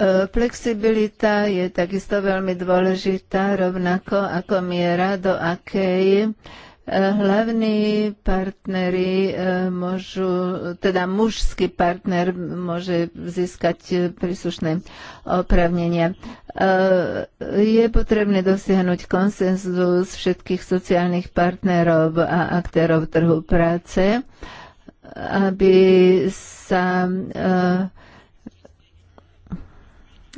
E, flexibilita je takisto veľmi dôležitá, rovnako ako miera, do akej e, hlavní partneri e, môžu, teda mužský partner môže získať príslušné opravnenia. Je potrebné dosiahnuť konsenzus všetkých sociálnych partnerov a aktérov trhu práce, aby sa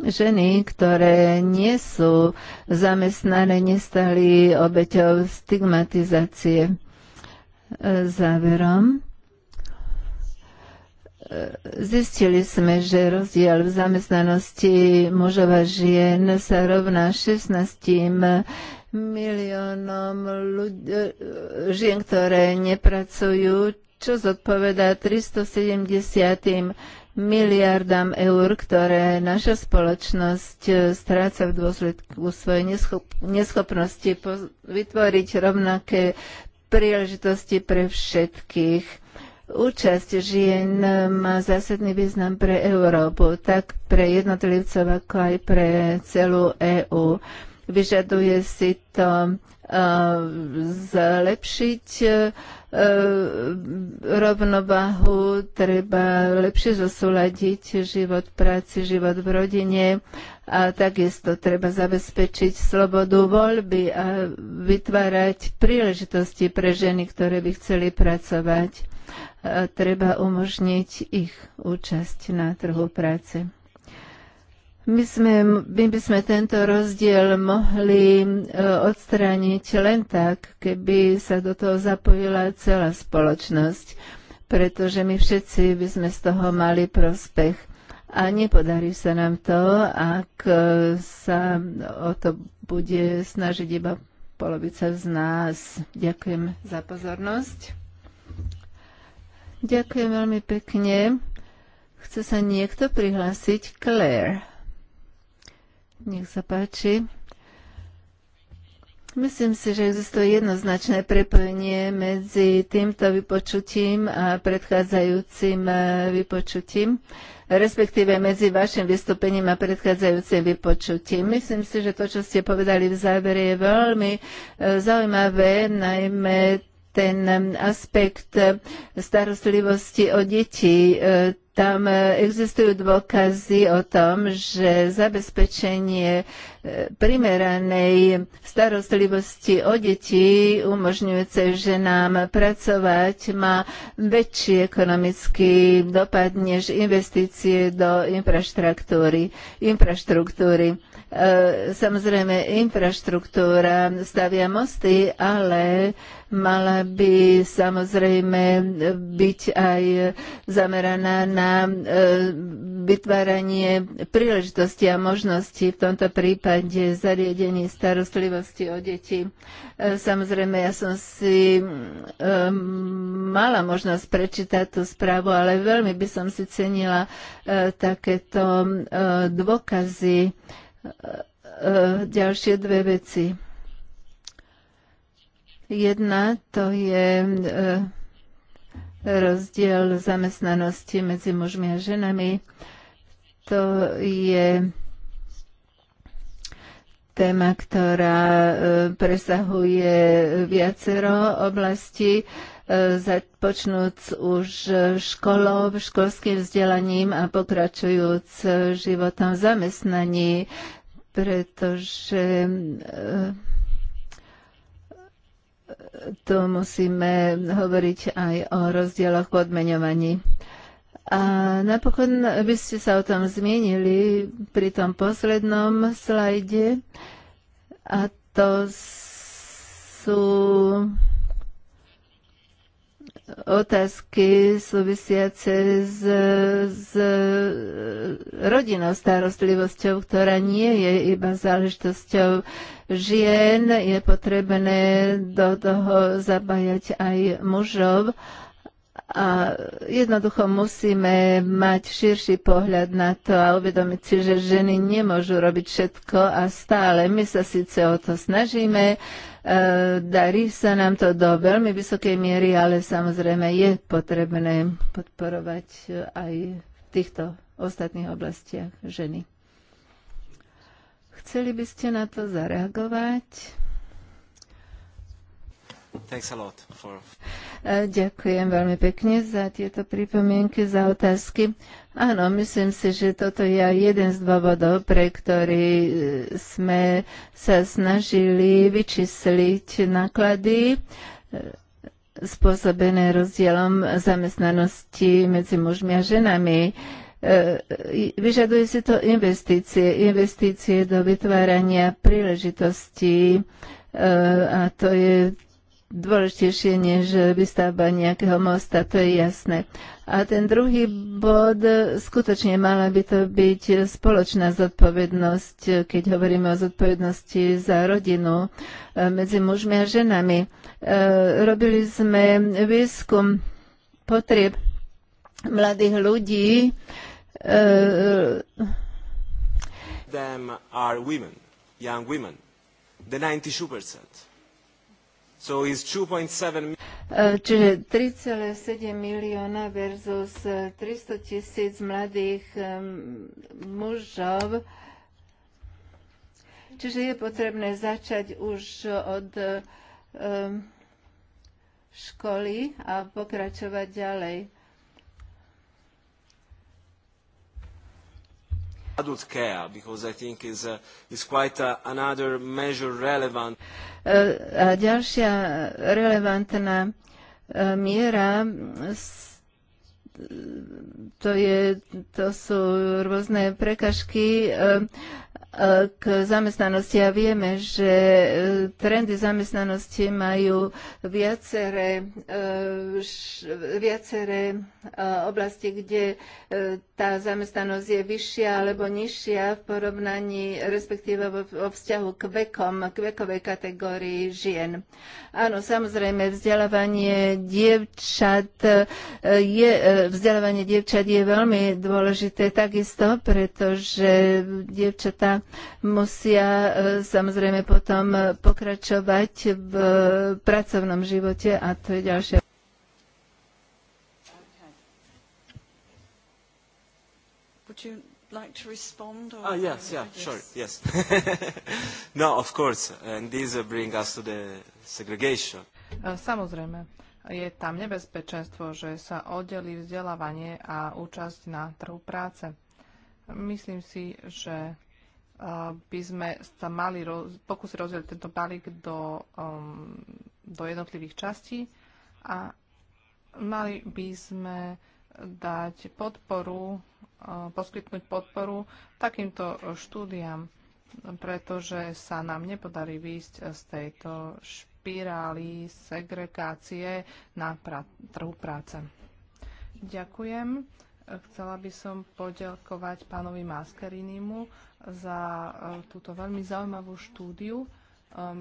ženy, ktoré nie sú zamestnané, nestali obeťou stigmatizácie. Záverom. Zistili sme, že rozdiel v zamestnanosti mužov a žien sa rovná 16 miliónom ľudí, žien, ktoré nepracujú, čo zodpoveda 370 miliardám eur, ktoré naša spoločnosť eh, stráca v dôsledku svojej neschopnosti vytvoriť rovnaké príležitosti pre všetkých. Účasť žien má zásadný význam pre Európu, tak pre jednotlivcov, ako aj pre celú EÚ. Vyžaduje si to uh, zlepšiť uh, E, rovnováhu, treba lepšie zosúľadiť život v práci, život v rodine a takisto treba zabezpečiť slobodu voľby a vytvárať príležitosti pre ženy, ktoré by chceli pracovať. A e, treba umožniť ich účasť na trhu práce. My, sme, my by sme tento rozdiel mohli e, odstrániť len tak, keby sa do toho zapojila celá spoločnosť, pretože my všetci by sme z toho mali prospech. A nepodarí sa nám to, ak e, sa o to bude snažiť iba polovica z nás. Ďakujem za pozornosť. Ďakujem veľmi pekne. Chce sa niekto prihlásiť? Claire. Nech sa páči. Myslím si, že existuje jednoznačné prepojenie medzi týmto vypočutím a predchádzajúcim eh, vypočutím, respektíve medzi vašim vystúpením a predchádzajúcim vypočutím. Myslím si, že to, čo ste povedali v závere, je veľmi eh, zaujímavé, najmä ten aspekt starostlivosti o deti. E, tam existujú dôkazy o tom, že zabezpečenie e, primeranej starostlivosti o deti, umožňujúce ženám pracovať, má väčší ekonomický dopad než investície do infraštruktúry. infraštruktúry. E, samozrejme, infraštruktúra stavia mosty, ale mala by samozrejme byť aj zameraná na e, vytváranie príležitosti a možností, v tomto prípade zariadení starostlivosti o deti. E, samozrejme, ja som si mala možnosť prečítať tú správu, ale veľmi by som si cenila takéto dôkazy, Eh, ďalšie dve veci. Jedna to je eh, rozdiel zamestnanosti medzi mužmi a ženami. To je téma, ktorá eh, presahuje viacero oblastí započnúc už školou, školským vzdelaním a pokračujúc životom v zamestnaní, pretože e, tu musíme hovoriť aj o rozdieloch v odmeňovaní. A napokon by ste sa o tom zmienili pri tom poslednom slajde a to sú otázky súvisiace s, s rodinou starostlivosťou, ktorá nie je iba záležitosťou žien. Je potrebné do toho zabajať aj mužov. A jednoducho musíme mať širší pohľad na to a uvedomiť si, že ženy nemôžu robiť všetko a stále my sa síce o to snažíme, Eh, darí sa nám to do veľmi vysokej miery, ale samozrejme je potrebné podporovať eh, aj v týchto ostatných oblastiach ženy. Chceli by ste na to zareagovať? For... Eh, ďakujem veľmi pekne za tieto pripomienky, za otázky. Áno, myslím si, že toto je jeden z dôvodov, pre ktorý e, sme sa snažili vyčísliť náklady e, spôsobené rozdielom zamestnanosti medzi mužmi a ženami e, vyžaduje si to investície, investície do vytvárania príležitostí a to je dôležitejšie než eh, vystavba nejakého mosta, to je jasné. A ten druhý bod, eh, skutočne mala by to byť eh, spoločná zodpovednosť, keď hovoríme o zodpovednosti za rodinu medzi mužmi a ženami. Robili sme výskum potrieb mladých ľudí. Them are women, young women, the 92%. So is 2.7 e, Čiže 3,7 milióna versus 300 e, tisíc mladých e, mužov. Čiže je potrebné začať už od školy a pokračovať ďalej. adult care because I think is, uh, is quite uh, another measure relevant. Uh, a ďalšia relevantná uh, miera to, je, to sú rôzne prekažky uh, k zamestnanosti a vieme, že e, trendy zamestnanosti majú viaceré, e, viaceré e, oblasti, kde tá zamestnanosť je vyššia alebo nižšia v porovnaní, respektíve vo vzťahu k vekom, k vekovej kategórii žien. Áno, samozrejme, vzdelávanie dievčat je, vzdelávanie dievčat je veľmi dôležité takisto, pretože dievčatá musia e, samozrejme potom pokračovať v pracovnom živote a to je ďalšia. like to respond? Or ah, yes, yeah, sure, yes. <laughs> no, of course, and these uh, bring us to the segregation. E, samozrejme, je tam nebezpečenstvo, že sa oddelí vzdelávanie a účasť na trhu práce. Myslím si, že by sme sa mali roz, pokúsiť rozdeliť tento balík do, um, do jednotlivých častí a mali by sme dať podporu, uh, poskytnúť podporu takýmto štúdiam, pretože sa nám nepodarí výjsť z tejto špirály segregácie na pra- trhu práce. Ďakujem. Chcela by som poďakovať pánovi Maskerinimu za eh, túto veľmi zaujímavú štúdiu. Eh,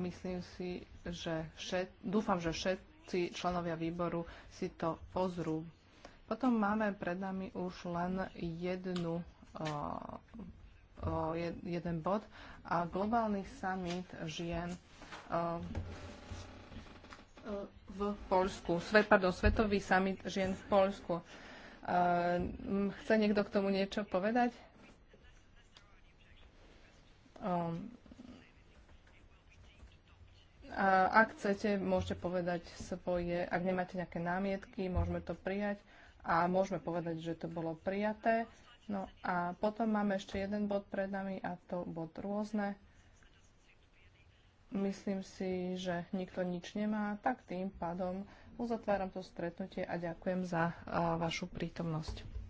myslím si, že všet, dúfam, že všetci členovia výboru si to pozrú. Potom máme pred nami už len jednu, eh, jeden bod a globálny summit žien v Polsku. Svet, pardon, Svetový summit žien v Polsku. Chce niekto k tomu niečo povedať? Um, a ak chcete, môžete povedať svoje, ak nemáte nejaké námietky, môžeme to prijať a môžeme povedať, že to bolo prijaté. No a potom máme ešte jeden bod pred nami a to bod rôzne. Myslím si, že nikto nič nemá, tak tým pádom uzatváram to stretnutie a ďakujem za vašu prítomnosť.